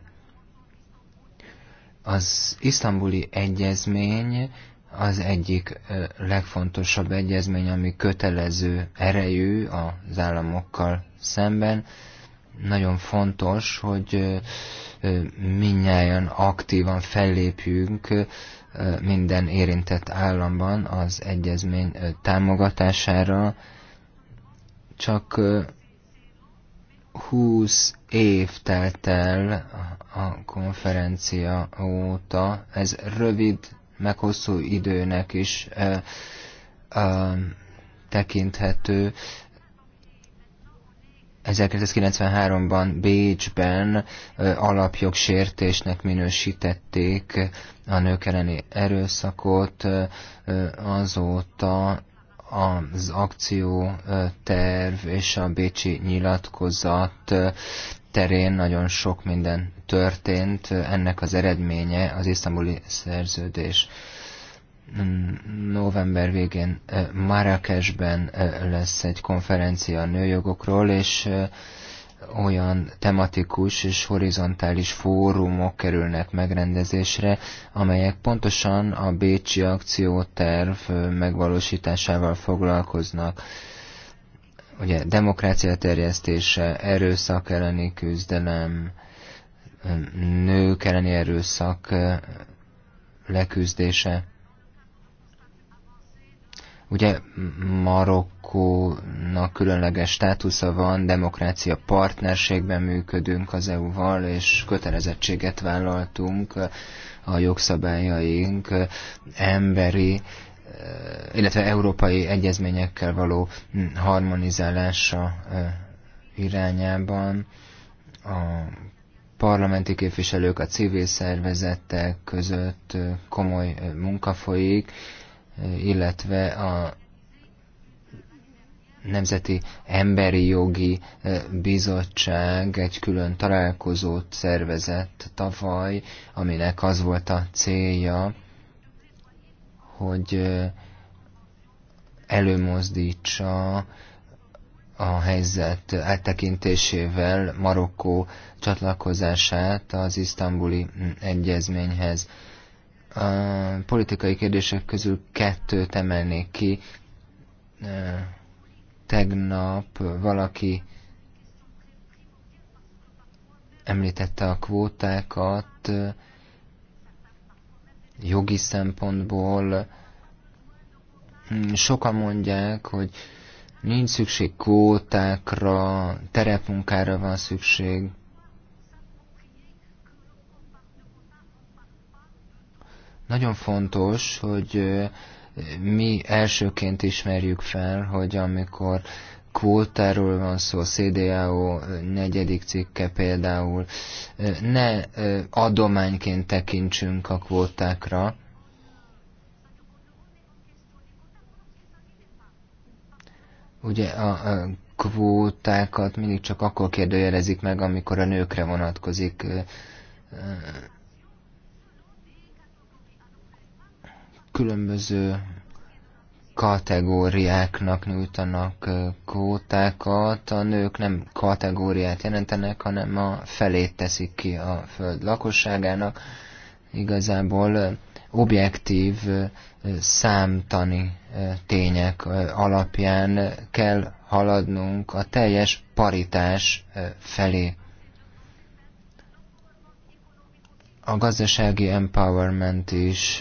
S1: Az isztambuli egyezmény az egyik legfontosabb egyezmény, ami kötelező erejű az államokkal szemben. Nagyon fontos, hogy minnyáján aktívan fellépjünk minden érintett államban az egyezmény támogatására. Csak 20 év telt el a konferencia óta, ez rövid meg hosszú időnek is tekinthető. 1993-ban Bécsben alapjogsértésnek minősítették a nők elleni erőszakot, azóta az akcióterv és a Bécsi nyilatkozat terén nagyon sok minden történt, ennek az eredménye az isztambuli szerződés november végén eh, Marrakesben eh, lesz egy konferencia a nőjogokról, és eh, olyan tematikus és horizontális fórumok kerülnek megrendezésre, amelyek pontosan a Bécsi akcióterv megvalósításával foglalkoznak. Ugye demokrácia terjesztése, erőszak elleni küzdelem, nők elleni erőszak leküzdése. Ugye Marokkónak különleges státusza van, demokrácia partnerségben működünk az EU-val, és kötelezettséget vállaltunk a jogszabályaink emberi, illetve európai egyezményekkel való harmonizálása irányában a parlamenti képviselők, a civil szervezetek között komoly munka folyik, illetve a Nemzeti Emberi Jogi Bizottság egy külön találkozót szervezett tavaly, aminek az volt a célja, hogy előmozdítsa a helyzet áttekintésével Marokkó csatlakozását az isztambuli egyezményhez. A politikai kérdések közül kettőt emelnék ki. Tegnap valaki említette a kvótákat jogi szempontból. Sokan mondják, hogy Nincs szükség kótákra, terepmunkára van szükség. Nagyon fontos, hogy mi elsőként ismerjük fel, hogy amikor kvótáról van szó, a CDAO negyedik cikke például, ne adományként tekintsünk a kvótákra, Ugye a, a kvótákat mindig csak akkor kérdőjelezik meg, amikor a nőkre vonatkozik. Különböző kategóriáknak nyújtanak kvótákat. A nők nem kategóriát jelentenek, hanem a felét teszik ki a föld lakosságának. Igazából objektív, számtani tények alapján kell haladnunk a teljes paritás felé. A gazdasági empowerment is,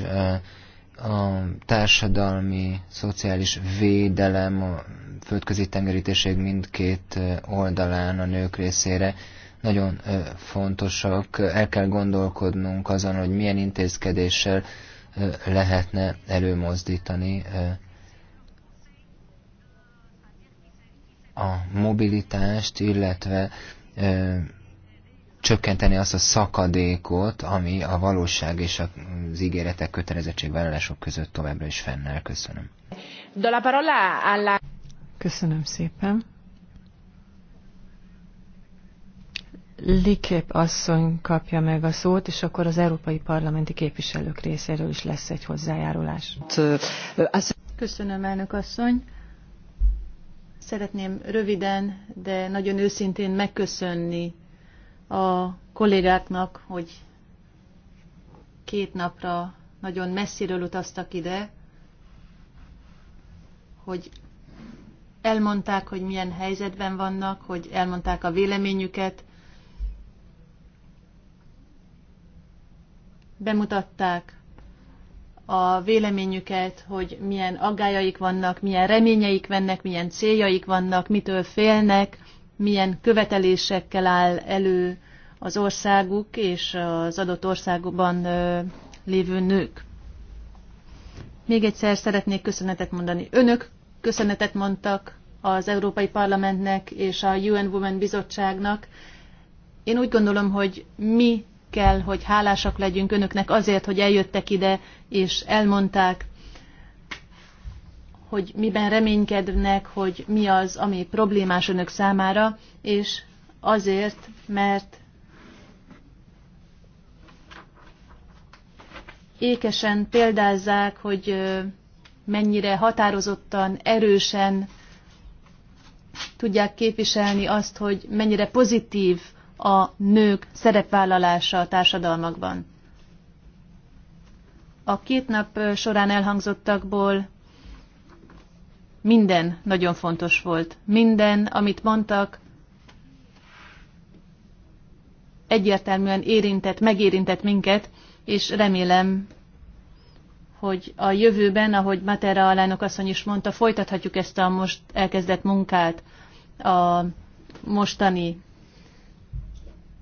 S1: a társadalmi, szociális védelem a földközi tengerítéség mindkét oldalán a nők részére nagyon fontosak. El kell gondolkodnunk azon, hogy milyen intézkedéssel lehetne előmozdítani a mobilitást, illetve csökkenteni azt a szakadékot, ami a valóság és az ígéretek kötelezettségvállalások között továbbra is fennáll. Köszönöm.
S3: Köszönöm szépen. Likép asszony kapja meg a szót, és akkor az európai parlamenti képviselők részéről is lesz egy hozzájárulás.
S2: Köszönöm, elnök asszony. Szeretném röviden, de nagyon őszintén megköszönni a kollégáknak, hogy két napra nagyon messziről utaztak ide, hogy elmondták, hogy milyen helyzetben vannak, hogy elmondták a véleményüket, bemutatták a véleményüket, hogy milyen aggájaik vannak, milyen reményeik vannak, milyen céljaik vannak, mitől félnek, milyen követelésekkel áll elő az országuk és az adott országban lévő nők. Még egyszer szeretnék köszönetet mondani. Önök köszönetet mondtak az Európai Parlamentnek és a UN Women Bizottságnak. Én úgy gondolom, hogy mi kell, hogy hálásak legyünk önöknek azért, hogy eljöttek ide, és elmondták, hogy miben reménykednek, hogy mi az, ami problémás önök számára, és azért, mert ékesen példázzák, hogy mennyire határozottan, erősen tudják képviselni azt, hogy mennyire pozitív a nők szerepvállalása a társadalmakban. A két nap során elhangzottakból minden nagyon fontos volt. Minden, amit mondtak, egyértelműen érintett, megérintett minket, és remélem, hogy a jövőben, ahogy Matera alánok asszony is mondta, folytathatjuk ezt a most elkezdett munkát a mostani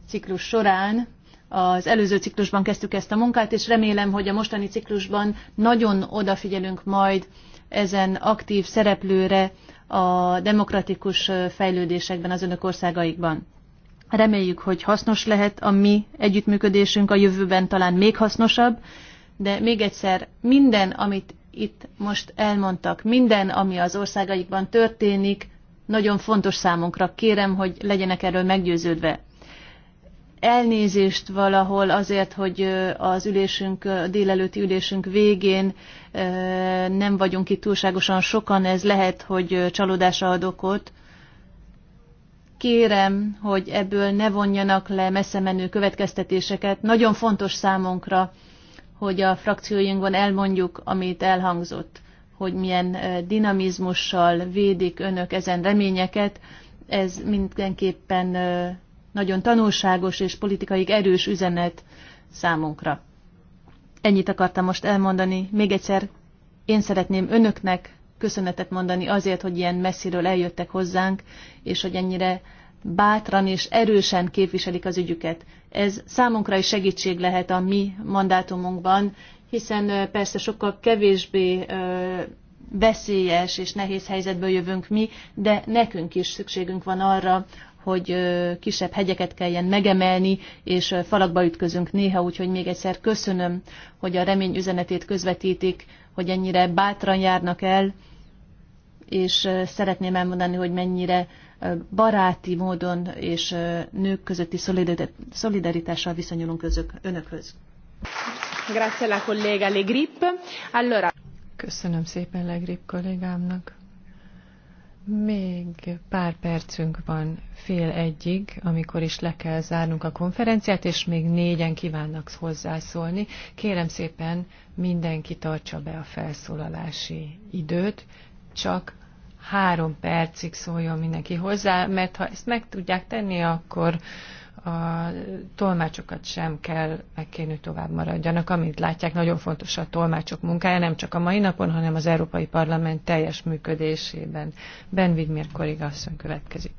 S2: ciklus során. Az előző ciklusban kezdtük ezt a munkát, és remélem, hogy a mostani ciklusban nagyon odafigyelünk majd ezen aktív szereplőre a demokratikus fejlődésekben az önök országaikban. Reméljük, hogy hasznos lehet a mi együttműködésünk a jövőben talán még hasznosabb, de még egyszer minden, amit itt most elmondtak, minden, ami az országaikban történik, nagyon fontos számunkra. Kérem, hogy legyenek erről meggyőződve elnézést valahol azért, hogy az ülésünk, a délelőtti ülésünk végén nem vagyunk itt túlságosan sokan, ez lehet, hogy csalódása ad okot. Kérem, hogy ebből ne vonjanak le messze menő következtetéseket. Nagyon fontos számunkra, hogy a frakcióinkban elmondjuk, amit elhangzott, hogy milyen dinamizmussal védik önök ezen reményeket. Ez mindenképpen nagyon tanulságos és politikai erős üzenet számunkra. Ennyit akartam most elmondani. Még egyszer én szeretném önöknek köszönetet mondani azért, hogy ilyen messziről eljöttek hozzánk, és hogy ennyire bátran és erősen képviselik az ügyüket. Ez számunkra is segítség lehet a mi mandátumunkban, hiszen persze sokkal kevésbé veszélyes és nehéz helyzetből jövünk mi, de nekünk is szükségünk van arra, hogy kisebb hegyeket kelljen megemelni, és falakba ütközünk néha, úgyhogy még egyszer köszönöm, hogy a remény üzenetét közvetítik, hogy ennyire bátran járnak el, és szeretném elmondani, hogy mennyire baráti módon és nők közötti szolidaritással viszonyulunk közök, önökhöz. Grazie la collega Allora...
S3: Köszönöm szépen Legrip kollégámnak. Még pár percünk van fél egyig, amikor is le kell zárnunk a konferenciát, és még négyen kívánnak hozzászólni. Kérem szépen, mindenki tartsa be a felszólalási időt, csak három percig szóljon mindenki hozzá, mert ha ezt meg tudják tenni, akkor a tolmácsokat sem kell megkérni, tovább maradjanak. Amint látják, nagyon fontos a tolmácsok munkája, nem csak a mai napon, hanem az Európai Parlament teljes működésében. Ben Vidmir kollégasszony következik.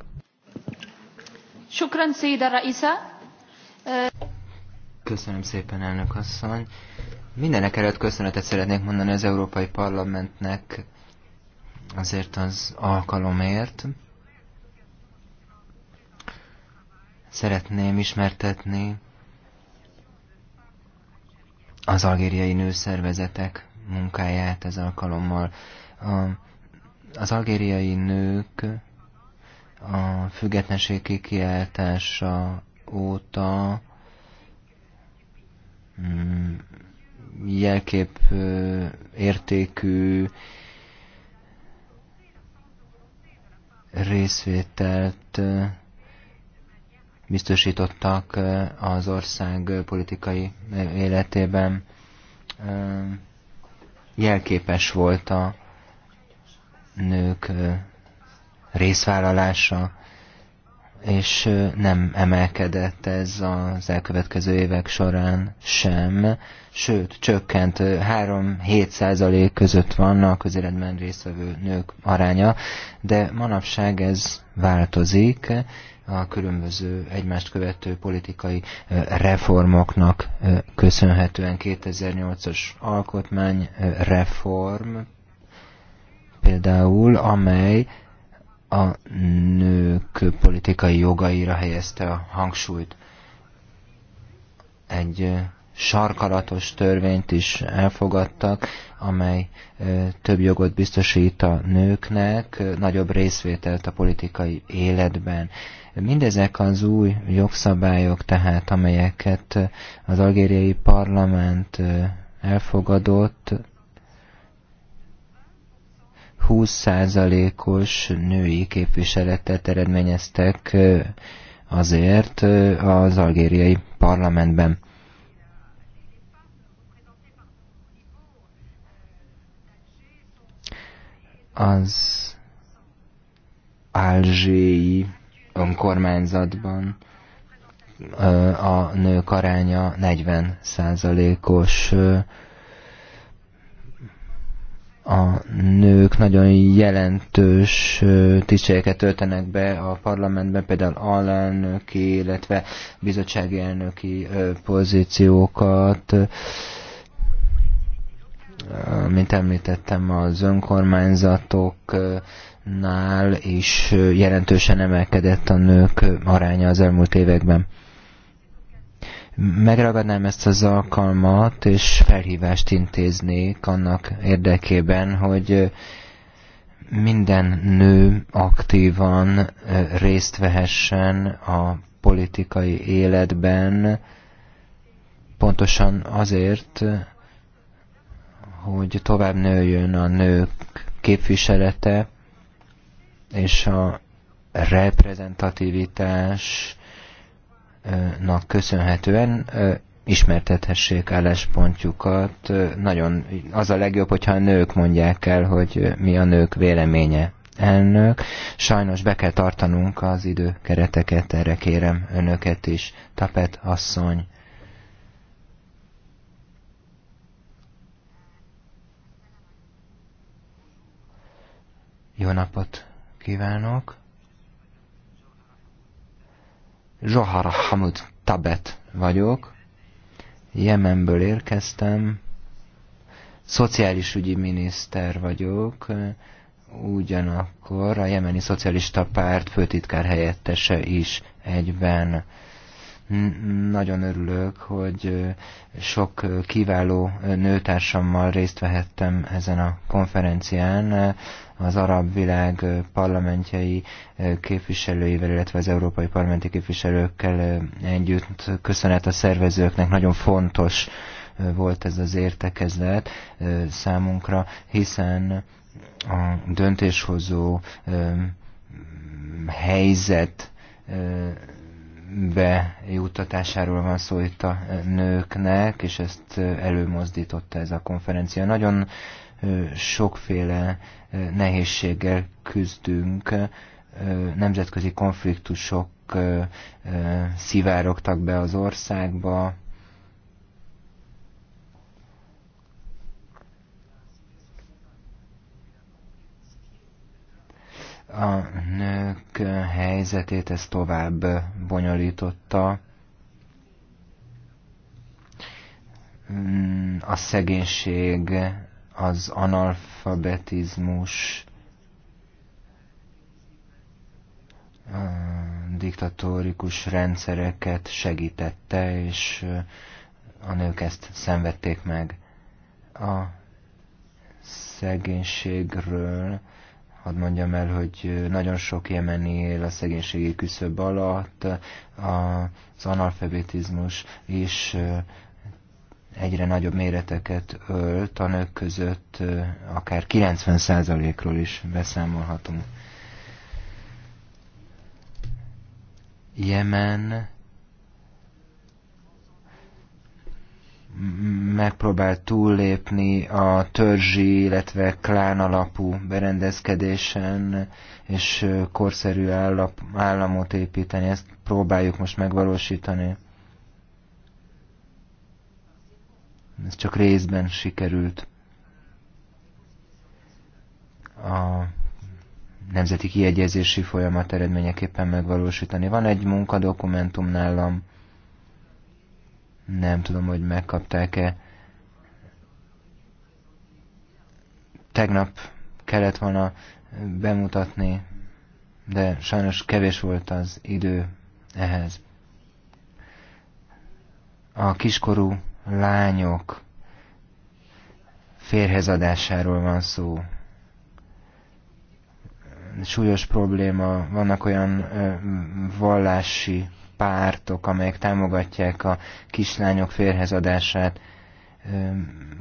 S2: Sukran Isa.
S1: Köszönöm szépen, elnök asszony. Mindenek előtt köszönetet szeretnék mondani az Európai Parlamentnek azért az alkalomért, szeretném ismertetni az algériai nőszervezetek munkáját ez alkalommal. A, az algériai nők a függetlenségi kiáltása óta mm, jelkép értékű részvételt biztosítottak az ország politikai életében. Jelképes volt a nők részvállalása, és nem emelkedett ez az elkövetkező évek során sem, sőt, csökkent 3-7 százalék között van a közéletben résztvevő nők aránya, de manapság ez változik, a különböző egymást követő politikai reformoknak köszönhetően 2008-as alkotmány reform például, amely a nők politikai jogaira helyezte a hangsúlyt. Egy sarkalatos törvényt is elfogadtak, amely több jogot biztosít a nőknek, nagyobb részvételt a politikai életben. Mindezek az új jogszabályok tehát, amelyeket az algériai parlament elfogadott, 20%-os női képviseletet eredményeztek azért az algériai parlamentben. az álzséi önkormányzatban a nők aránya 40 százalékos. A nők nagyon jelentős tisztségeket töltenek be a parlamentben, például alelnöki, illetve bizottsági elnöki pozíciókat mint említettem, az önkormányzatoknál is jelentősen emelkedett a nők aránya az elmúlt években. Megragadnám ezt az alkalmat, és felhívást intéznék annak érdekében, hogy minden nő aktívan részt vehessen a politikai életben, pontosan azért, hogy tovább nőjön a nők képviselete, és a reprezentativitásnak köszönhetően ismertethessék álláspontjukat. Nagyon az a legjobb, hogyha a nők mondják el, hogy mi a nők véleménye. Elnök, sajnos be kell tartanunk az időkereteket, erre kérem önöket is. Tapet asszony. Jó napot kívánok! Zsohar Hamud Tabet vagyok. Jemenből érkeztem. Szociális ügyi miniszter vagyok. Ugyanakkor a jemeni szocialista párt főtitkár helyettese is egyben nagyon örülök, hogy sok kiváló nőtársammal részt vehettem ezen a konferencián az arab világ parlamentjei képviselőivel, illetve az európai parlamenti képviselőkkel együtt. Köszönet a szervezőknek, nagyon fontos volt ez az értekezlet számunkra, hiszen a döntéshozó helyzet bejuttatásáról van szó itt a nőknek, és ezt előmozdította ez a konferencia. Nagyon sokféle nehézséggel küzdünk, nemzetközi konfliktusok szivárogtak be az országba, a nők helyzetét ez tovább bonyolította. Mm, a szegénység az analfabetizmus diktatórikus rendszereket segítette, és a nők ezt szenvedték meg. A szegénységről hadd mondjam el, hogy nagyon sok jemeni él a szegénységi küszöb alatt, az analfabetizmus is egyre nagyobb méreteket ölt, a nők között akár 90%-ról is beszámolhatunk. Jemen megpróbál túllépni a törzsi, illetve klán alapú berendezkedésen, és korszerű állap, államot építeni. Ezt próbáljuk most megvalósítani. ez csak részben sikerült. A nemzeti kiegyezési folyamat eredményeképpen megvalósítani. Van egy munkadokumentum nálam, nem tudom, hogy megkapták-e. Tegnap kellett volna bemutatni, de sajnos kevés volt az idő ehhez. A kiskorú lányok férhezadásáról van szó. Súlyos probléma, vannak olyan ö, vallási pártok, amelyek támogatják a kislányok férhezadását.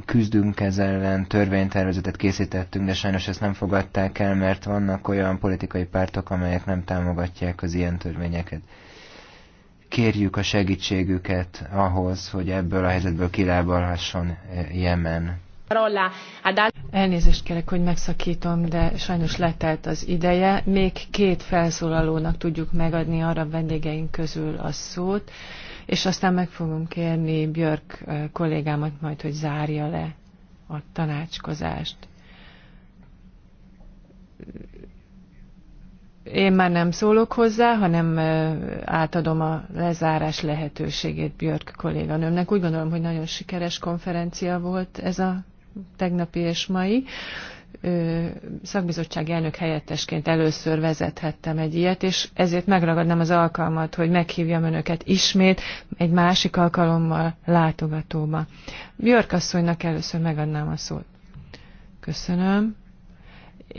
S1: küzdünk ez ellen, törvénytervezetet készítettünk, de sajnos ezt nem fogadták el, mert vannak olyan politikai pártok, amelyek nem támogatják az ilyen törvényeket kérjük a segítségüket ahhoz, hogy ebből a helyzetből kilábalhasson eh, Jemen.
S3: Elnézést kérek, hogy megszakítom, de sajnos letelt az ideje. Még két felszólalónak tudjuk megadni arra vendégeink közül a szót, és aztán meg fogom kérni Björk eh, kollégámat majd, hogy zárja le a tanácskozást én már nem szólok hozzá, hanem átadom a lezárás lehetőségét Björk kolléganőmnek. Úgy gondolom, hogy nagyon sikeres konferencia volt ez a tegnapi és mai Szakbizottság elnök helyettesként először vezethettem egy ilyet, és ezért megragadnám az alkalmat, hogy meghívjam önöket ismét egy másik alkalommal látogatóba. Björk asszonynak először megadnám a szót. Köszönöm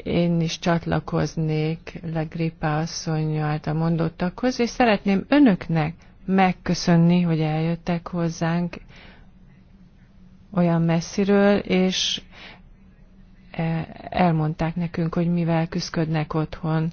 S3: én is csatlakoznék Legripa asszony által mondottakhoz, és szeretném önöknek megköszönni, hogy eljöttek hozzánk olyan messziről, és eh, elmondták nekünk, hogy mivel küzdködnek otthon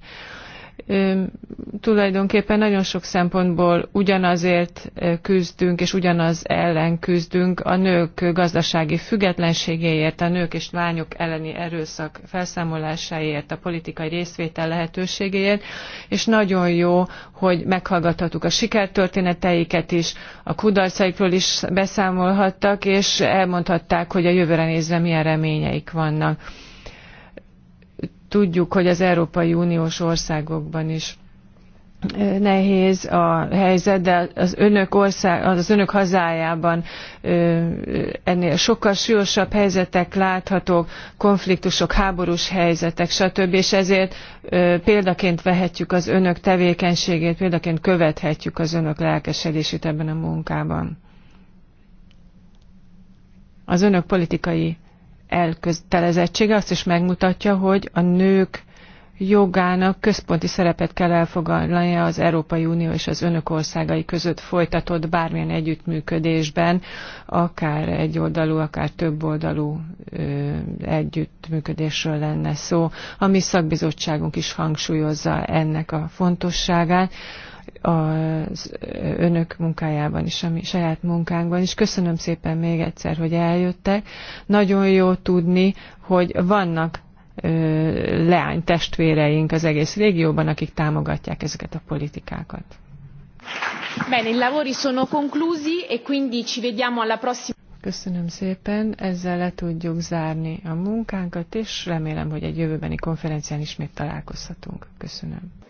S3: tulajdonképpen nagyon sok szempontból ugyanazért küzdünk, és ugyanaz ellen küzdünk a nők gazdasági függetlenségéért, a nők és lányok elleni erőszak felszámolásáért, a politikai részvétel lehetőségéért, és nagyon jó, hogy meghallgathattuk a sikertörténeteiket is, a kudarcaikról is beszámolhattak, és elmondhatták, hogy a jövőre nézve milyen reményeik vannak Tudjuk, hogy az Európai Uniós országokban is nehéz a helyzet, de az önök ország, az önök hazájában ennél sokkal súlyosabb helyzetek láthatók, konfliktusok, háborús helyzetek, stb. És ezért példaként vehetjük az önök tevékenységét, példaként követhetjük az önök lelkesedését ebben a munkában. Az önök politikai elkötelezettsége azt is megmutatja, hogy a nők jogának központi szerepet kell elfogadnia az Európai Unió és az önök országai között folytatott bármilyen együttműködésben, akár egy oldalú, akár több oldalú ö, együttműködésről lenne szó. A mi szakbizottságunk is hangsúlyozza ennek a fontosságát az önök munkájában is, ami saját munkánkban is. Köszönöm szépen még egyszer, hogy eljöttek. Nagyon jó tudni, hogy vannak leány testvéreink az egész régióban, akik támogatják ezeket a politikákat.
S2: Bene, i lavori sono conclusi e quindi ci vediamo alla prossima.
S3: Köszönöm szépen, ezzel le tudjuk zárni a munkánkat, és remélem, hogy egy jövőbeni konferencián ismét találkozhatunk. Köszönöm.